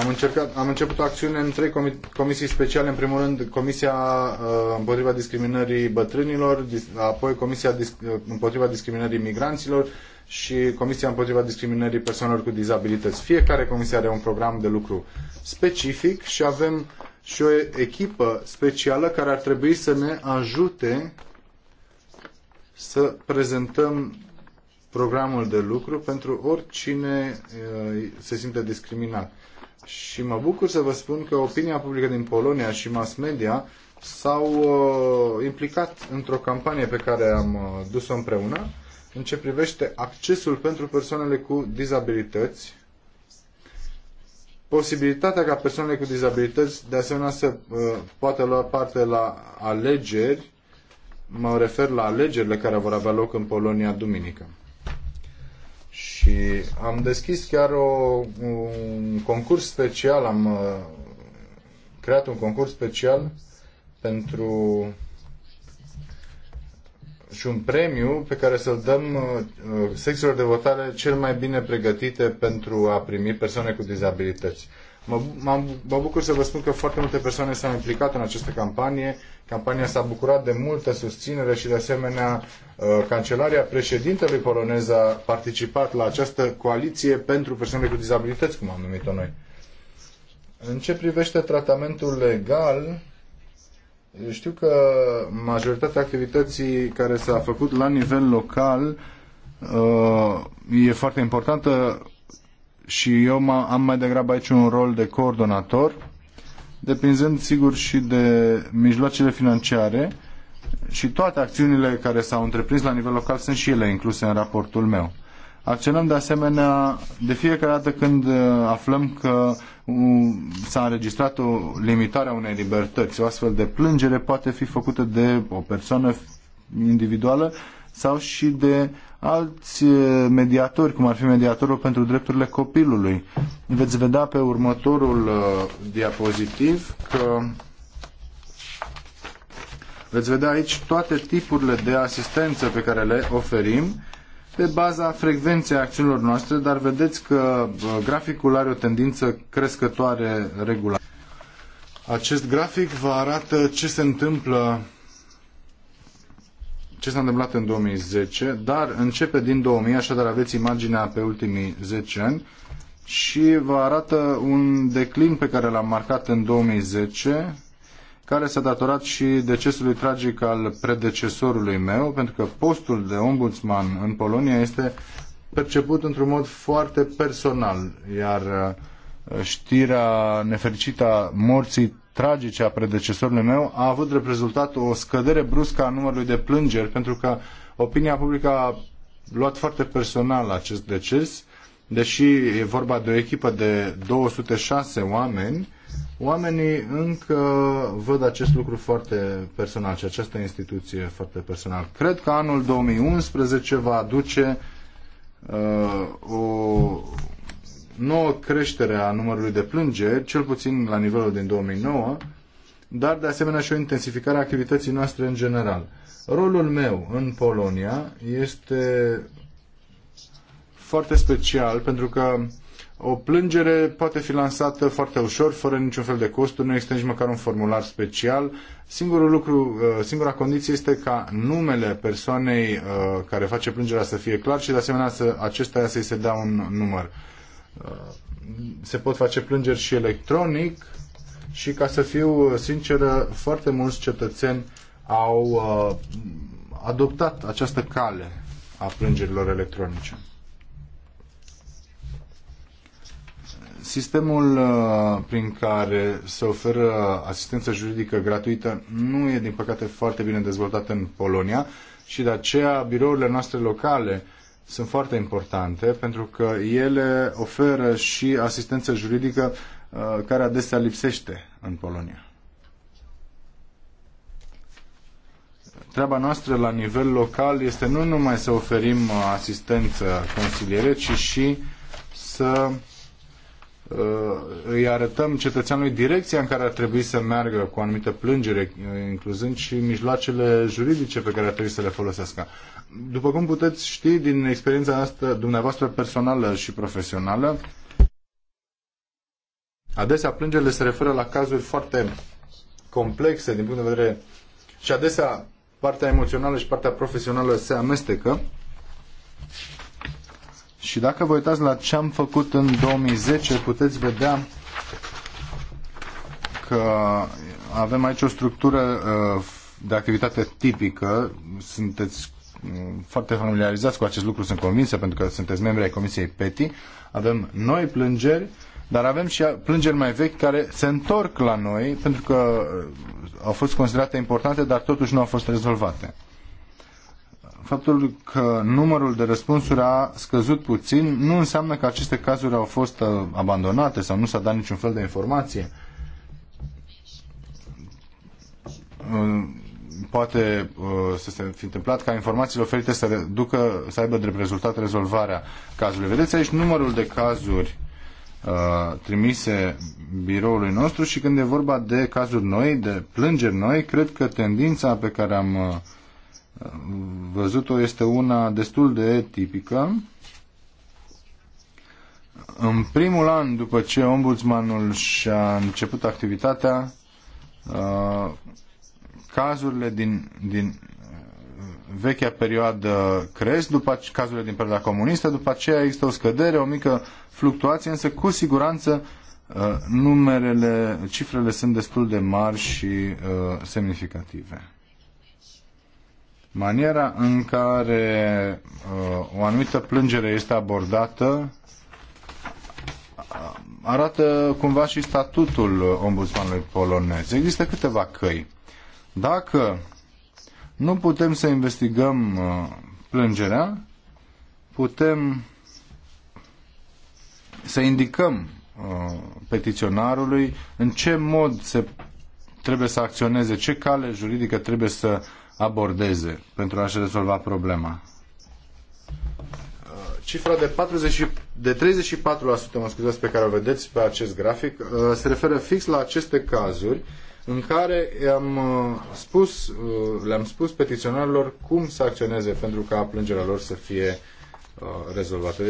am, încercat, am început o acțiune în trei comisii speciale. În primul rând, Comisia uh, împotriva discriminării bătrânilor, apoi Comisia uh, împotriva discriminării migranților și Comisia împotriva discriminării persoanelor cu dizabilități. Fiecare comisie are un program de lucru specific și avem și o echipă specială care ar trebui să ne ajute să prezentăm programul de lucru pentru oricine uh, se simte discriminat. Și mă bucur să vă spun că opinia publică din Polonia și mass media s-au uh, implicat într-o campanie pe care am uh, dus-o împreună în ce privește accesul pentru persoanele cu dizabilități, posibilitatea ca persoanele cu dizabilități de asemenea să uh, poată lua parte la alegeri, mă refer la alegerile care vor avea loc în Polonia duminică. Și am deschis chiar o, un concurs special, am uh, creat un concurs special pentru și un premiu pe care să-l dăm uh, uh, sexelor de votare cel mai bine pregătite pentru a primi persoane cu dizabilități. Mă, mă, mă bucur să vă spun că foarte multe persoane s-au implicat în această campanie, Campania s-a bucurat de multă susținere și de asemenea uh, Cancelaria președintelui polonez a participat la această coaliție pentru persoanele cu dizabilități, cum am numit-o noi. În ce privește tratamentul legal, știu că majoritatea activității care s-a făcut la nivel local uh, e foarte importantă și eu am mai degrabă aici un rol de coordonator depinzând sigur și de mijloacele financiare și toate acțiunile care s-au întreprins la nivel local sunt și ele incluse în raportul meu. Acționăm de asemenea de fiecare dată când uh, aflăm că uh, s-a înregistrat o limitare a unei libertăți. O astfel de plângere poate fi făcută de o persoană individuală sau și de alți mediatori, cum ar fi mediatorul pentru drepturile copilului. Veți vedea pe următorul diapozitiv că veți vedea aici toate tipurile de asistență pe care le oferim pe baza frecvenței acțiunilor noastre, dar vedeți că graficul are o tendință crescătoare regulată. Acest grafic vă arată ce se întâmplă ce s-a întâmplat în 2010, dar începe din 2000, așadar aveți imaginea pe ultimii 10 ani și vă arată un declin pe care l-am marcat în 2010, care s-a datorat și decesului tragic al predecesorului meu, pentru că postul de ombudsman în Polonia este perceput într-un mod foarte personal, iar uh, știrea nefericită a morții tragice a predecesorului meu a avut drept rezultat o scădere bruscă a numărului de plângeri, pentru că opinia publică a luat foarte personal acest deces, deși e vorba de o echipă de 206 oameni, oamenii încă văd acest lucru foarte personal și această instituție foarte personal. Cred că anul 2011 va aduce uh, o, nouă creștere a numărului de plângeri, cel puțin la nivelul din 2009, dar de asemenea și o intensificare a activității noastre în general. Rolul meu în Polonia este foarte special pentru că o plângere poate fi lansată foarte ușor, fără niciun fel de costuri, nu există nici măcar un formular special. Singurul lucru, uh, singura condiție este ca numele persoanei uh, care face plângerea să fie clar și de asemenea să, acestaia să-i se dea un număr. Uh, se pot face plângeri și electronic și ca să fiu sinceră, foarte mulți cetățeni au uh, adoptat această cale a plângerilor electronice. Sistemul uh, prin care se oferă asistență juridică gratuită nu e, din păcate, foarte bine dezvoltat în Polonia și de aceea birourile noastre locale sunt foarte importante pentru că ele oferă și asistență juridică uh, care adesea lipsește în Polonia. Treaba noastră la nivel local este nu numai să oferim uh, asistență consiliere, ci și să uh, îi arătăm cetățeanului direcția în care ar trebui să meargă cu anumite plângere, incluzând și mijloacele juridice pe care ar trebui să le folosească. După cum puteți ști din experiența asta dumneavoastră personală și profesională, adesea plângerile se referă la cazuri foarte complexe din punct de vedere și adesea partea emoțională și partea profesională se amestecă. Și dacă vă uitați la ce am făcut în 2010, puteți vedea că avem aici o structură uh, de activitate tipică. Sunteți foarte familiarizați cu acest lucru, sunt convinsă, pentru că sunteți membri ai Comisiei PETI. Avem noi plângeri, dar avem și plângeri mai vechi care se întorc la noi pentru că uh, au fost considerate importante, dar totuși nu au fost rezolvate. Faptul că numărul de răspunsuri a scăzut puțin nu înseamnă că aceste cazuri au fost uh, abandonate sau nu s-a dat niciun fel de informație uh, poate uh, să se fi întâmplat ca informațiile oferite să, reducă, să aibă drept rezultat rezolvarea cazului. Vedeți aici numărul de cazuri uh, trimise biroului nostru și când e vorba de cazuri noi, de plângeri noi, cred că tendința pe care am uh, văzut-o este una destul de tipică. În primul an după ce ombudsmanul și-a început activitatea, uh, cazurile din, din uh, vechea perioadă cresc, după cazurile din perioada comunistă, după aceea există o scădere, o mică fluctuație, însă cu siguranță uh, numerele, cifrele sunt destul de mari și uh, semnificative. Maniera în care uh, o anumită plângere este abordată uh, arată cumva și statutul ombudsmanului polonez. Există câteva căi. Dacă nu putem să investigăm uh, plângerea, putem să indicăm uh, petiționarului în ce mod se trebuie să acționeze, ce cale juridică trebuie să abordeze pentru a-și rezolva problema. Uh, cifra de, 40, de 34% mă scuzați, pe care o vedeți pe acest grafic se referă fix la aceste cazuri în care am uh, spus, uh, le-am spus petiționarilor cum să acționeze pentru ca plângerea lor să fie uh, rezolvată.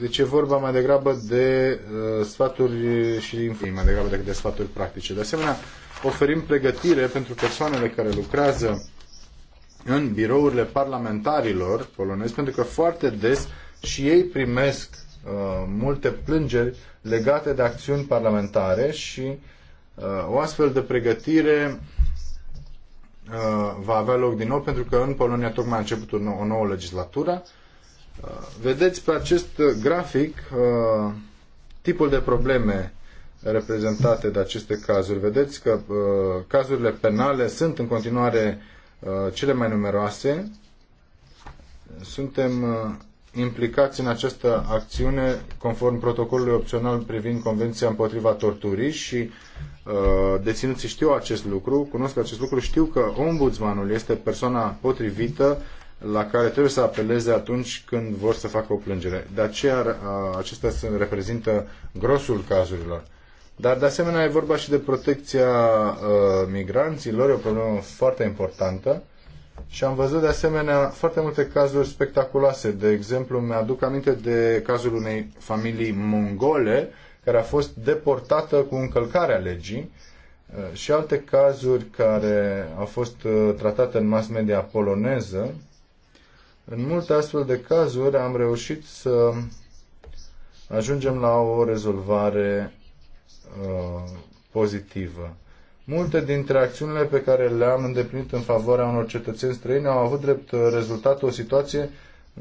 Deci e vorba mai degrabă de sfaturi și informații, mai degrabă decât de sfaturi practice. De asemenea, oferim pregătire pentru persoanele care lucrează în birourile parlamentarilor polonezi, pentru că foarte des și ei primesc uh, multe plângeri legate de acțiuni parlamentare și Uh, o astfel de pregătire uh, va avea loc din nou pentru că în Polonia tocmai a început o nouă, o nouă legislatură. Uh, vedeți pe acest grafic tipul de probleme reprezentate de aceste cazuri. Vedeți că cazurile penale sunt în continuare cele mai numeroase. Suntem implicați în această acțiune conform protocolului opțional privind Convenția împotriva torturii și uh, deținuții știu acest lucru, cunosc acest lucru, știu că ombudsmanul este persoana potrivită la care trebuie să apeleze atunci când vor să facă o plângere. De aceea uh, acestea reprezintă grosul cazurilor. Dar de asemenea e vorba și de protecția uh, migranților, e o problemă foarte importantă și am văzut de asemenea foarte multe cazuri spectaculoase. De exemplu, mi-aduc aminte de cazul unei familii mongole care a fost deportată cu încălcarea legii uh, și alte cazuri care au fost uh, tratate în mass media poloneză. În multe astfel de cazuri am reușit să ajungem la o rezolvare uh, pozitivă. Multe dintre acțiunile pe care le-am îndeplinit în favoarea unor cetățeni străini au avut drept uh, rezultat o situație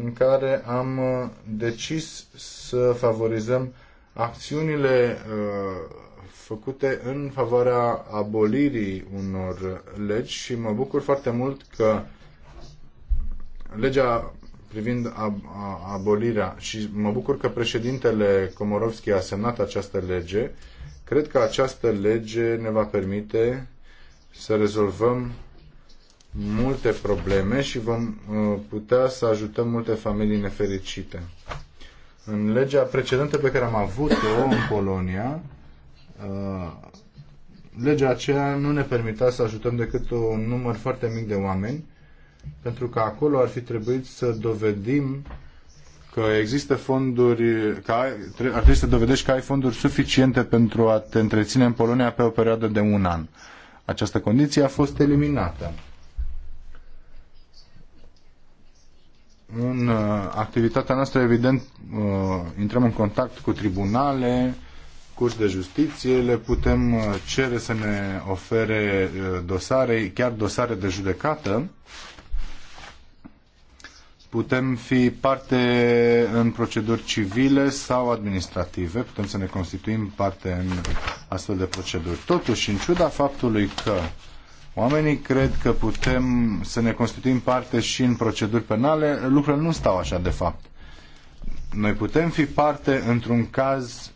în care am uh, decis să favorizăm acțiunile uh, făcute în favoarea abolirii unor legi și mă bucur foarte mult că legea privind abolirea și mă bucur că președintele Komorovski a semnat această lege Cred că această lege ne va permite să rezolvăm multe probleme și vom uh, putea să ajutăm multe familii nefericite. În legea precedentă pe care am avut-o în Polonia, uh, legea aceea nu ne permitea să ajutăm decât un număr foarte mic de oameni, pentru că acolo ar fi trebuit să dovedim că există fonduri, că ai, ar trebui să dovedești că ai fonduri suficiente pentru a te întreține în Polonia pe o perioadă de un an. Această condiție a fost eliminată. În uh, activitatea noastră, evident, uh, intrăm în contact cu tribunale, curs de justiție, le putem uh, cere să ne ofere uh, dosare, chiar dosare de judecată. Uh, Putem fi parte în proceduri civile sau administrative, putem să ne constituim parte în astfel de proceduri. Totuși, în ciuda faptului că oamenii cred că putem să ne constituim parte și în proceduri penale, lucrurile nu stau așa de fapt. Noi putem fi parte într-un caz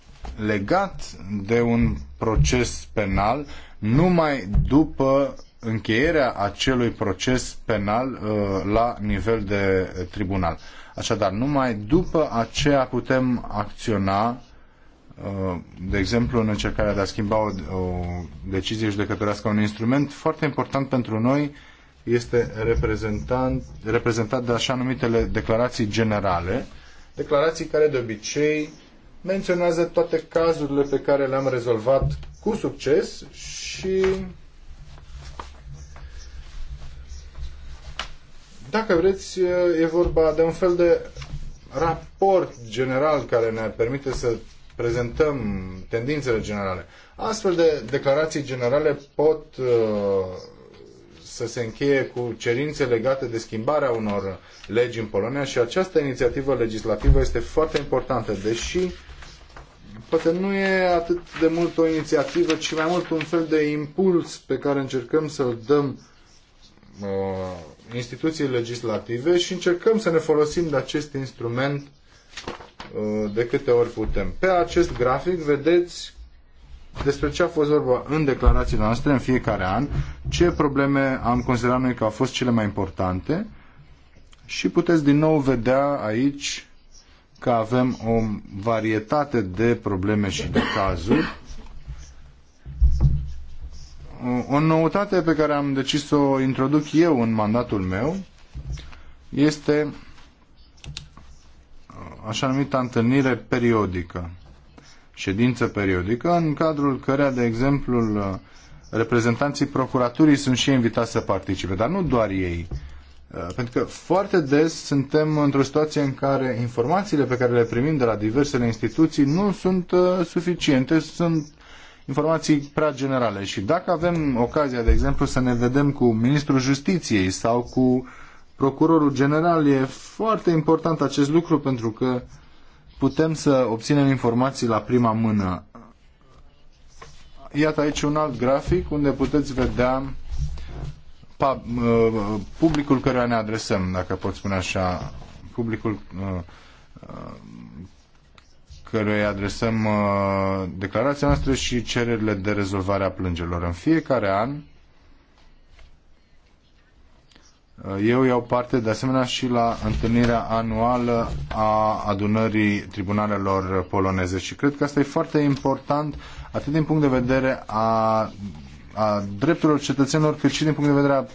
legat de un proces penal numai după încheierea acelui proces penal uh, la nivel de tribunal. Așadar, numai după aceea putem acționa, uh, de exemplu, în încercarea de a schimba o, o decizie judecătorească un instrument foarte important pentru noi este reprezentat de așa numitele declarații generale, declarații care de obicei menționează toate cazurile pe care le-am rezolvat cu succes și Dacă vreți, e vorba de un fel de raport general care ne permite să prezentăm tendințele generale. Astfel de declarații generale pot să se încheie cu cerințe legate de schimbarea unor legi în Polonia și această inițiativă legislativă este foarte importantă, deși poate nu e atât de mult o inițiativă, ci mai mult un fel de impuls pe care încercăm să-l dăm uh, instituții legislative și încercăm să ne folosim de acest instrument uh, de câte ori putem. Pe acest grafic vedeți despre ce a fost vorba în declarațiile noastre în fiecare an, ce probleme am considerat noi că au fost cele mai importante și puteți din nou vedea aici că avem o varietate de probleme și de cazuri o noutate pe care am decis să o introduc eu în mandatul meu este uh, așa numită întâlnire periodică, ședință periodică, în cadrul căreia, de exemplu, uh, reprezentanții procuraturii sunt și invitați să participe, dar nu doar ei. Uh, pentru că foarte des suntem într-o situație în care informațiile pe care le primim de la diversele instituții nu sunt suficiente, sunt informații prea generale. Și dacă avem ocazia, de exemplu, să ne vedem cu Ministrul Justiției sau cu Procurorul General, e foarte important acest lucru pentru că putem să obținem informații la prima mână. Iată aici un alt grafic unde puteți vedea uh, publicul căruia ne adresăm, dacă pot spune așa, publicul uh, uh, căruia adresăm uh, declarația noastră și cererile de rezolvare a plângerilor. În fiecare an, uh, eu iau parte de asemenea și la întâlnirea anuală a adunării tribunalelor poloneze și cred că asta e foarte important atât din punct de vedere a, a drepturilor cetățenilor cât și din punct de vedere a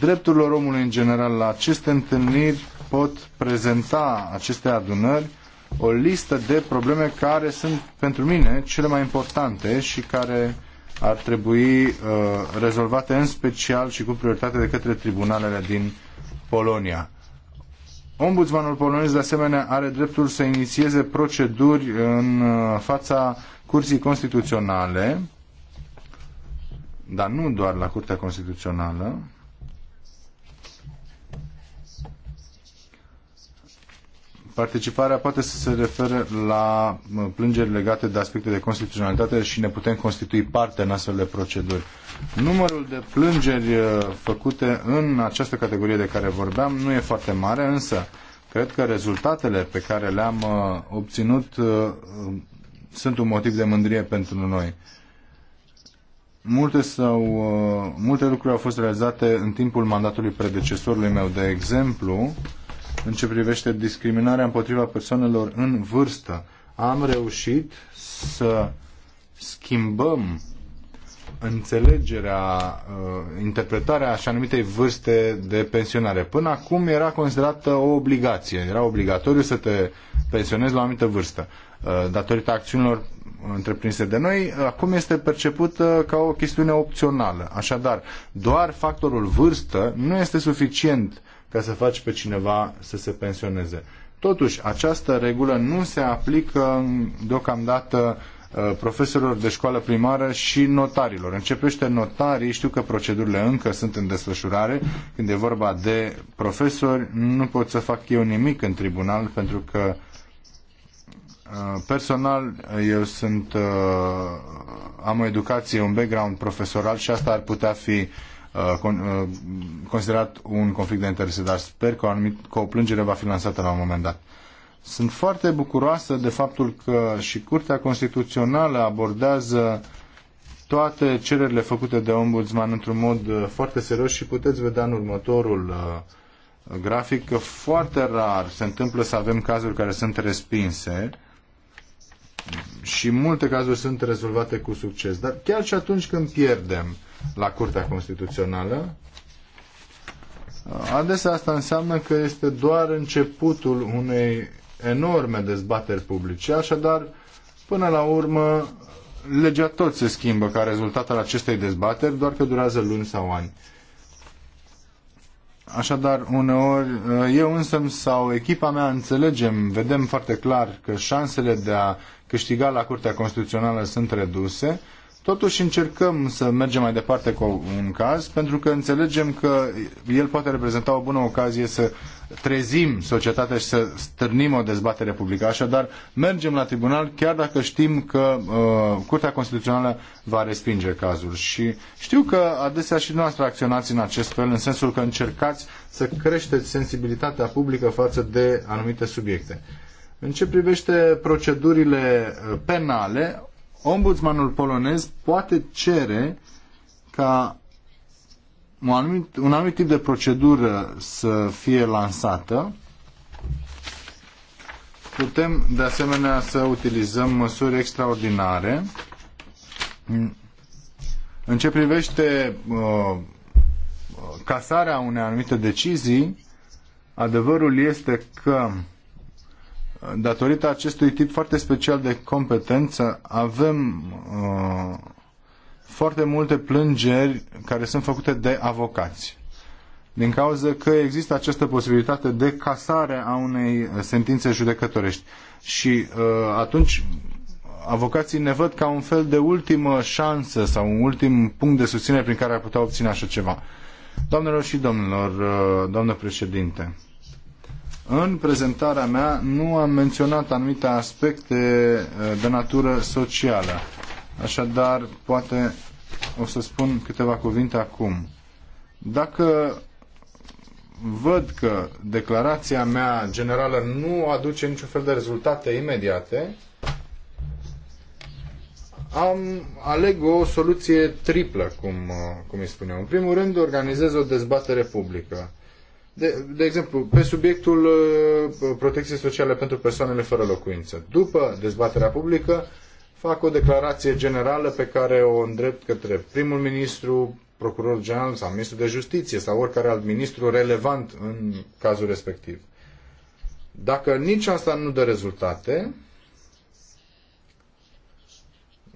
drepturilor omului în general. La aceste întâlniri pot prezenta aceste adunări o listă de probleme care sunt pentru mine cele mai importante și care ar trebui uh, rezolvate în special și cu prioritate de către tribunalele din Polonia. Ombudsmanul polonez de asemenea are dreptul să inițieze proceduri în uh, fața Curții Constituționale, dar nu doar la Curtea Constituțională, Participarea poate să se refere la plângeri legate de aspecte de constituționalitate și ne putem constitui parte în astfel de proceduri. Numărul de plângeri uh, făcute în această categorie de care vorbeam nu e foarte mare, însă cred că rezultatele pe care le-am uh, obținut uh, sunt un motiv de mândrie pentru noi. Multe, sau, multe lucruri au fost realizate în timpul mandatului predecesorului meu. De exemplu, în ce privește discriminarea împotriva persoanelor în vârstă. Am reușit să schimbăm înțelegerea, uh, interpretarea așa-numitei vârste de pensionare. Până acum era considerată o obligație, era obligatoriu să te pensionezi la o anumită vârstă. Uh, datorită acțiunilor întreprinse de noi, acum este percepută ca o chestiune opțională. Așadar, doar factorul vârstă nu este suficient ca să faci pe cineva să se pensioneze. Totuși, această regulă nu se aplică deocamdată uh, profesorilor de școală primară și notarilor. Începește notarii, știu că procedurile încă sunt în desfășurare. Când e vorba de profesori, nu pot să fac eu nimic în tribunal pentru că uh, personal eu sunt uh, am o educație, un background profesoral și asta ar putea fi Uh, uh, considerat un conflict de interese, dar sper că o, anumit, că o plângere va fi lansată la un moment dat. Sunt foarte bucuroasă de faptul că și Curtea Constituțională abordează toate cererile făcute de ombudsman într-un mod uh, foarte serios și puteți vedea în următorul grafic că foarte rar se întâmplă să avem cazuri care sunt respinse și multe cazuri sunt rezolvate cu succes. Dar chiar și atunci când pierdem, la Curtea Constituțională. Adesea asta înseamnă că este doar începutul unei enorme dezbateri publice, așadar, până la urmă, legea tot se schimbă ca rezultat al acestei dezbateri, doar că durează luni sau ani. Așadar, uneori, eu însă sau echipa mea înțelegem, vedem foarte clar că șansele de a câștiga la Curtea Constituțională sunt reduse, Totuși încercăm să mergem mai departe cu un caz, pentru că înțelegem că el poate reprezenta o bună ocazie să trezim societatea și să stârnim o dezbatere publică. Așadar, mergem la tribunal chiar dacă știm că uh, Curtea Constituțională va respinge cazul. Și știu că adesea și noastră acționați în acest fel, în sensul că încercați să creșteți sensibilitatea publică față de anumite subiecte. În ce privește procedurile uh, penale, ombudsmanul polonez poate cere ca un anumit, un anumit tip de procedură să fie lansată. Putem, de asemenea, să utilizăm măsuri extraordinare. În ce privește uh, casarea unei anumite decizii, adevărul este că uh, datorită acestui tip foarte special de competență, avem uh, foarte multe plângeri care sunt făcute de avocați. Din cauza că există această posibilitate de casare a unei uh, sentințe judecătorești. Și uh, atunci avocații ne văd ca un fel de ultimă șansă sau un ultim punct de susținere prin care ar putea obține așa ceva. Doamnelor și domnilor, uh, doamnă președinte, în prezentarea mea nu am menționat anumite aspecte eh, de natură socială. Așadar, poate o să spun câteva cuvinte acum. Dacă văd că declarația mea generală nu aduce niciun fel de rezultate imediate, am, aleg o soluție triplă, cum, eh, cum îi spuneam. În primul rând, organizez o dezbatere publică de, de exemplu, pe subiectul uh, protecției sociale pentru persoanele fără locuință. După dezbaterea publică, fac o declarație generală pe care o îndrept către primul ministru, procuror general sau ministru de justiție sau oricare alt ministru relevant în cazul respectiv. Dacă nici asta nu dă rezultate,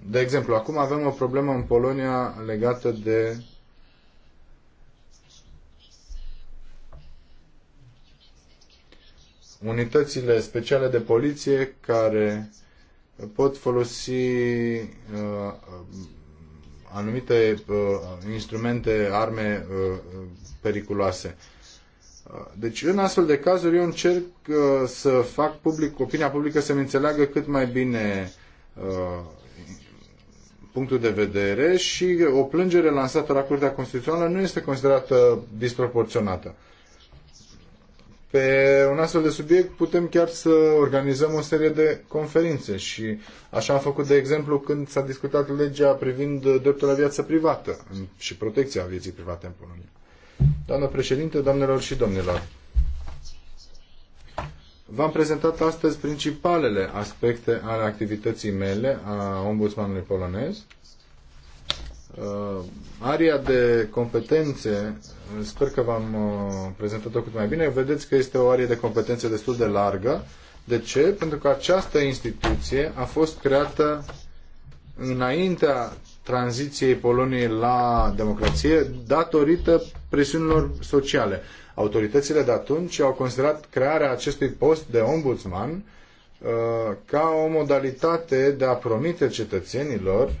de exemplu, acum avem o problemă în Polonia legată de unitățile speciale de poliție care pot folosi uh, uh anumite uh, instrumente, arme uh, uh periculoase. Uh, deci, în astfel de cazuri, eu încerc să fac public, opinia publică să-mi înțeleagă cât mai bine punctul de vedere și o plângere lansată la Curtea Constituțională nu este considerată disproporționată. Pe un astfel de subiect putem chiar să organizăm o serie de conferințe și așa am făcut, de exemplu, când s-a discutat legea privind dreptul la viață privată și protecția vieții private în Polonia. Doamnă președinte, doamnelor și domnilor, v-am prezentat astăzi principalele aspecte ale activității mele a ombudsmanului polonez Uh, aria de competențe, sper că v-am uh, prezentat-o cât mai bine, vedeți că este o arie de competențe destul de largă. De ce? Pentru că această instituție a fost creată înaintea tranziției Poloniei la democrație datorită presiunilor sociale. Autoritățile de atunci au considerat crearea acestui post de ombudsman uh, ca o modalitate de a promite cetățenilor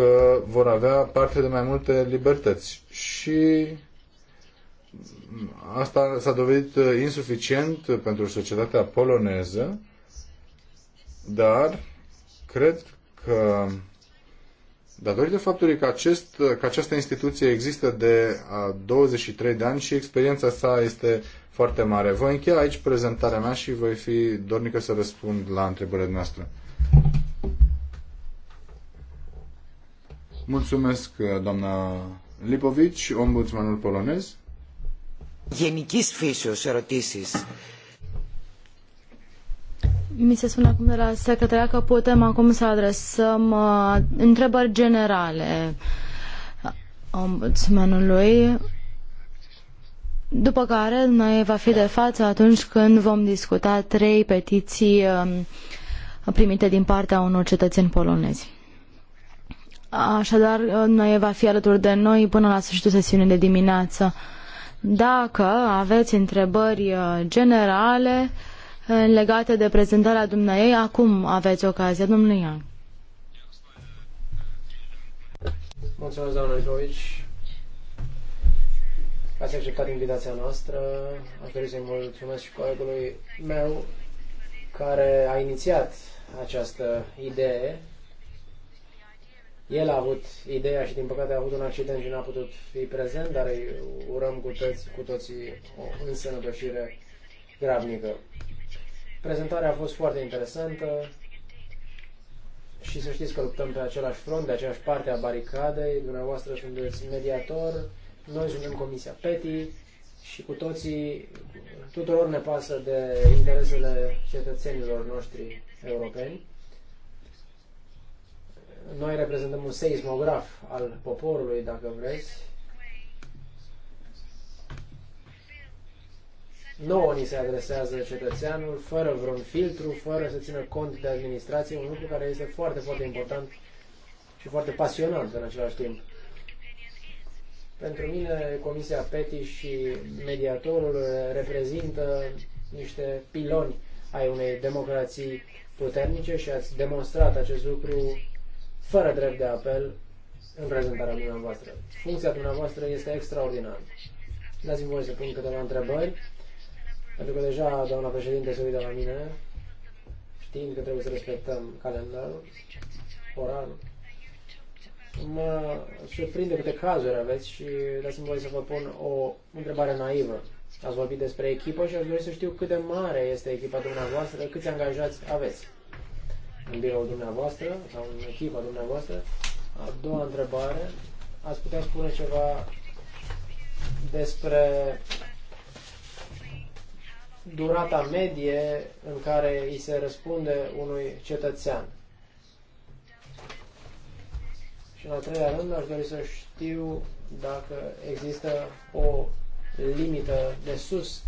că vor avea parte de mai multe libertăți. Și asta s-a dovedit insuficient pentru societatea poloneză, dar cred că datorită faptului că, acest, că această instituție există de 23 de ani și experiența sa este foarte mare. Voi încheia aici prezentarea mea și voi fi dornică să răspund la întrebările noastre. Mulțumesc, uh, doamna Lipovici, ombudsmanul polonez. Γενικής φύσεως ερωτήσεις. Mi se spune acum de la secretaria că putem acum să adresăm uh, întrebări generale ombudsmanului, după care noi va fi de față atunci când vom discuta trei petiții uh, primite din partea unor cetățeni polonezi. Așadar, uh, noi va fi alături de noi până la sfârșitul sesiunii de dimineață. Dacă aveți întrebări uh, generale uh, legate de prezentarea dumneiei, acum aveți ocazia, domnule Ian. Mulțumesc, doamna Icovici. Ați acceptat invitația noastră. Aș dori să-i mulțumesc și colegului meu care a inițiat această idee el a avut ideea și din păcate a avut un accident și n-a putut fi prezent, dar îi urăm cu, toți, cu toții o însănătoșire gravnică. Prezentarea a fost foarte interesantă și să știți că luptăm pe același front, de aceeași parte a baricadei, dumneavoastră sunteți mediator, noi suntem Comisia PETI și cu toții, tuturor ne pasă de interesele cetățenilor noștri europeni. Noi reprezentăm un seismograf al poporului, dacă vreți. Nouă ni se adresează cetățeanul, fără vreun filtru, fără să țină cont de administrație, un lucru care este foarte, foarte important și foarte pasionant în același timp. Pentru mine, Comisia PETI și mediatorul reprezintă niște piloni ai unei democrații puternice și ați demonstrat acest lucru fără drept de apel în prezentarea dumneavoastră. Funcția dumneavoastră este extraordinară. Dați-mi voie să pun câteva întrebări, pentru că deja doamna președinte se uită la mine, știind că trebuie să respectăm calendarul, orarul. Mă surprinde câte cazuri aveți și dați-mi voie să vă pun o întrebare naivă. Ați vorbit despre echipă și aș dori să știu cât de mare este echipa dumneavoastră, câți angajați aveți în biroul dumneavoastră sau în echipa dumneavoastră. A doua întrebare, ați putea spune ceva despre durata medie în care îi se răspunde unui cetățean. Și în al treilea rând aș dori să știu dacă există o limită de sus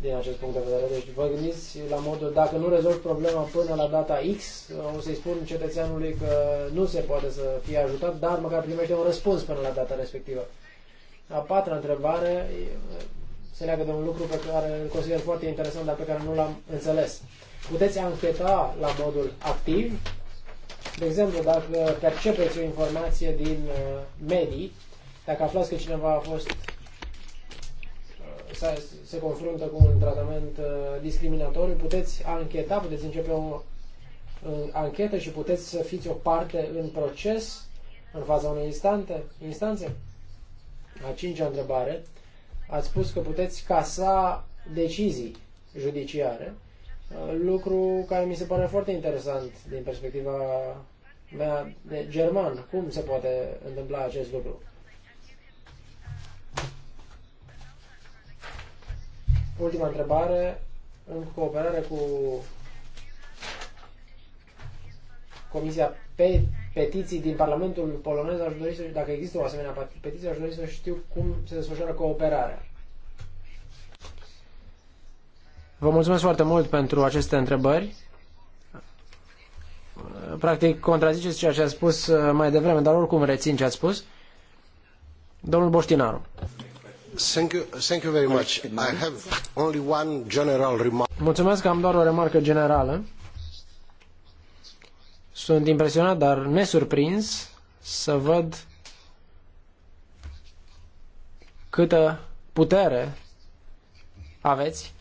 din acest punct de vedere. Deci vă gândiți la modul, dacă nu rezolvi problema până la data X, o să-i spun cetățeanului că nu se poate să fie ajutat, dar măcar primește un răspuns până la data respectivă. A patra întrebare se leagă de un lucru pe care îl consider foarte interesant, dar pe care nu l-am înțeles. Puteți ancheta la modul activ, de exemplu, dacă percepeți o informație din uh, medii, dacă aflați că cineva a fost se, se confruntă cu un tratament uh, discriminatoriu, puteți ancheta, puteți începe o uh, anchetă și puteți să fiți o parte în proces în faza unei instante, instanțe? A cincea întrebare. Ați spus că puteți casa decizii judiciare, uh, lucru care mi se pare foarte interesant din perspectiva mea de german. Cum se poate întâmpla acest lucru? Ultima întrebare. În cooperare cu Comisia pe Petiții din Parlamentul Polonez, aș dori să, dacă există o asemenea petiție, aș dori să știu cum se desfășoară cooperarea. Vă mulțumesc foarte mult pentru aceste întrebări. Practic, contraziceți ceea ce a spus uh, mai devreme, dar oricum rețin ce a spus. Domnul Boștinaru. Thank you, thank you very much. I have only one general remark. Mulțumesc că am doar o remarcă generală. Sunt impresionat, dar nesurprins să văd câtă putere aveți.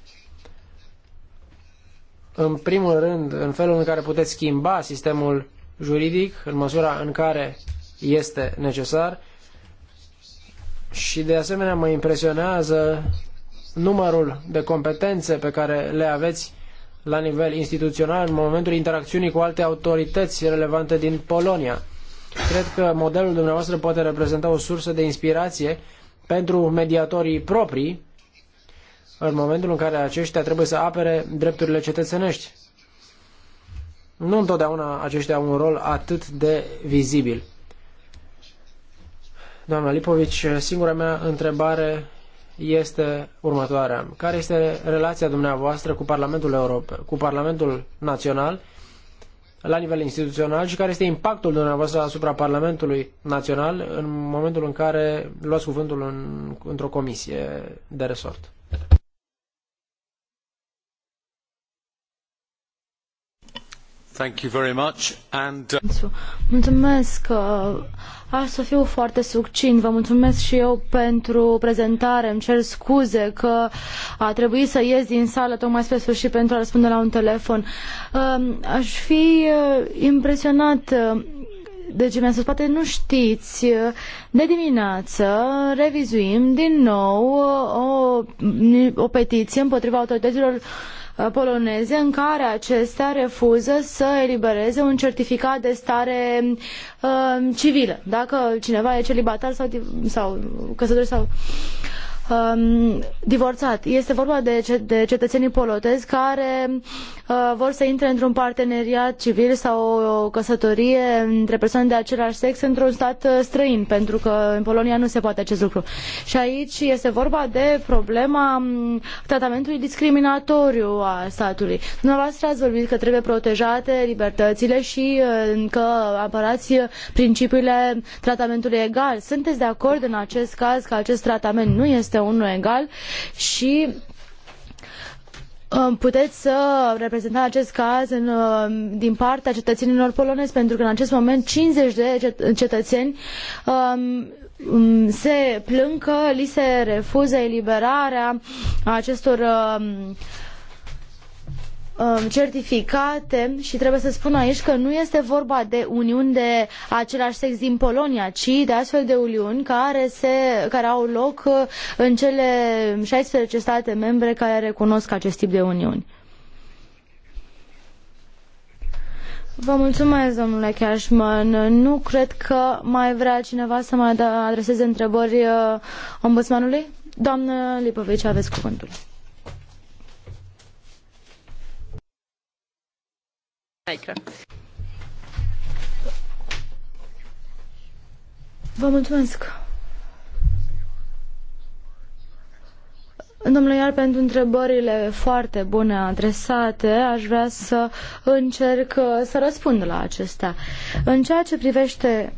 În primul rând, în felul în care puteți schimba sistemul juridic, în măsura în care este necesar și de asemenea mă impresionează numărul de competențe pe care le aveți la nivel instituțional în momentul interacțiunii cu alte autorități relevante din Polonia. Cred că modelul dumneavoastră poate reprezenta o sursă de inspirație pentru mediatorii proprii în momentul în care aceștia trebuie să apere drepturile cetățenești. Nu întotdeauna aceștia au un rol atât de vizibil. Doamna Lipovici, singura mea întrebare este următoarea. Care este relația dumneavoastră cu Parlamentul Europe, cu Parlamentul Național la nivel instituțional și care este impactul dumneavoastră asupra Parlamentului Național în momentul în care luați cuvântul în, într-o comisie de resort? Uh, mulțumesc. Uh, aș să fiu foarte succint. Vă mulțumesc și eu pentru prezentare. Îmi cer scuze că a trebuit să ies din sală tocmai spre sfârșit pentru a răspunde la un telefon. Um, aș fi uh, impresionat deci mi-a spus, poate nu știți, de dimineață revizuim din nou o, o petiție împotriva autorităților Uh, poloneze în care acestea refuză să elibereze un certificat de stare uh, civilă. Dacă cineva e celibatar sau, sau căsătorit sau um, divorțat. Este vorba de, ce, de cetățenii polotezi care uh, vor să intre într-un parteneriat civil sau o căsătorie între persoane de același sex într-un stat uh, străin, pentru că în Polonia nu se poate acest lucru. Și aici este vorba de problema um, tratamentului discriminatoriu a statului. Dumneavoastră ați vorbit că trebuie protejate libertățile și uh, că apărați principiile tratamentului egal. Sunteți de acord în acest caz că acest tratament nu este este unul egal și um, puteți să reprezentați acest caz în, um, din partea cetățenilor polonezi, pentru că în acest moment 50 de cetățeni um, um, se plâng că li se refuză eliberarea acestor um, Um, certificate și trebuie să spun aici că nu este vorba de uniuni de același sex din Polonia, ci de astfel de uniuni care, se, care au loc uh, în cele 16 state membre care recunosc acest tip de uniuni. Vă mulțumesc, domnule Cashman. Nu cred că mai vrea cineva să mai adreseze întrebări uh, ombudsmanului. Doamnă Lipovici, aveți cuvântul. Vă mulțumesc. Domnule Iar, pentru întrebările foarte bune adresate, aș vrea să încerc să răspund la acestea. În ceea ce privește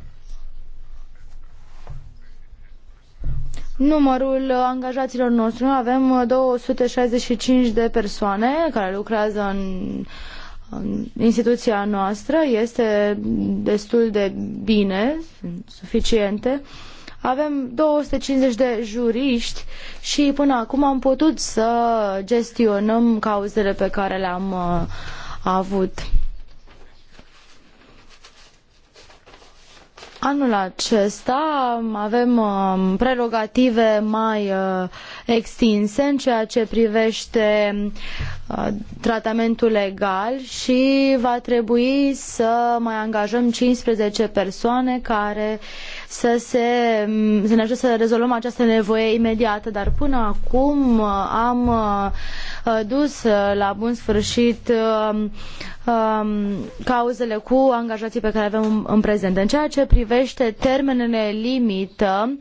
numărul angajaților noștri, avem 265 de persoane care lucrează în instituția noastră este destul de bine, suficiente. Avem 250 de juriști și până acum am putut să gestionăm cauzele pe care le-am uh, avut. Anul acesta avem uh, prerogative mai uh, extinse în ceea ce privește uh, tratamentul legal și va trebui să mai angajăm 15 persoane care să, se, să ne ajute să rezolvăm această nevoie imediată, dar până acum uh, am uh, dus uh, la bun sfârșit um, cauzele cu angajații pe care avem în prezent. În ceea ce privește termenele limită,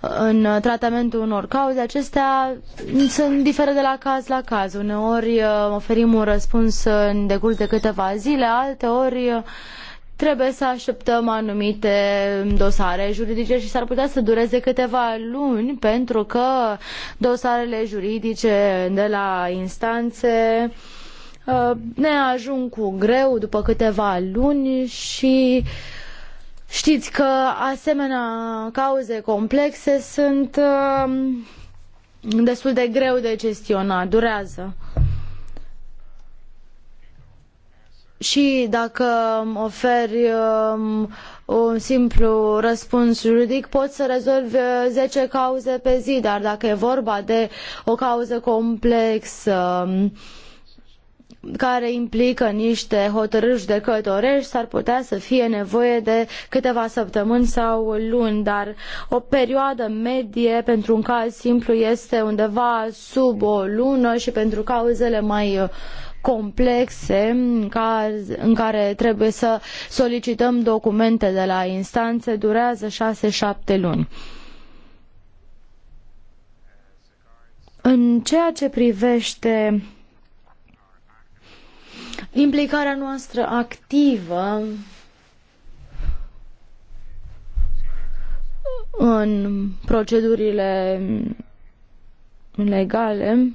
în tratamentul unor cauze, acestea sunt diferă de la caz la caz. Uneori oferim un răspuns în decurs de câteva zile, alteori trebuie să așteptăm anumite dosare juridice și s-ar putea să dureze câteva luni pentru că dosarele juridice de la instanțe uh, ne ajung cu greu după câteva luni și știți că asemenea cauze complexe sunt uh, destul de greu de gestionat, durează. și dacă oferi um, un simplu răspuns juridic, poți să rezolvi uh, zece cauze pe zi, dar dacă e vorba de o cauză complexă um, care implică niște hotărâri judecătorești, s-ar putea să fie nevoie de câteva săptămâni sau luni, dar o perioadă medie pentru un caz simplu este undeva sub o lună și pentru cauzele mai uh, complexe în care trebuie să solicităm documente de la instanțe durează 6-7 luni. În ceea ce privește implicarea noastră activă în procedurile legale,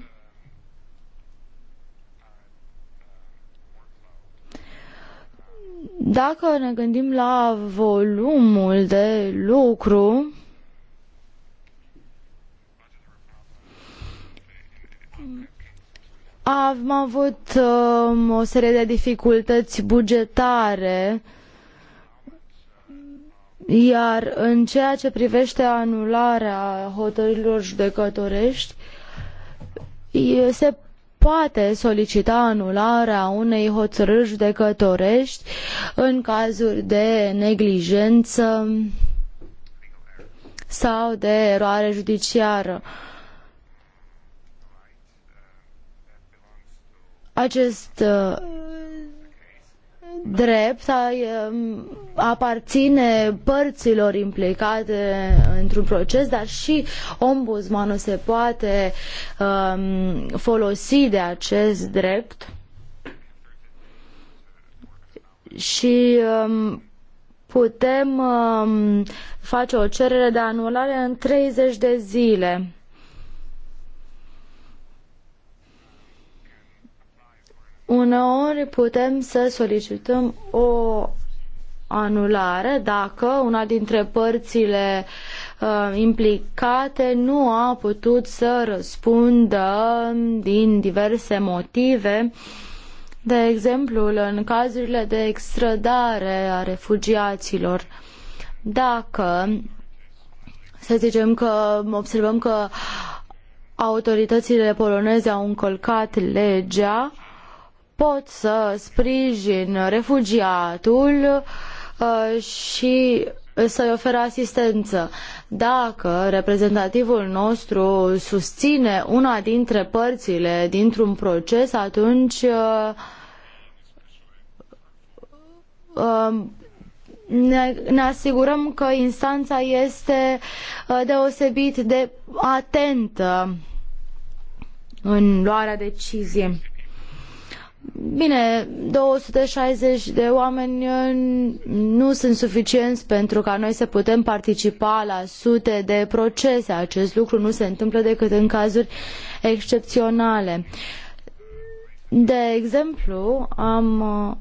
Dacă ne gândim la volumul de lucru, am avut um, o serie de dificultăți bugetare, iar în ceea ce privește anularea hotărârilor judecătorești, se poate solicita anularea unei hotărâri judecătorești în cazuri de neglijență sau de eroare judiciară. Acest uh, drept um, aparține părților implicate într-un proces, dar și ombudsmanul se poate um, folosi de acest drept și um, putem um, face o cerere de anulare în 30 de zile. Uneori putem să solicităm o anulare dacă una dintre părțile uh, implicate nu a putut să răspundă din diverse motive de exemplu, în cazurile de extrădare a refugiaților, dacă, să zicem că observăm că autoritățile poloneze au încălcat legea, pot să sprijin refugiatul Uh, și să-i oferă asistență. Dacă reprezentativul nostru susține una dintre părțile dintr-un proces, atunci uh, uh, ne, ne asigurăm că instanța este deosebit de atentă în luarea deciziei. Bine, 260 de oameni uh, nu sunt suficienți pentru ca noi să putem participa la sute de procese. Acest lucru nu se întâmplă decât în cazuri excepționale. De exemplu, am uh,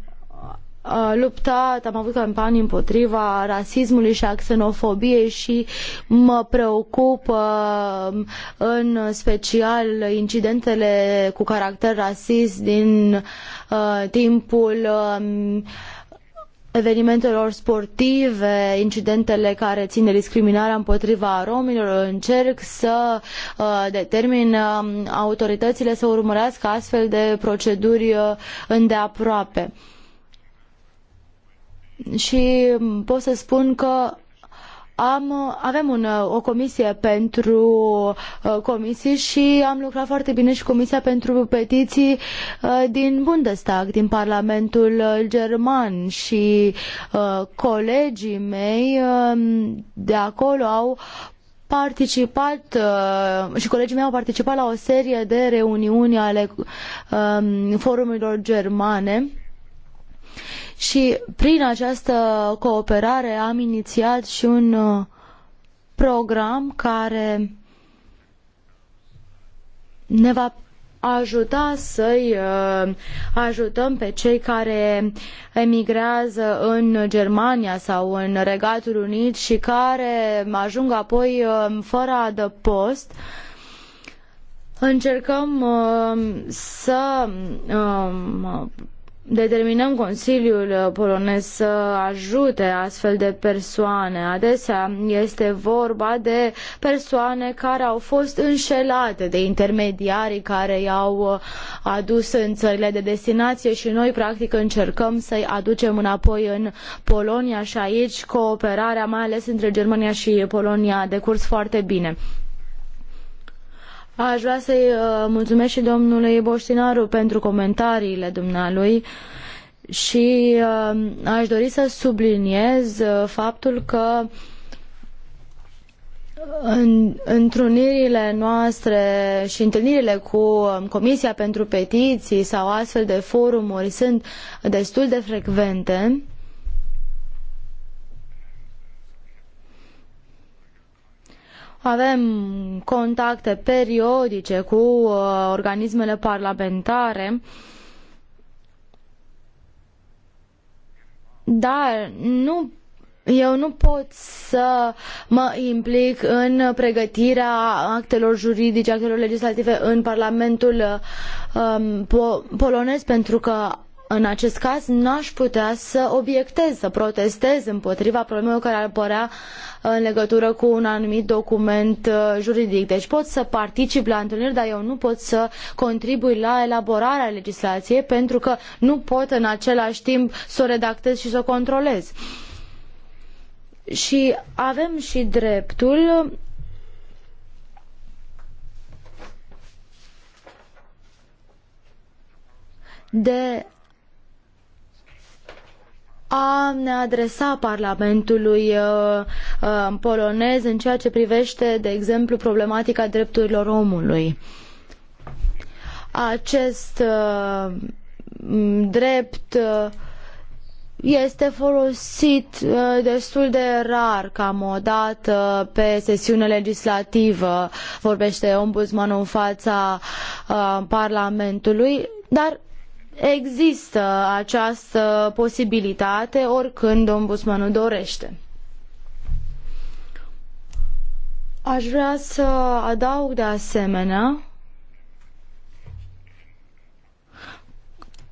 Uh, luptat, am avut campanii împotriva rasismului și a xenofobiei și mă preocupă uh, în special incidentele cu caracter rasist din uh, timpul uh, evenimentelor sportive, incidentele care țin de discriminarea împotriva romilor, încerc să uh, determin um, autoritățile să urmărească astfel de proceduri îndeaproape și pot să spun că am, avem un, o comisie pentru uh, comisii și am lucrat foarte bine și Comisia pentru Petiții uh, din Bundestag, din Parlamentul uh, German și uh, colegii mei um, de acolo au participat uh, și colegii mei au participat la o serie de reuniuni ale um, forumurilor germane și prin această cooperare am inițiat și un uh, program care ne va ajuta să-i uh, ajutăm pe cei care emigrează în Germania sau în Regatul Unit și care ajung apoi uh, fără adăpost. Încercăm să um, determinăm Consiliul uh, polonez să ajute astfel de persoane. Adesea este vorba de persoane care au fost înșelate de intermediarii care i-au uh, adus în țările de destinație și noi practic încercăm să-i aducem înapoi în Polonia și aici cooperarea, mai ales între Germania și Polonia, a decurs foarte bine. Aș vrea să-i uh, mulțumesc și domnului Boștinaru pentru comentariile dumnealui și uh, aș dori să subliniez uh, faptul că în, întrunirile noastre și întâlnirile cu um, Comisia pentru Petiții sau astfel de forumuri sunt destul de frecvente Avem contacte periodice cu uh, organismele parlamentare, dar nu eu nu pot să mă implic în pregătirea actelor juridice, actelor legislative în Parlamentul uh, po polonez, pentru că în acest caz, n-aș putea să obiectez, să protestez împotriva problemelor care ar apărea uh, în legătură cu un anumit document uh, juridic. Deci pot să particip la întâlniri, dar eu nu pot să contribui la elaborarea legislației pentru că nu pot în același timp să o redactez și să o controlez. Și avem și dreptul de a ne adresa Parlamentului uh, uh, polonez în ceea ce privește, de exemplu, problematica drepturilor omului. Acest uh, drept este folosit destul de rar, cam o dată pe sesiune legislativă, vorbește ombudsmanul în fața Parlamentului, dar există această posibilitate oricând ombudsmanul dorește. Aș vrea să adaug de asemenea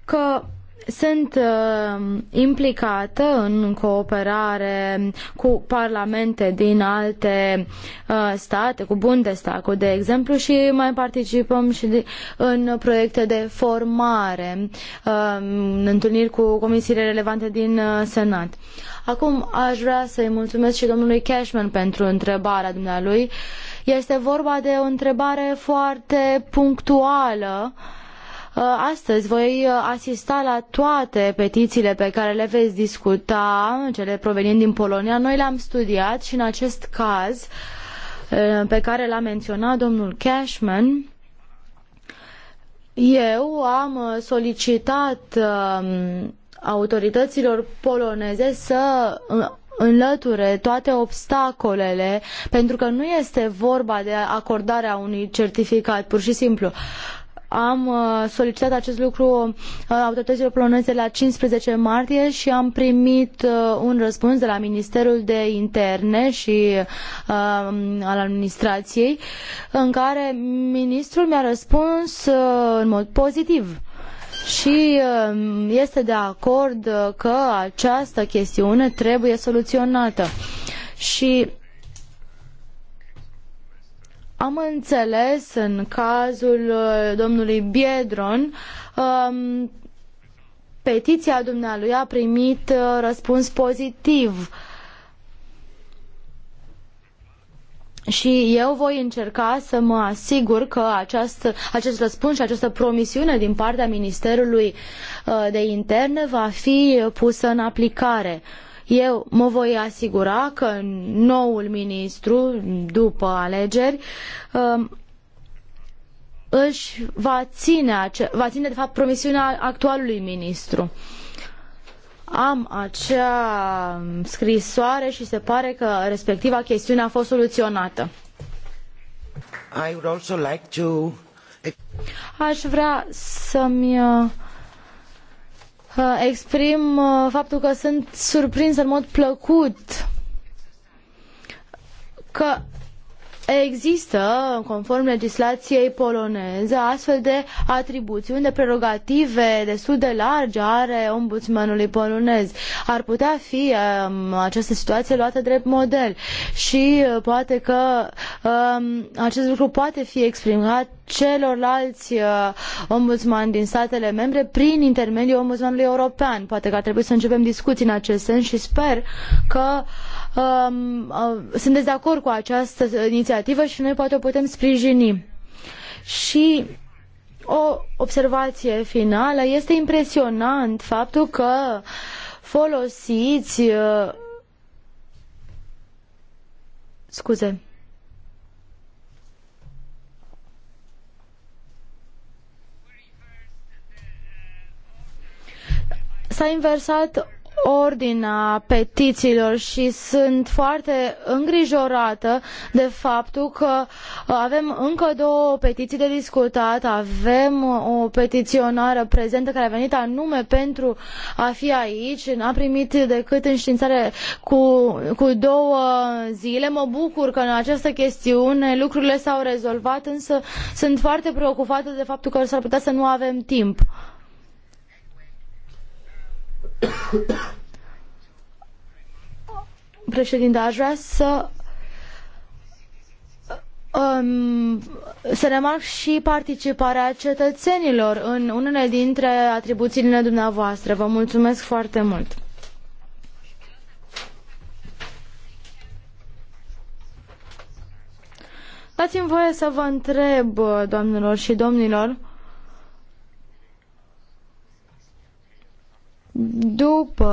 că sunt uh, implicată în cooperare cu parlamente din alte uh, state, cu Bundestagul, de exemplu, și mai participăm și de, în proiecte de formare, uh, în întâlniri cu comisiile relevante din uh, Senat. Acum aș vrea să-i mulțumesc și domnului Cashman pentru întrebarea dumnealui. Este vorba de o întrebare foarte punctuală uh, Uh, astăzi voi uh, asista la toate petițiile pe care le veți discuta, cele provenind din Polonia. Noi le-am studiat și în acest caz uh, pe care l-a menționat domnul Cashman, eu am solicitat um, autorităților poloneze să înlăture toate obstacolele, pentru că nu este vorba de acordarea unui certificat, pur și simplu. Am uh, solicitat acest lucru uh, autorităților poloneze la 15 martie și am primit uh, un răspuns de la Ministerul de Interne și al administrației în care ministrul mi-a răspuns în mod pozitiv și este de acord că această chestiune trebuie soluționată. Și am înțeles în cazul uh, domnului Biedron, um, petiția dumnealui a primit uh, răspuns pozitiv. Și eu voi încerca să mă asigur că acest acest răspuns și această promisiune din partea Ministerului uh, de Interne va fi pusă în aplicare. Uh, eu mă voi asigura că noul ministru, după alegeri, um, își va ține, va ține de fapt promisiunea actualului ministru. Am acea scrisoare și se pare că respectiva chestiune a fost soluționată. I would also like to... Aș vrea să-mi uh, exprim uh, faptul că sunt surprinsă în mod plăcut că există, conform legislației poloneze, astfel de atribuțiuni, de prerogative destul de large are ombudsmanului polonez. Ar putea fi um, această situație luată drept model și uh, poate că um, acest lucru poate fi exprimat celorlalți uh, ombudsmani din statele membre prin intermediul ombudsmanului european. Poate că ar trebui să începem discuții în acest sens și sper că um, uh, sunteți de acord cu această inițiativă și noi poate o putem sprijini. Și o observație finală. Este impresionant faptul că folosiți uh, scuze S-a inversat ordinea petițiilor și sunt foarte îngrijorată de faptul că avem încă două petiții de discutat, avem o petiționară prezentă care a venit anume pentru a fi aici, n-a primit decât înștiințare cu, cu două zile. Mă bucur că în această chestiune lucrurile s-au rezolvat, însă sunt foarte preocupată de faptul că s-ar putea să nu avem timp. Președinte, aș vrea să um, să remarc și participarea cetățenilor în unele dintre atribuțiile dumneavoastră. Vă mulțumesc foarte mult! Dați-mi voie să vă întreb, doamnelor și domnilor, După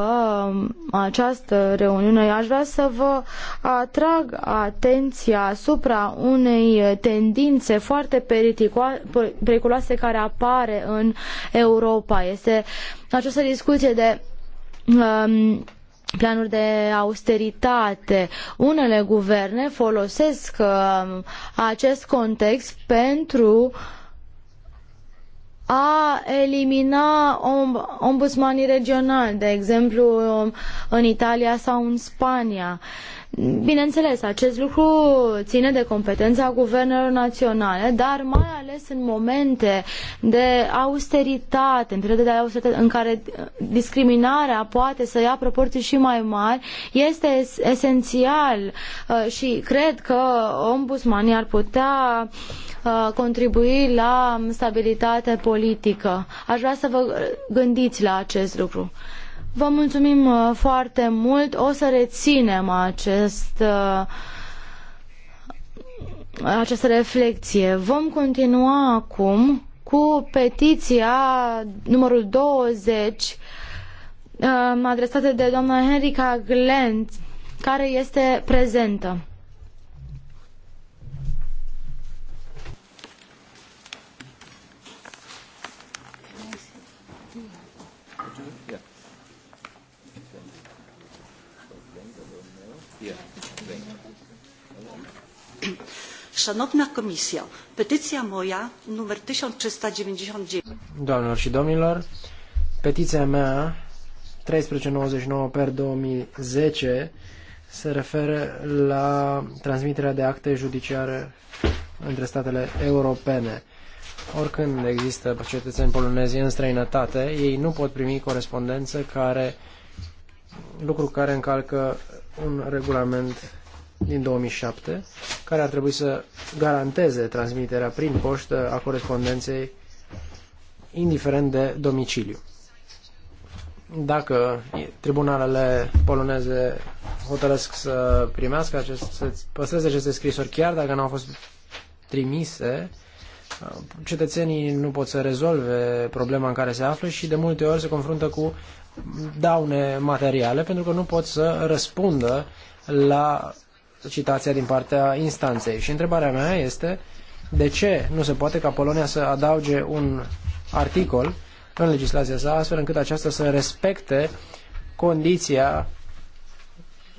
această reuniune, aș vrea să vă atrag atenția asupra unei tendințe foarte periculoase care apare în Europa. Este această discuție de um, planuri de austeritate. Unele guverne folosesc um, acest context pentru a elimina ombudsmanii regionali, de exemplu în Italia sau în Spania. Bineînțeles, acest lucru ține de competența guvernelor naționale, dar mai ales în momente de austeritate, în perioade de austeritate în care discriminarea poate să ia proporții și mai mari, este esențial uh, și cred că ombudsmanii ar putea uh, Uh, contribui la stabilitate politică. Aș vrea să vă gândiți la acest lucru. Vă mulțumim uh, foarte mult. O să reținem acest, uh, această reflexie. Vom continua acum cu petiția numărul 20 adresată de doamna Henrica Glent, care este prezentă. Szanowna Komisjo, petycja moja numer 1399... Doamnelor și domnilor, petiția mea 1399 per 2010 se referă la transmiterea de acte judiciare între statele europene. Oricând există cetățeni polonezi în străinătate, ei nu pot primi corespondență care lucru care încalcă un regulament din 2007, care ar trebui să garanteze transmiterea prin poștă a corespondenței, indiferent de domiciliu. Dacă tribunalele poloneze hotărăsc să primească acest, să păstreze aceste scrisori, chiar dacă nu au fost trimise, cetățenii nu pot să rezolve problema în care se află și de multe ori se confruntă cu daune materiale pentru că nu pot să răspundă la citația din partea instanței. Și întrebarea mea este de ce nu se poate ca Polonia să adauge un articol în legislația sa, astfel încât aceasta să respecte condiția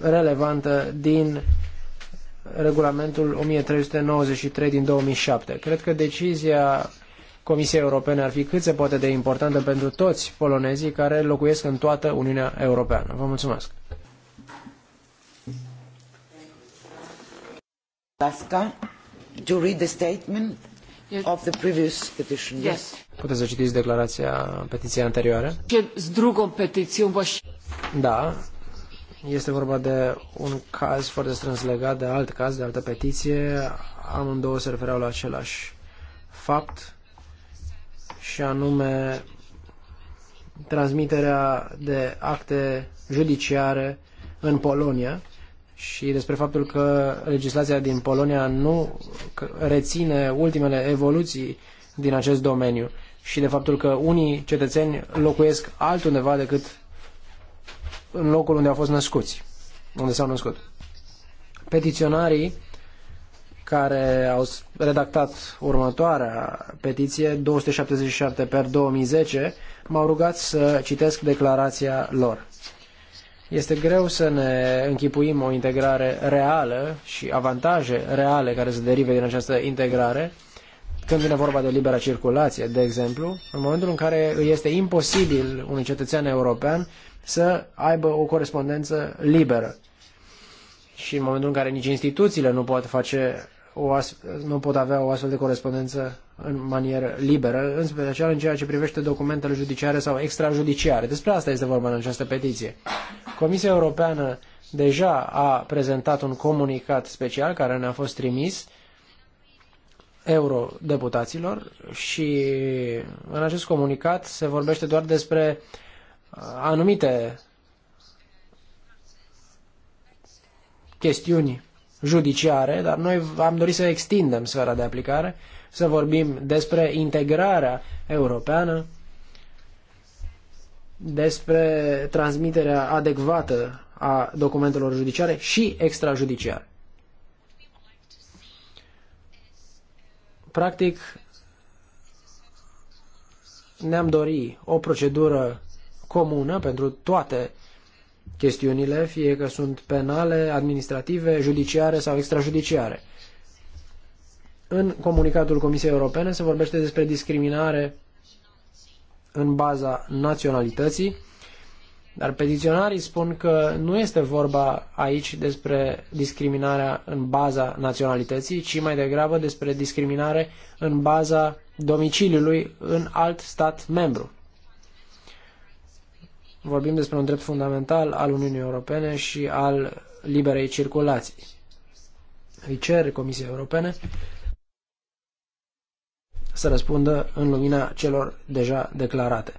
relevantă din regulamentul 1393 din 2007. Cred că decizia Comisiei Europene ar fi cât se poate de importantă pentru toți polonezii care locuiesc în toată Uniunea Europeană. Vă mulțumesc! Lafka to read the statement of the previous petition. Yes. Puteți să citiți declarația petiției anterioare? Z drugą petycją Da. Este vorba de un caz foarte strâns legat de alt caz, de altă petiție. Amândouă se refereau la același fapt și anume transmiterea de acte judiciare în Polonia și despre faptul că legislația din Polonia nu reține ultimele evoluții din acest domeniu și de faptul că unii cetățeni locuiesc altundeva decât în locul unde au fost născuți, unde s-au născut. Petiționarii care au redactat următoarea petiție, 277 per 2010, m-au rugat să citesc declarația lor. Este greu să ne închipuim o integrare reală și avantaje reale care se derive din această integrare, când vine vorba de libera circulație, de exemplu, în momentul în care îi este imposibil unui cetățean european să aibă o corespondență liberă. Și în momentul în care nici instituțiile nu pot face o nu pot avea o astfel de corespondență în manieră liberă, în special în ceea ce privește documentele judiciare sau extrajudiciare. Despre asta este vorba în această petiție. Comisia Europeană deja a prezentat un comunicat special care ne-a fost trimis eurodeputaților și în acest comunicat se vorbește doar despre uh, anumite chestiuni judiciare, dar noi am dorit să extindem sfera de aplicare, să vorbim despre integrarea europeană, despre transmiterea adecvată a documentelor judiciare și extrajudiciare. Practic, ne-am dori o procedură comună pentru toate chestiunile, fie că sunt penale, administrative, judiciare sau extrajudiciare. În comunicatul Comisiei Europene se vorbește despre discriminare în baza naționalității, dar petiționarii spun că nu este vorba aici despre discriminarea în baza naționalității, ci mai degrabă despre discriminare în baza domiciliului în alt stat membru vorbim despre un drept fundamental al Uniunii Europene și al liberei circulații. Îi cer Comisiei Europene să răspundă în lumina celor deja declarate.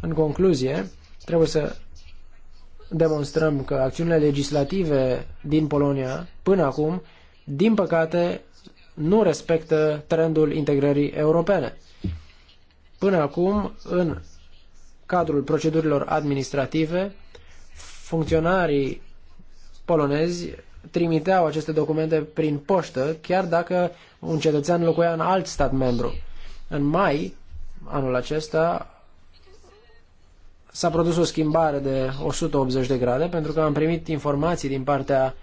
În concluzie, trebuie să demonstrăm că acțiunile legislative din Polonia până acum, din păcate, nu respectă trendul integrării europene. Până acum, în cadrul procedurilor administrative, funcționarii polonezi trimiteau aceste documente prin poștă, chiar dacă un cetățean locuia în alt stat membru. În mai, anul acesta, s-a produs o schimbare de 180 de grade, pentru că am primit informații din partea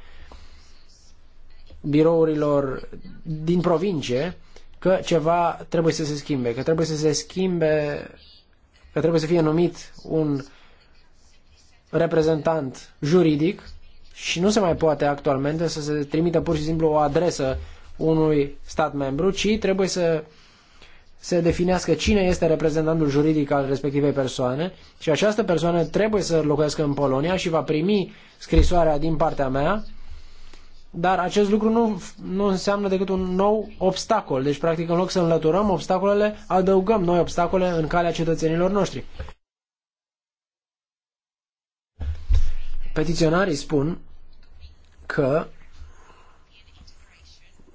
birourilor din provincie că ceva trebuie să se schimbe, că trebuie să se schimbe că trebuie să fie numit un reprezentant juridic și nu se mai poate actualmente să se trimită pur și simplu o adresă unui stat membru, ci trebuie să se definească cine este reprezentantul juridic al respectivei persoane și această persoană trebuie să locuiască în Polonia și va primi scrisoarea din partea mea dar acest lucru nu, nu înseamnă decât un nou obstacol. Deci, practic, în loc să înlăturăm obstacolele, adăugăm noi obstacole în calea cetățenilor noștri. Petiționarii spun că,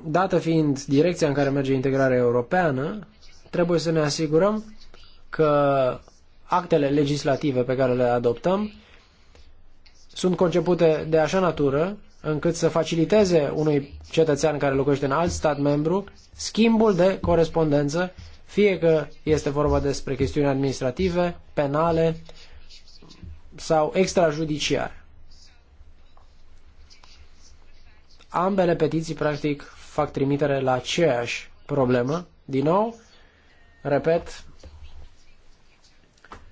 dată fiind direcția în care merge integrarea europeană, trebuie să ne asigurăm că actele legislative pe care le adoptăm sunt concepute de așa natură încât să faciliteze unui cetățean care locuiește în alt stat membru schimbul de corespondență, fie că este vorba despre chestiuni administrative, penale sau extrajudiciare. Ambele petiții, practic, fac trimitere la aceeași problemă. Din nou, repet,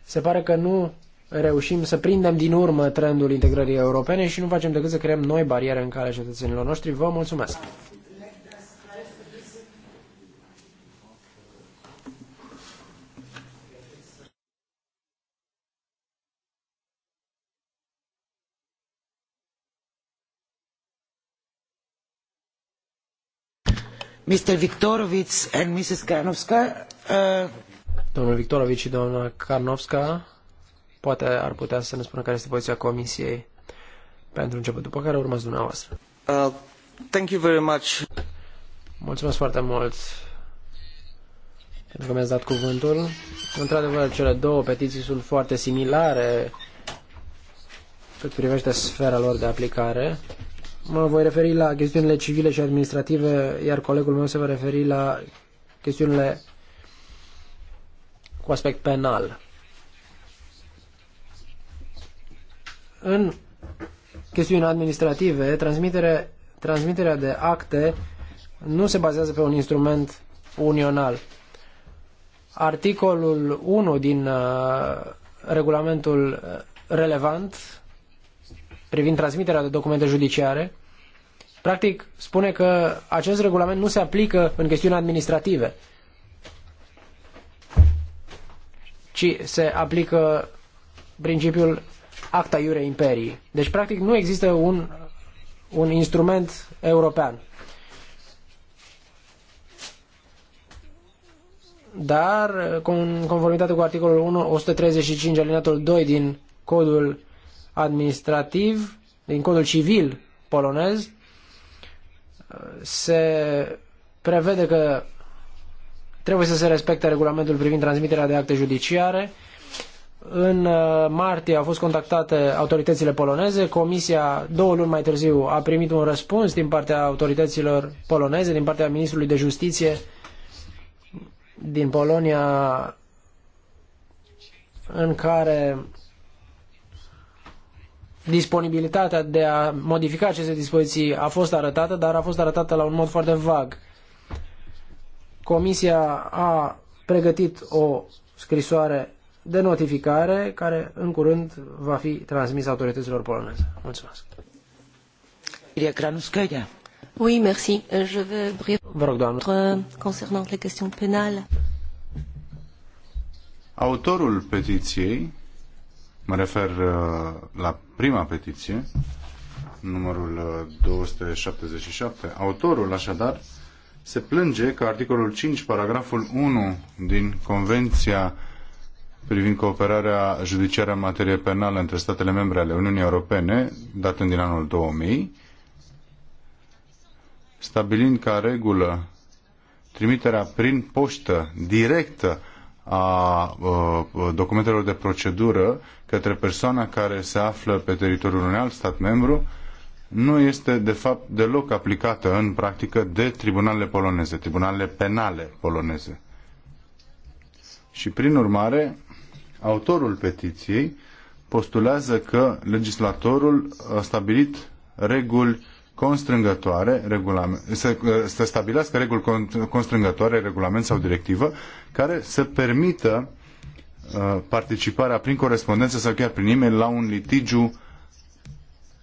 se pare că nu reușim să prindem din urmă trendul integrării europene și nu facem decât să creăm noi bariere în calea cetățenilor noștri. Vă mulțumesc! Mr. Viktorovic and Mrs. Karnovska. Uh... Domnul Viktorovic și doamna Karnovska, Poate ar putea să ne spună care este poziția Comisiei pentru început, după care urmați dumneavoastră. Uh, thank you very much. Mulțumesc foarte mult pentru că mi-ați dat cuvântul. Într-adevăr, cele două petiții sunt foarte similare cât privește sfera lor de aplicare. Mă voi referi la chestiunile civile și administrative, iar colegul meu se va referi la chestiunile cu aspect penal. în chestiuni administrative, transmiterea, transmiterea de acte nu se bazează pe un instrument unional. Articolul 1 din uh, regulamentul uh, relevant privind transmiterea de documente judiciare, practic spune că acest regulament nu se aplică în chestiuni administrative, ci se aplică principiul acta iure imperii. Deci, practic, nu există un, un instrument european. Dar, în conformitate cu articolul 1, 135 alineatul 2 din codul administrativ, din codul civil polonez, se prevede că trebuie să se respecte regulamentul privind transmiterea de acte judiciare, în uh, martie au fost contactate autoritățile poloneze, comisia două luni mai târziu a primit un răspuns din partea autorităților poloneze, din partea Ministrului de Justiție din Polonia, în care disponibilitatea de a modifica aceste dispoziții a fost arătată, dar a fost arătată la un mod foarte vag. Comisia a pregătit o scrisoare de notificare care în curând va fi transmis autorităților poloneze. Mulțumesc. Oui, merci. Euh, je vais brièvement euh, concernant les questions pénales. Autorul petiției, mă refer uh, la prima petiție, numărul 277, uh, autorul așadar se plânge că articolul 5, paragraful 1 din Convenția privind cooperarea judiciară în materie penală între statele membre ale Uniunii Europene, datând din anul 2000, stabilind ca regulă trimiterea prin poștă directă a uh, documentelor de procedură către persoana care se află pe teritoriul unui alt stat membru nu este de fapt deloc aplicată în practică de tribunalele poloneze, tribunalele penale poloneze. Și prin urmare, Autorul petiției postulează că legislatorul a stabilit reguli constrângătoare, să, să stabilească reguli constrângătoare, regulament sau directivă, care să permită uh, participarea prin corespondență sau chiar prin e la un litigiu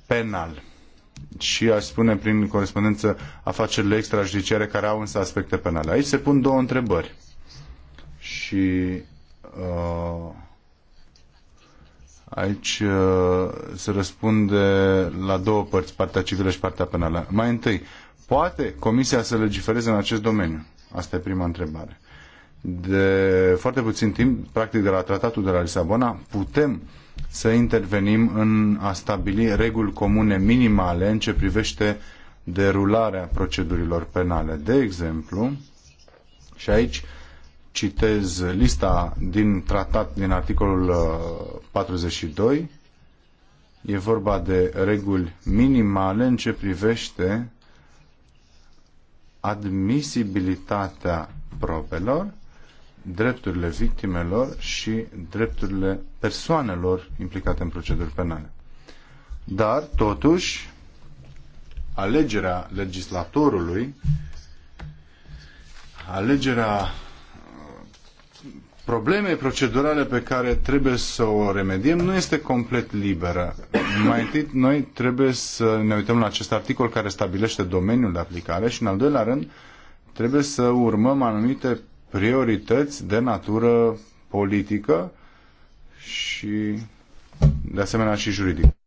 penal și aș spune prin corespondență afacerile extrajudiciare care au însă aspecte penale. Aici se pun două întrebări și uh, Aici uh, se răspunde la două părți, partea civilă și partea penală. Mai întâi, poate Comisia să legifereze în acest domeniu? Asta e prima întrebare. De foarte puțin timp, practic de la tratatul de la Lisabona, putem să intervenim în a stabili reguli comune minimale în ce privește derularea procedurilor penale. De exemplu, și aici citez lista din tratat din articolul 42. Uh, e vorba de reguli minimale în ce privește admisibilitatea probelor, drepturile victimelor și drepturile persoanelor implicate în proceduri penale. Dar, totuși, alegerea legislatorului, alegerea probleme procedurale pe care trebuie să o remediem nu este complet liberă. Mai întâi, noi trebuie să ne uităm la acest articol care stabilește domeniul de aplicare și, în al doilea rând, trebuie să urmăm anumite priorități de natură politică și, de asemenea, și juridică.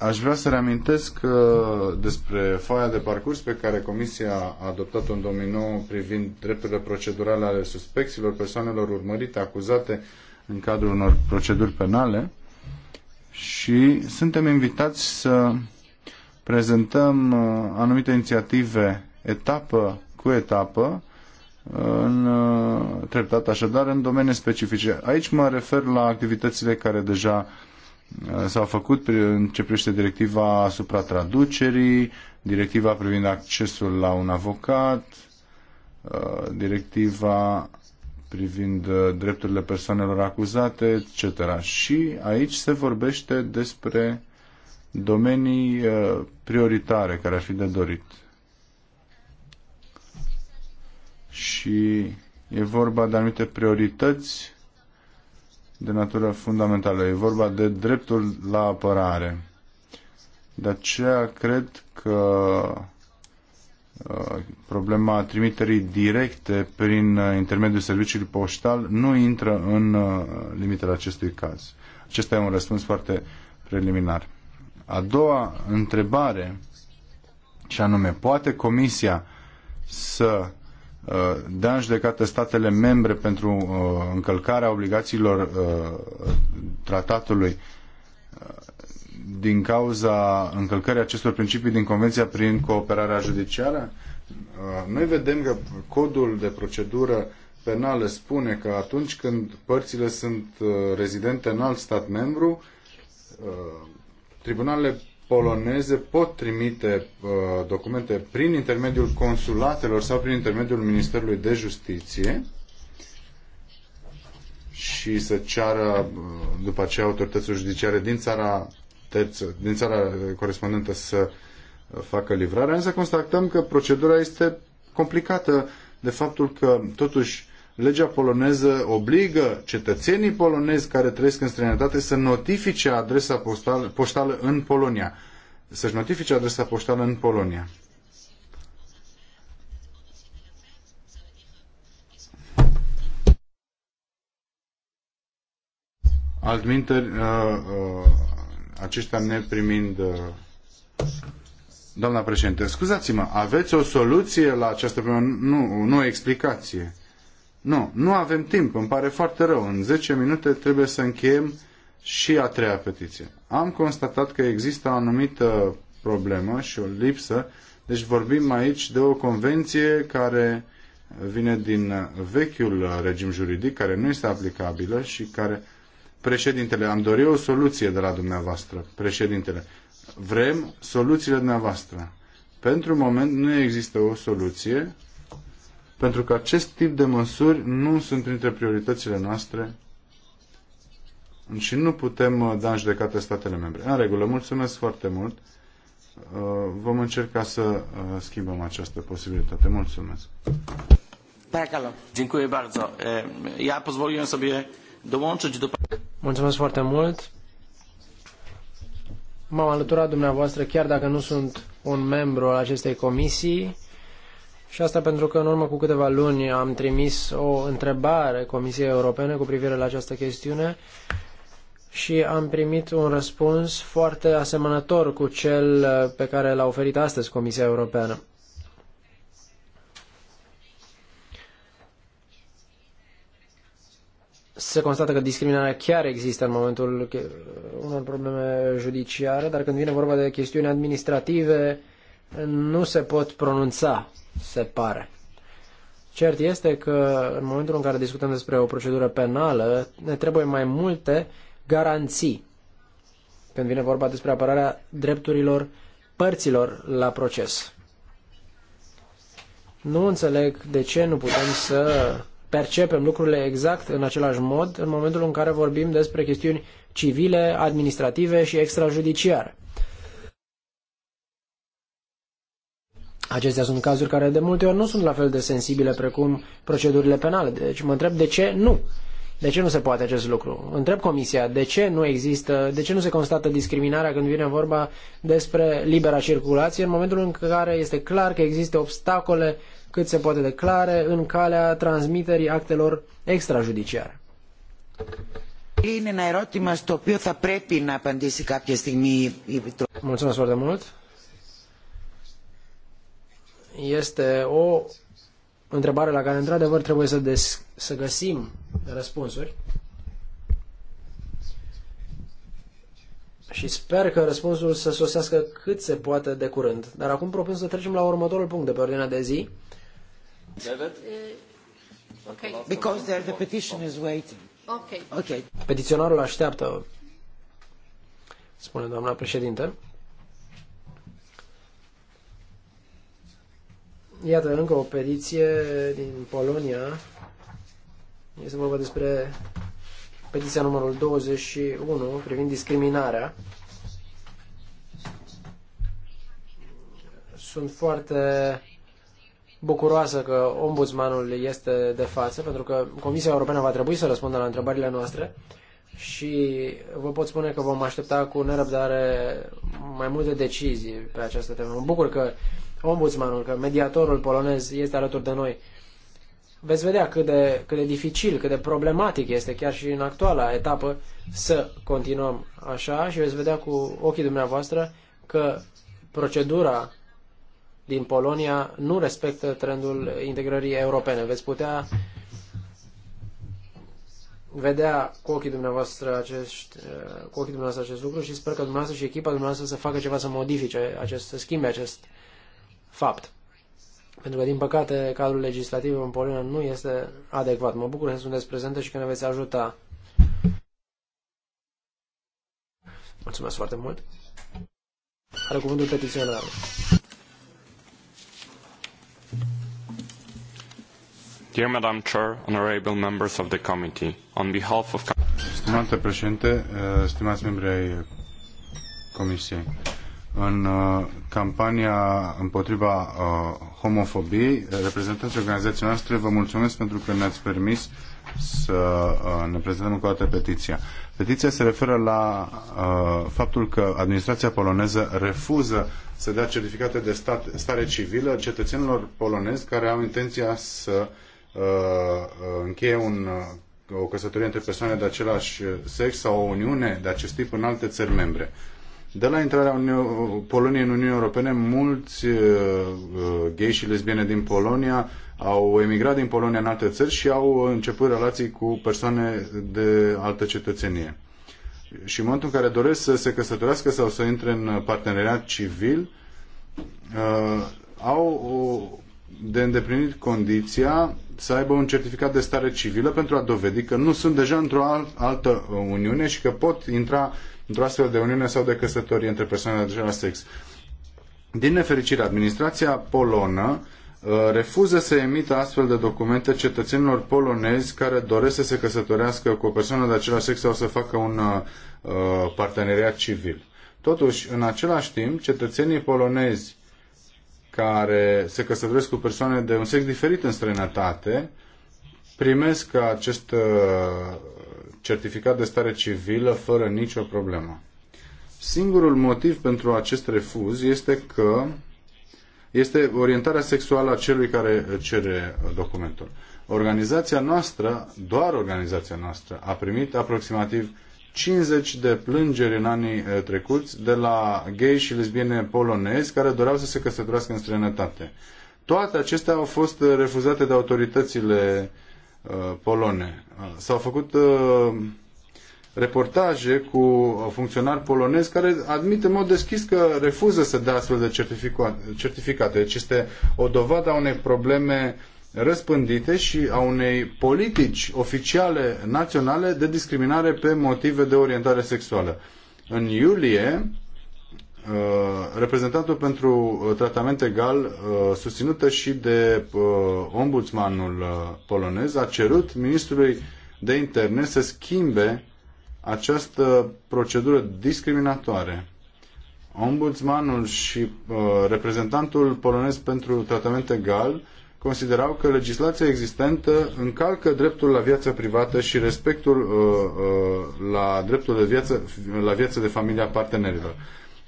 Aș vrea să reamintesc uh, despre foaia de parcurs pe care Comisia a adoptat-o în 2009 privind drepturile procedurale ale suspecților, persoanelor urmărite, acuzate în cadrul unor proceduri penale și suntem invitați să prezentăm uh, anumite inițiative etapă cu etapă uh, în treptat așadar în domenii specifice. Aici mă refer la activitățile care deja uh, s-au făcut în ce privește directiva asupra traducerii, directiva privind accesul la un avocat, uh, directiva privind uh, drepturile persoanelor acuzate, etc. Și aici se vorbește despre domenii uh, prioritare care ar fi de dorit. Și e vorba de anumite priorități de natură fundamentală. E vorba de dreptul la apărare. De aceea cred că uh, problema trimiterii directe prin uh, intermediul serviciului poștal nu intră în uh, limitele acestui caz. Acesta e un răspuns foarte preliminar. A doua întrebare, și anume, poate Comisia să da în judecată statele membre pentru uh, încălcarea obligațiilor uh, tratatului din cauza încălcării acestor principii din Convenția prin cooperarea judiciară? Noi vedem că codul de procedură penală spune că atunci când părțile sunt rezidente în alt stat membru, tribunalele poloneze pot trimite uh, documente prin intermediul consulatelor sau prin intermediul Ministerului de Justiție și să ceară uh, după aceea autoritățile judiciare din țara terță, din țara corespondentă să uh, facă livrarea, însă constatăm că procedura este complicată de faptul că totuși legea poloneză obligă cetățenii polonezi care trăiesc în străinătate să notifice adresa postală, poștală în Polonia. Să-și notifice adresa poștală în Polonia. Altminteri, uh, uh, aceștia primind. Uh, doamna președinte, scuzați-mă, aveți o soluție la această problemă? Nu, nu o explicație. Nu, nu avem timp, îmi pare foarte rău. În 10 minute trebuie să încheiem și a treia petiție. Am constatat că există o anumită problemă și o lipsă. Deci vorbim aici de o convenție care vine din vechiul regim juridic, care nu este aplicabilă și care... Președintele, am dorit o soluție de la dumneavoastră, președintele. Vrem soluțiile dumneavoastră. Pentru moment nu există o soluție pentru că acest tip de măsuri nu sunt printre prioritățile noastre și nu putem uh, da în judecată statele membre. În regulă, mulțumesc foarte mult. Uh, vom încerca să uh, schimbăm această posibilitate. Mulțumesc. Dziękuję bardzo. Ja pozwoliłem sobie dołączyć do... Mulțumesc foarte mult. M-am alăturat dumneavoastră, chiar dacă nu sunt un membru al acestei comisii, și asta pentru că în urmă cu câteva luni am trimis o întrebare Comisiei Europene cu privire la această chestiune și am primit un răspuns foarte asemănător cu cel pe care l-a oferit astăzi Comisia Europeană. se constată că discriminarea chiar există în momentul unor probleme judiciare, dar când vine vorba de chestiuni administrative, nu se pot pronunța se pare. Cert este că în momentul în care discutăm despre o procedură penală, ne trebuie mai multe garanții când vine vorba despre apărarea drepturilor părților la proces. Nu înțeleg de ce nu putem să percepem lucrurile exact în același mod în momentul în care vorbim despre chestiuni civile, administrative și extrajudiciare. Acestea sunt cazuri care de multe ori nu sunt la fel de sensibile precum procedurile penale. Deci mă întreb de ce nu. De ce nu se poate acest lucru? Întreb Comisia de ce nu există, de ce nu se constată discriminarea când vine vorba despre libera circulație în momentul în care este clar că există obstacole cât se poate de clare în calea transmiterii actelor extrajudiciare. Είναι ένα ερώτημα στο οποίο θα πρέπει να απαντήσει κάποια στιγμή η Επιτροπή. Mulțumesc foarte mult este o întrebare la care, într-adevăr, trebuie să, des- să găsim răspunsuri. Și sper că răspunsul să sosească cât se poate de curând. Dar acum propun să trecem la următorul punct de pe ordinea de zi. David? Uh, okay. Because there the petition is waiting. Okay. Okay. Petiționarul așteaptă, spune doamna președinte. Iată încă o petiție din Polonia. Este vorba despre petiția numărul 21 privind discriminarea. Sunt foarte bucuroasă că ombudsmanul este de față, pentru că Comisia Europeană va trebui să răspundă la întrebările noastre și vă pot spune că vom aștepta cu nerăbdare mai multe decizii pe această temă. Mă bucur că ombudsmanul, că mediatorul polonez este alături de noi, veți vedea cât de, cât de dificil, cât de problematic este chiar și în actuala etapă să continuăm așa și veți vedea cu ochii dumneavoastră că procedura din Polonia nu respectă trendul integrării europene. Veți putea vedea cu ochii dumneavoastră acest, cu ochii dumneavoastră acest lucru și sper că dumneavoastră și echipa dumneavoastră să facă ceva să modifice, acest, să schimbe acest fapt. Pentru că, din păcate, cadrul legislativ în Polonia nu este adecvat. Mă bucur că sunteți prezente și că ne veți ajuta. Mulțumesc foarte mult. Are cuvântul petiționar. Dear Madam Chair, honorable members of the committee, on behalf of... Stimate președinte, eh, stimați membri ai Comisiei, în uh, campania împotriva uh, homofobiei. Reprezentanții organizației noastre, vă mulțumesc pentru că ne-ați permis să uh, ne prezentăm încă o dată petiția. Petiția se referă la uh, faptul că administrația poloneză refuză să dea certificate de stat, stare civilă cetățenilor polonezi care au intenția să uh, încheie un, o căsătorie între persoane de același sex sau o uniune de acest tip în alte țări membre. De la intrarea Uniunii, Poloniei în Uniunea Europene, mulți uh, uh, gay și lesbiene din Polonia au emigrat din Polonia în alte țări și au început relații cu persoane de altă cetățenie. Și în momentul în care doresc să se căsătorească sau să intre în parteneriat civil, uh, au uh, de îndeplinit condiția să aibă un certificat de stare civilă pentru a dovedi că nu sunt deja într-o altă Uniune și că pot intra într-o astfel de uniune sau de căsătorie între persoane de același sex. Din nefericire, administrația polonă uh, refuză să emită astfel de documente cetățenilor polonezi care doresc să se căsătorească cu o persoană de același sex sau să facă un uh, uh parteneriat civil. Totuși, în același timp, cetățenii polonezi care se căsătoresc cu persoane de un sex diferit în străinătate primesc acest uh, certificat de stare civilă fără nicio problemă. Singurul motiv pentru acest refuz este că este orientarea sexuală a celui care cere documentul. Organizația noastră, doar organizația noastră, a primit aproximativ 50 de plângeri în anii eh, trecuți de la gay și lesbiene polonezi care doreau să se căsătorească în străinătate. Toate acestea au fost eh, refuzate de autoritățile Uh, polone. Uh, s-au făcut uh, reportaje cu funcționari polonezi care admit în mod deschis că refuză să dea astfel de certificate. Deci este o dovadă a unei probleme răspândite și a unei politici oficiale naționale de discriminare pe motive de orientare sexuală. În iulie, Uh, reprezentantul pentru uh, tratament egal, uh, susținută și de ombudsmanul polonez, a cerut ministrului de interne să schimbe această procedură discriminatoare. Ombudsmanul și reprezentantul polonez pentru tratament egal considerau că legislația existentă încalcă dreptul la viață privată și respectul uh, uh, la dreptul de viață, la viață de familie a partenerilor.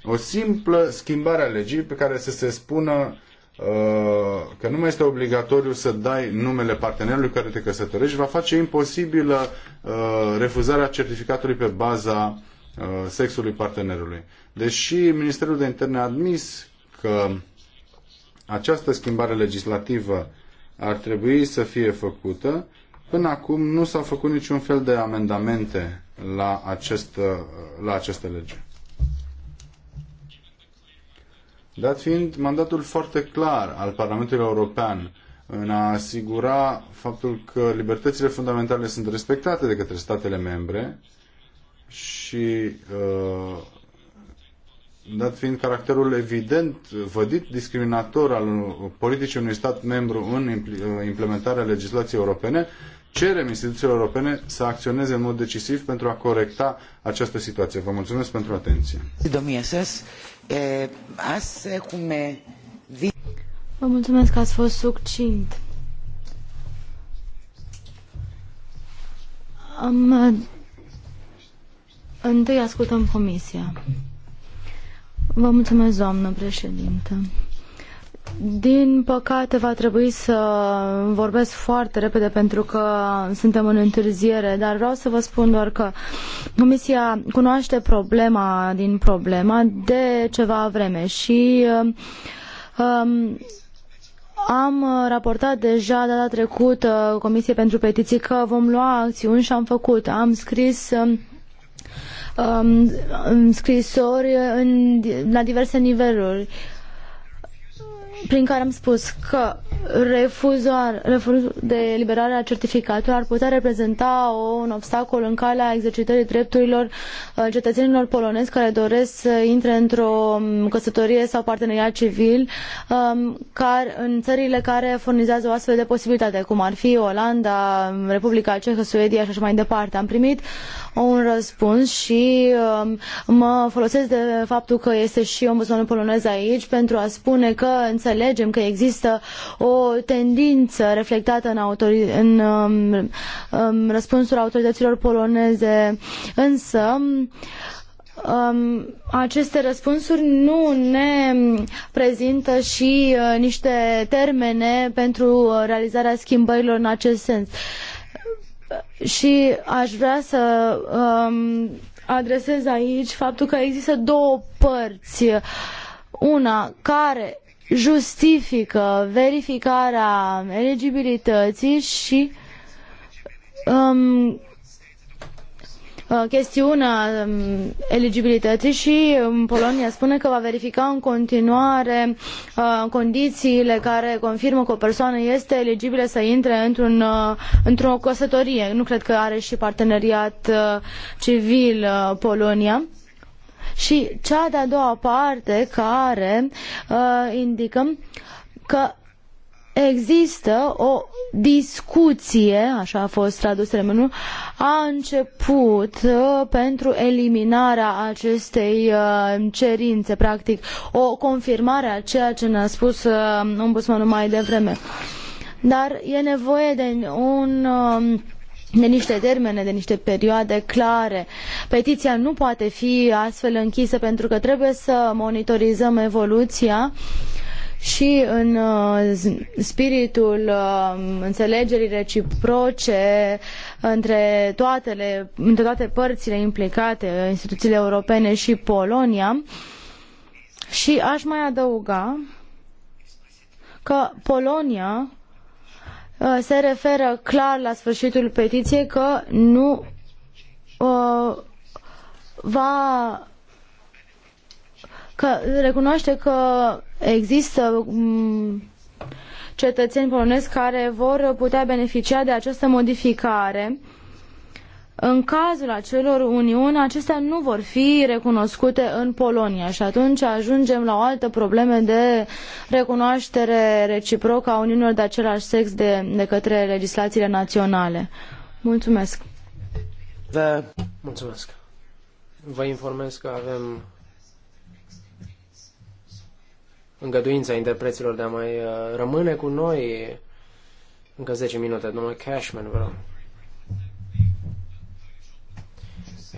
O simplă schimbare a legii pe care să se spună uh, că nu mai este obligatoriu să dai numele partenerului care te căsătorești, va face imposibilă uh, refuzarea certificatului pe baza uh, sexului partenerului. Deși Ministerul de Interne a admis că această schimbare legislativă ar trebui să fie făcută, până acum nu s-au făcut niciun fel de amendamente la, acest, la această lege. Dat fiind mandatul foarte clar al Parlamentului European în a asigura faptul că libertățile fundamentale sunt respectate de către statele membre și uh, dat fiind caracterul evident, vădit, discriminator al politicii unui stat membru în uh, implementarea legislației europene, cerem instituțiilor europene să acționeze în mod decisiv pentru a corecta această situație. Vă mulțumesc pentru atenție. Domnule Ε, ας έχουμε δει... Vă mulțumesc că ați fost succint. Am... Eh, întâi ascultăm comisia. Vă mulțumesc, doamnă președintă. Din păcate va trebui să vorbesc foarte repede pentru că suntem în întârziere, dar vreau să vă spun doar că Comisia cunoaște problema din problema de ceva vreme și um, am raportat deja data trecută Comisiei pentru Petiții că vom lua acțiuni și am făcut. Am scris um, um scrisori în, la diverse niveluri prin care am spus că refuzul refuzul de eliberare a certificatului ar putea reprezenta o, un obstacol în calea exercitării drepturilor uh, cetățenilor polonezi care doresc să intre într-o um, căsătorie sau parteneriat civil um, care, în țările care furnizează o astfel de posibilitate, cum ar fi Olanda, Republica Cehă, Suedia și așa mai departe. Am primit un răspuns și um, mă folosesc de faptul că este și ombudsmanul polonez aici pentru a spune că în țări înțelegem că există o tendință reflectată în, autori, în, în, um, um, răspunsul autorităților poloneze, însă um, aceste răspunsuri nu ne prezintă și uh, niște termene pentru uh, realizarea schimbărilor în acest sens. Și aș vrea să um, adresez aici faptul că există două părți. Una care justifică verificarea eligibilității și um, uh, chestiunea um, eligibilității și um, Polonia spune că va verifica în continuare uh, condițiile care confirmă că o persoană este eligibilă să intre într-un, uh, într-o căsătorie. Nu cred că are și parteneriat civil Polonia și cea de-a doua parte care uh, indicăm că există o discuție, așa a fost tradus termenul, a început uh, pentru eliminarea acestei uh, cerințe, practic o confirmare a ceea ce ne-a spus uh, ombudsmanul mai devreme. Dar e nevoie de un um, de niște termene, de niște perioade clare. Petiția nu poate fi astfel închisă pentru că trebuie să monitorizăm evoluția și în uh, spiritul uh, înțelegerii reciproce între, toate între toate părțile implicate, instituțiile europene și Polonia. Și aș mai adăuga că Polonia Uh, se referă clar la sfârșitul petiției că nu uh, va că recunoaște că există mm, cetățeni polonezi care vor putea beneficia de această modificare în cazul acelor uniuni, acestea nu vor fi recunoscute în Polonia și atunci ajungem la o altă problemă de recunoaștere reciprocă a uniunilor de același sex de, de către legislațiile naționale. Mulțumesc! Da. Mulțumesc! Vă informez că avem îngăduința interpreților de a mai uh, rămâne cu noi încă 10 minute. Domnul Cashman, vă rog.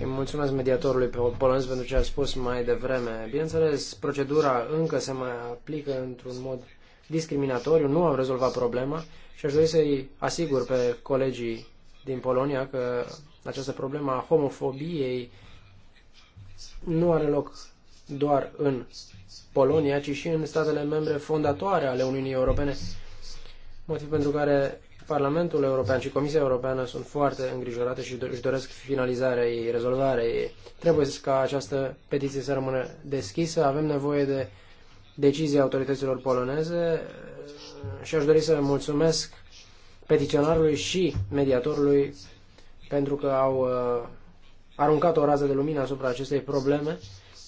Îi mulțumesc mediatorului polonez pentru ce a spus mai devreme. Bineînțeles, procedura încă se mai aplică într-un mod discriminatoriu, nu am rezolvat problema și aș dori să-i asigur pe colegii din Polonia că această problemă a homofobiei nu are loc doar în Polonia, ci și în statele membre fondatoare ale Uniunii Europene, motiv pentru care Parlamentul European și Comisia Europeană sunt foarte îngrijorate și își doresc finalizarea ei, rezolvarea ei. Trebuie ca această petiție să rămână deschisă. Avem nevoie de decizia autorităților poloneze și aș dori să mulțumesc peticionarului și mediatorului pentru că au uh, aruncat o rază de lumină asupra acestei probleme.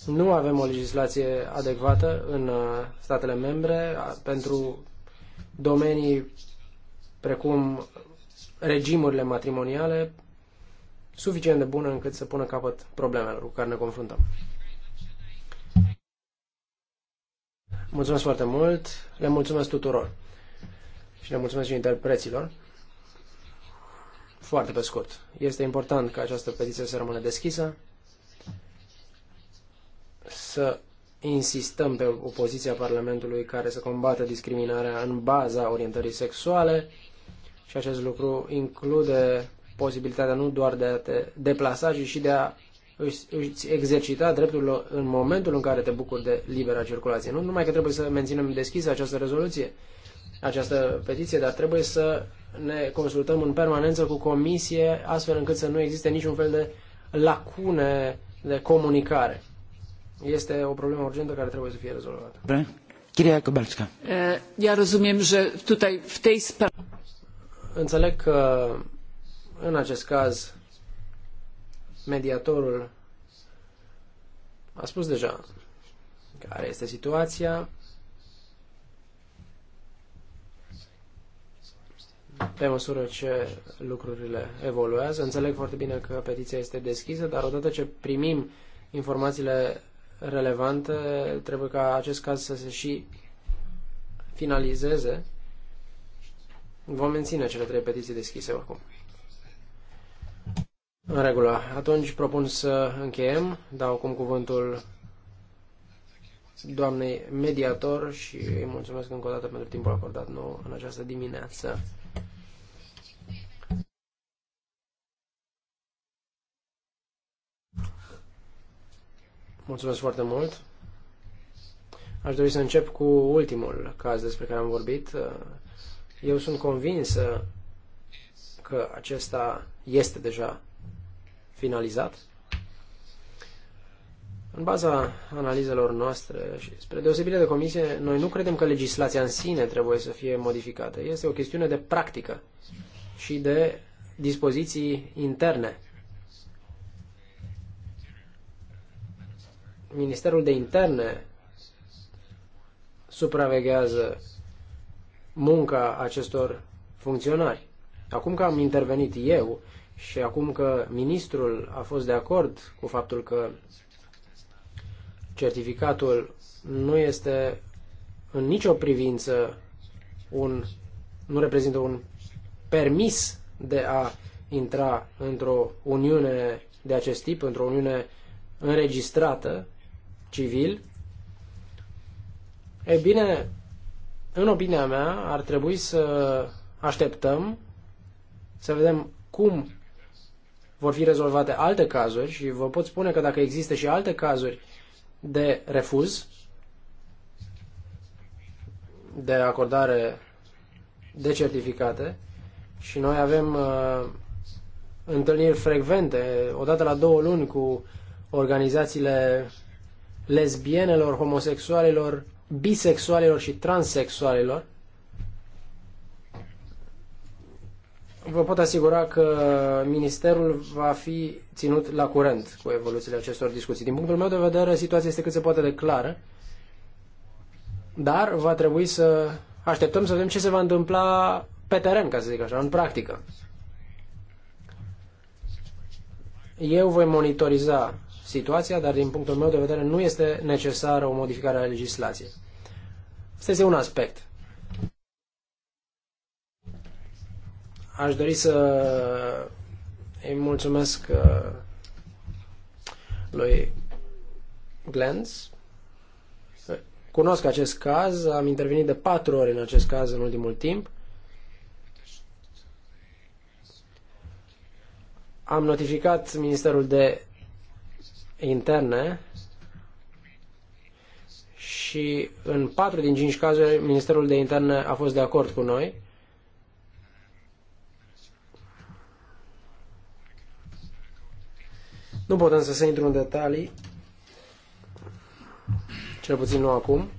Nu avem o legislație adecvată în uh, statele membre pentru domenii precum regimurile matrimoniale, suficient de bună încât să pună capăt problemelor cu care ne confruntăm. Mulțumesc foarte mult, le mulțumesc tuturor și le mulțumesc și interpreților. Foarte pe scurt, este important ca această petiție să rămână deschisă, să insistăm pe opoziția Parlamentului care să combată discriminarea în baza orientării sexuale, și acest lucru include posibilitatea nu doar de a te deplasa, ci și de a îți exercita dreptul în momentul în care te bucuri de libera circulație. Nu numai că trebuie să menținem deschisă această rezoluție, această petiție, dar trebuie să ne consultăm în permanență cu comisie, astfel încât să nu existe niciun fel de lacune de comunicare. Este o problemă urgentă care trebuie să fie rezolvată. Kiria Ja rozumiem, że tutaj w tej sprawie... Înțeleg că în acest caz mediatorul a spus deja care este situația. Pe măsură ce lucrurile evoluează, înțeleg foarte bine că petiția este deschisă, dar odată ce primim informațiile relevante, trebuie ca acest caz să se și finalizeze Vom menține cele trei petiții deschise oricum. În regulă. Atunci propun să încheiem. Dau acum cuvântul doamnei mediator și îi mulțumesc încă o dată pentru timpul acordat nou în această dimineață. Mulțumesc foarte mult. Aș dori să încep cu ultimul caz despre care am vorbit, eu sunt convins că acesta este deja finalizat. În baza analizelor noastre și spre deosebire de comisie, noi nu credem că legislația în sine trebuie să fie modificată. Este o chestiune de practică și de dispoziții interne. Ministerul de Interne supraveghează munca acestor funcționari. Acum că am intervenit eu și acum că ministrul a fost de acord cu faptul că certificatul nu este în nicio privință un, nu reprezintă un permis de a intra într-o uniune de acest tip, într-o uniune înregistrată civil, e bine, în opinia mea, ar trebui să așteptăm să vedem cum vor fi rezolvate alte cazuri și vă pot spune că dacă există și alte cazuri de refuz, de acordare de certificate și noi avem uh, întâlniri frecvente, odată la două luni cu organizațiile lesbienelor, homosexualilor bisexualilor și transexualilor. Vă pot asigura că Ministerul va fi ținut la curent cu evoluțiile acestor discuții. Din punctul meu de vedere, situația este cât se poate de clară, dar va trebui să așteptăm să vedem ce se va întâmpla pe teren, ca să zic așa, în practică. Eu voi monitoriza situația, dar din punctul meu de vedere nu este necesară o modificare a legislației. Asta este un aspect. Aș dori să îi mulțumesc uh, lui Glens. Cunosc acest caz, am intervenit de patru ori în acest caz în ultimul timp. Am notificat Ministerul de interne și în patru din cinci cazuri Ministerul de Interne a fost de acord cu noi. Nu pot însă să intru în detalii, cel puțin nu acum.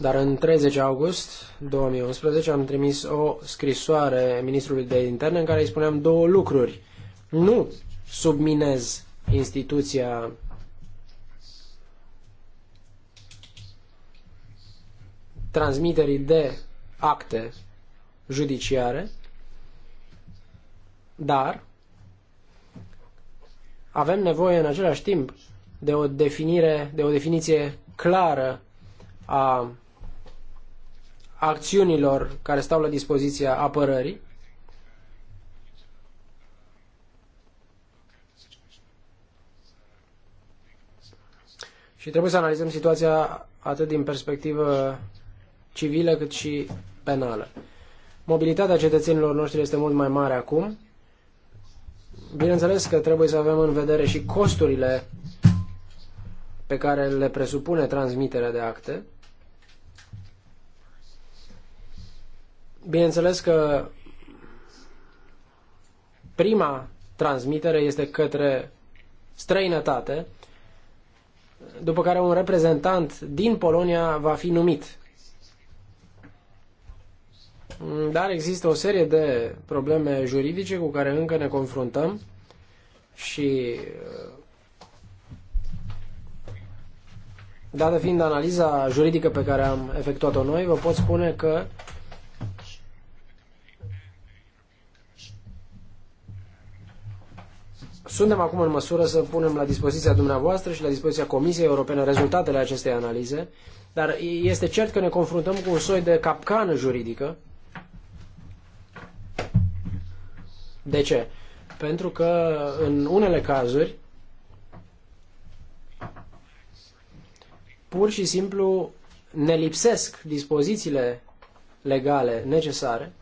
Dar în 30 august 2011 am trimis o scrisoare ministrului de interne în care îi spuneam două lucruri. Nu subminez instituția transmiterii de acte judiciare, dar avem nevoie în același timp de o definire, de o definiție clară a acțiunilor care stau la dispoziția apărării. Și trebuie să analizăm situația atât din perspectivă civilă cât și penală. Mobilitatea cetățenilor noștri este mult mai mare acum. Bineînțeles că trebuie să avem în vedere și costurile pe care le presupune transmiterea de acte, Bineînțeles că prima transmitere este către străinătate, după care un reprezentant din Polonia va fi numit. Dar există o serie de probleme juridice cu care încă ne confruntăm și dată fiind analiza juridică pe care am efectuat-o noi, vă pot spune că Suntem acum în măsură să punem la dispoziția dumneavoastră și la dispoziția Comisiei Europene rezultatele acestei analize, dar este cert că ne confruntăm cu un soi de capcană juridică. De ce? Pentru că în unele cazuri pur și simplu ne lipsesc dispozițiile legale necesare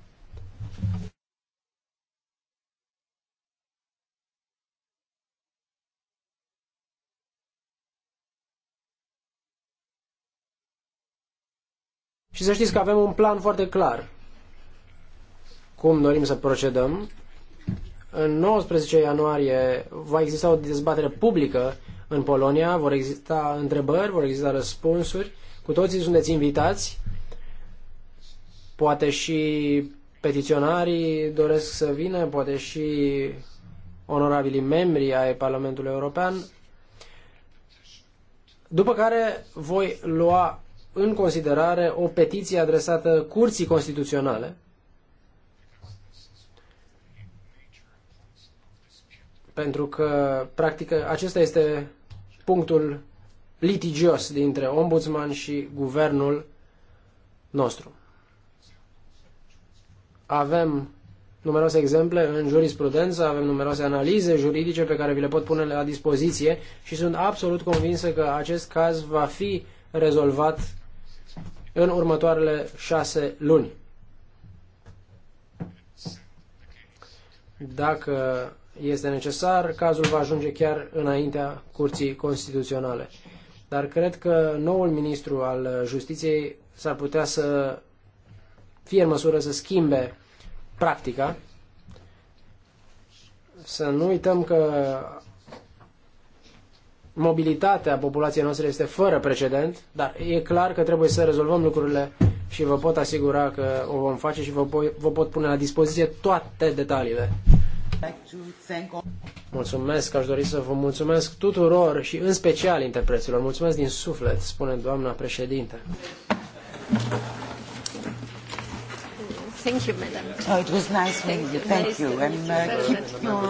Și să știți că avem un plan foarte clar cum dorim să procedăm. În 19 ianuarie va exista o dezbatere publică în Polonia, vor exista întrebări, vor exista răspunsuri. Cu toții sunteți invitați. Poate și petiționarii doresc să vină, poate și onorabilii membri ai Parlamentului European. După care voi lua în considerare o petiție adresată Curții Constituționale pentru că, practic, acesta este punctul litigios dintre ombudsman și guvernul nostru. Avem numeroase exemple în jurisprudență, avem numeroase analize juridice pe care vi le pot pune la dispoziție și sunt absolut convinsă că acest caz va fi rezolvat în următoarele șase luni. Dacă este necesar, cazul va ajunge chiar înaintea Curții Constituționale. Dar cred că noul ministru al Justiției s-ar putea să fie în măsură să schimbe practica. Să nu uităm că mobilitatea populației noastre este fără precedent, dar e clar că trebuie să rezolvăm lucrurile și vă pot asigura că o vom face și vă, vă pot pune la dispoziție toate detaliile. Mulțumesc, aș dori să vă mulțumesc tuturor și în special interpreților. Mulțumesc din suflet, spune doamna președinte. Thank you, madam. Oh, it was nice meeting you. Thank you. And uh, keep your...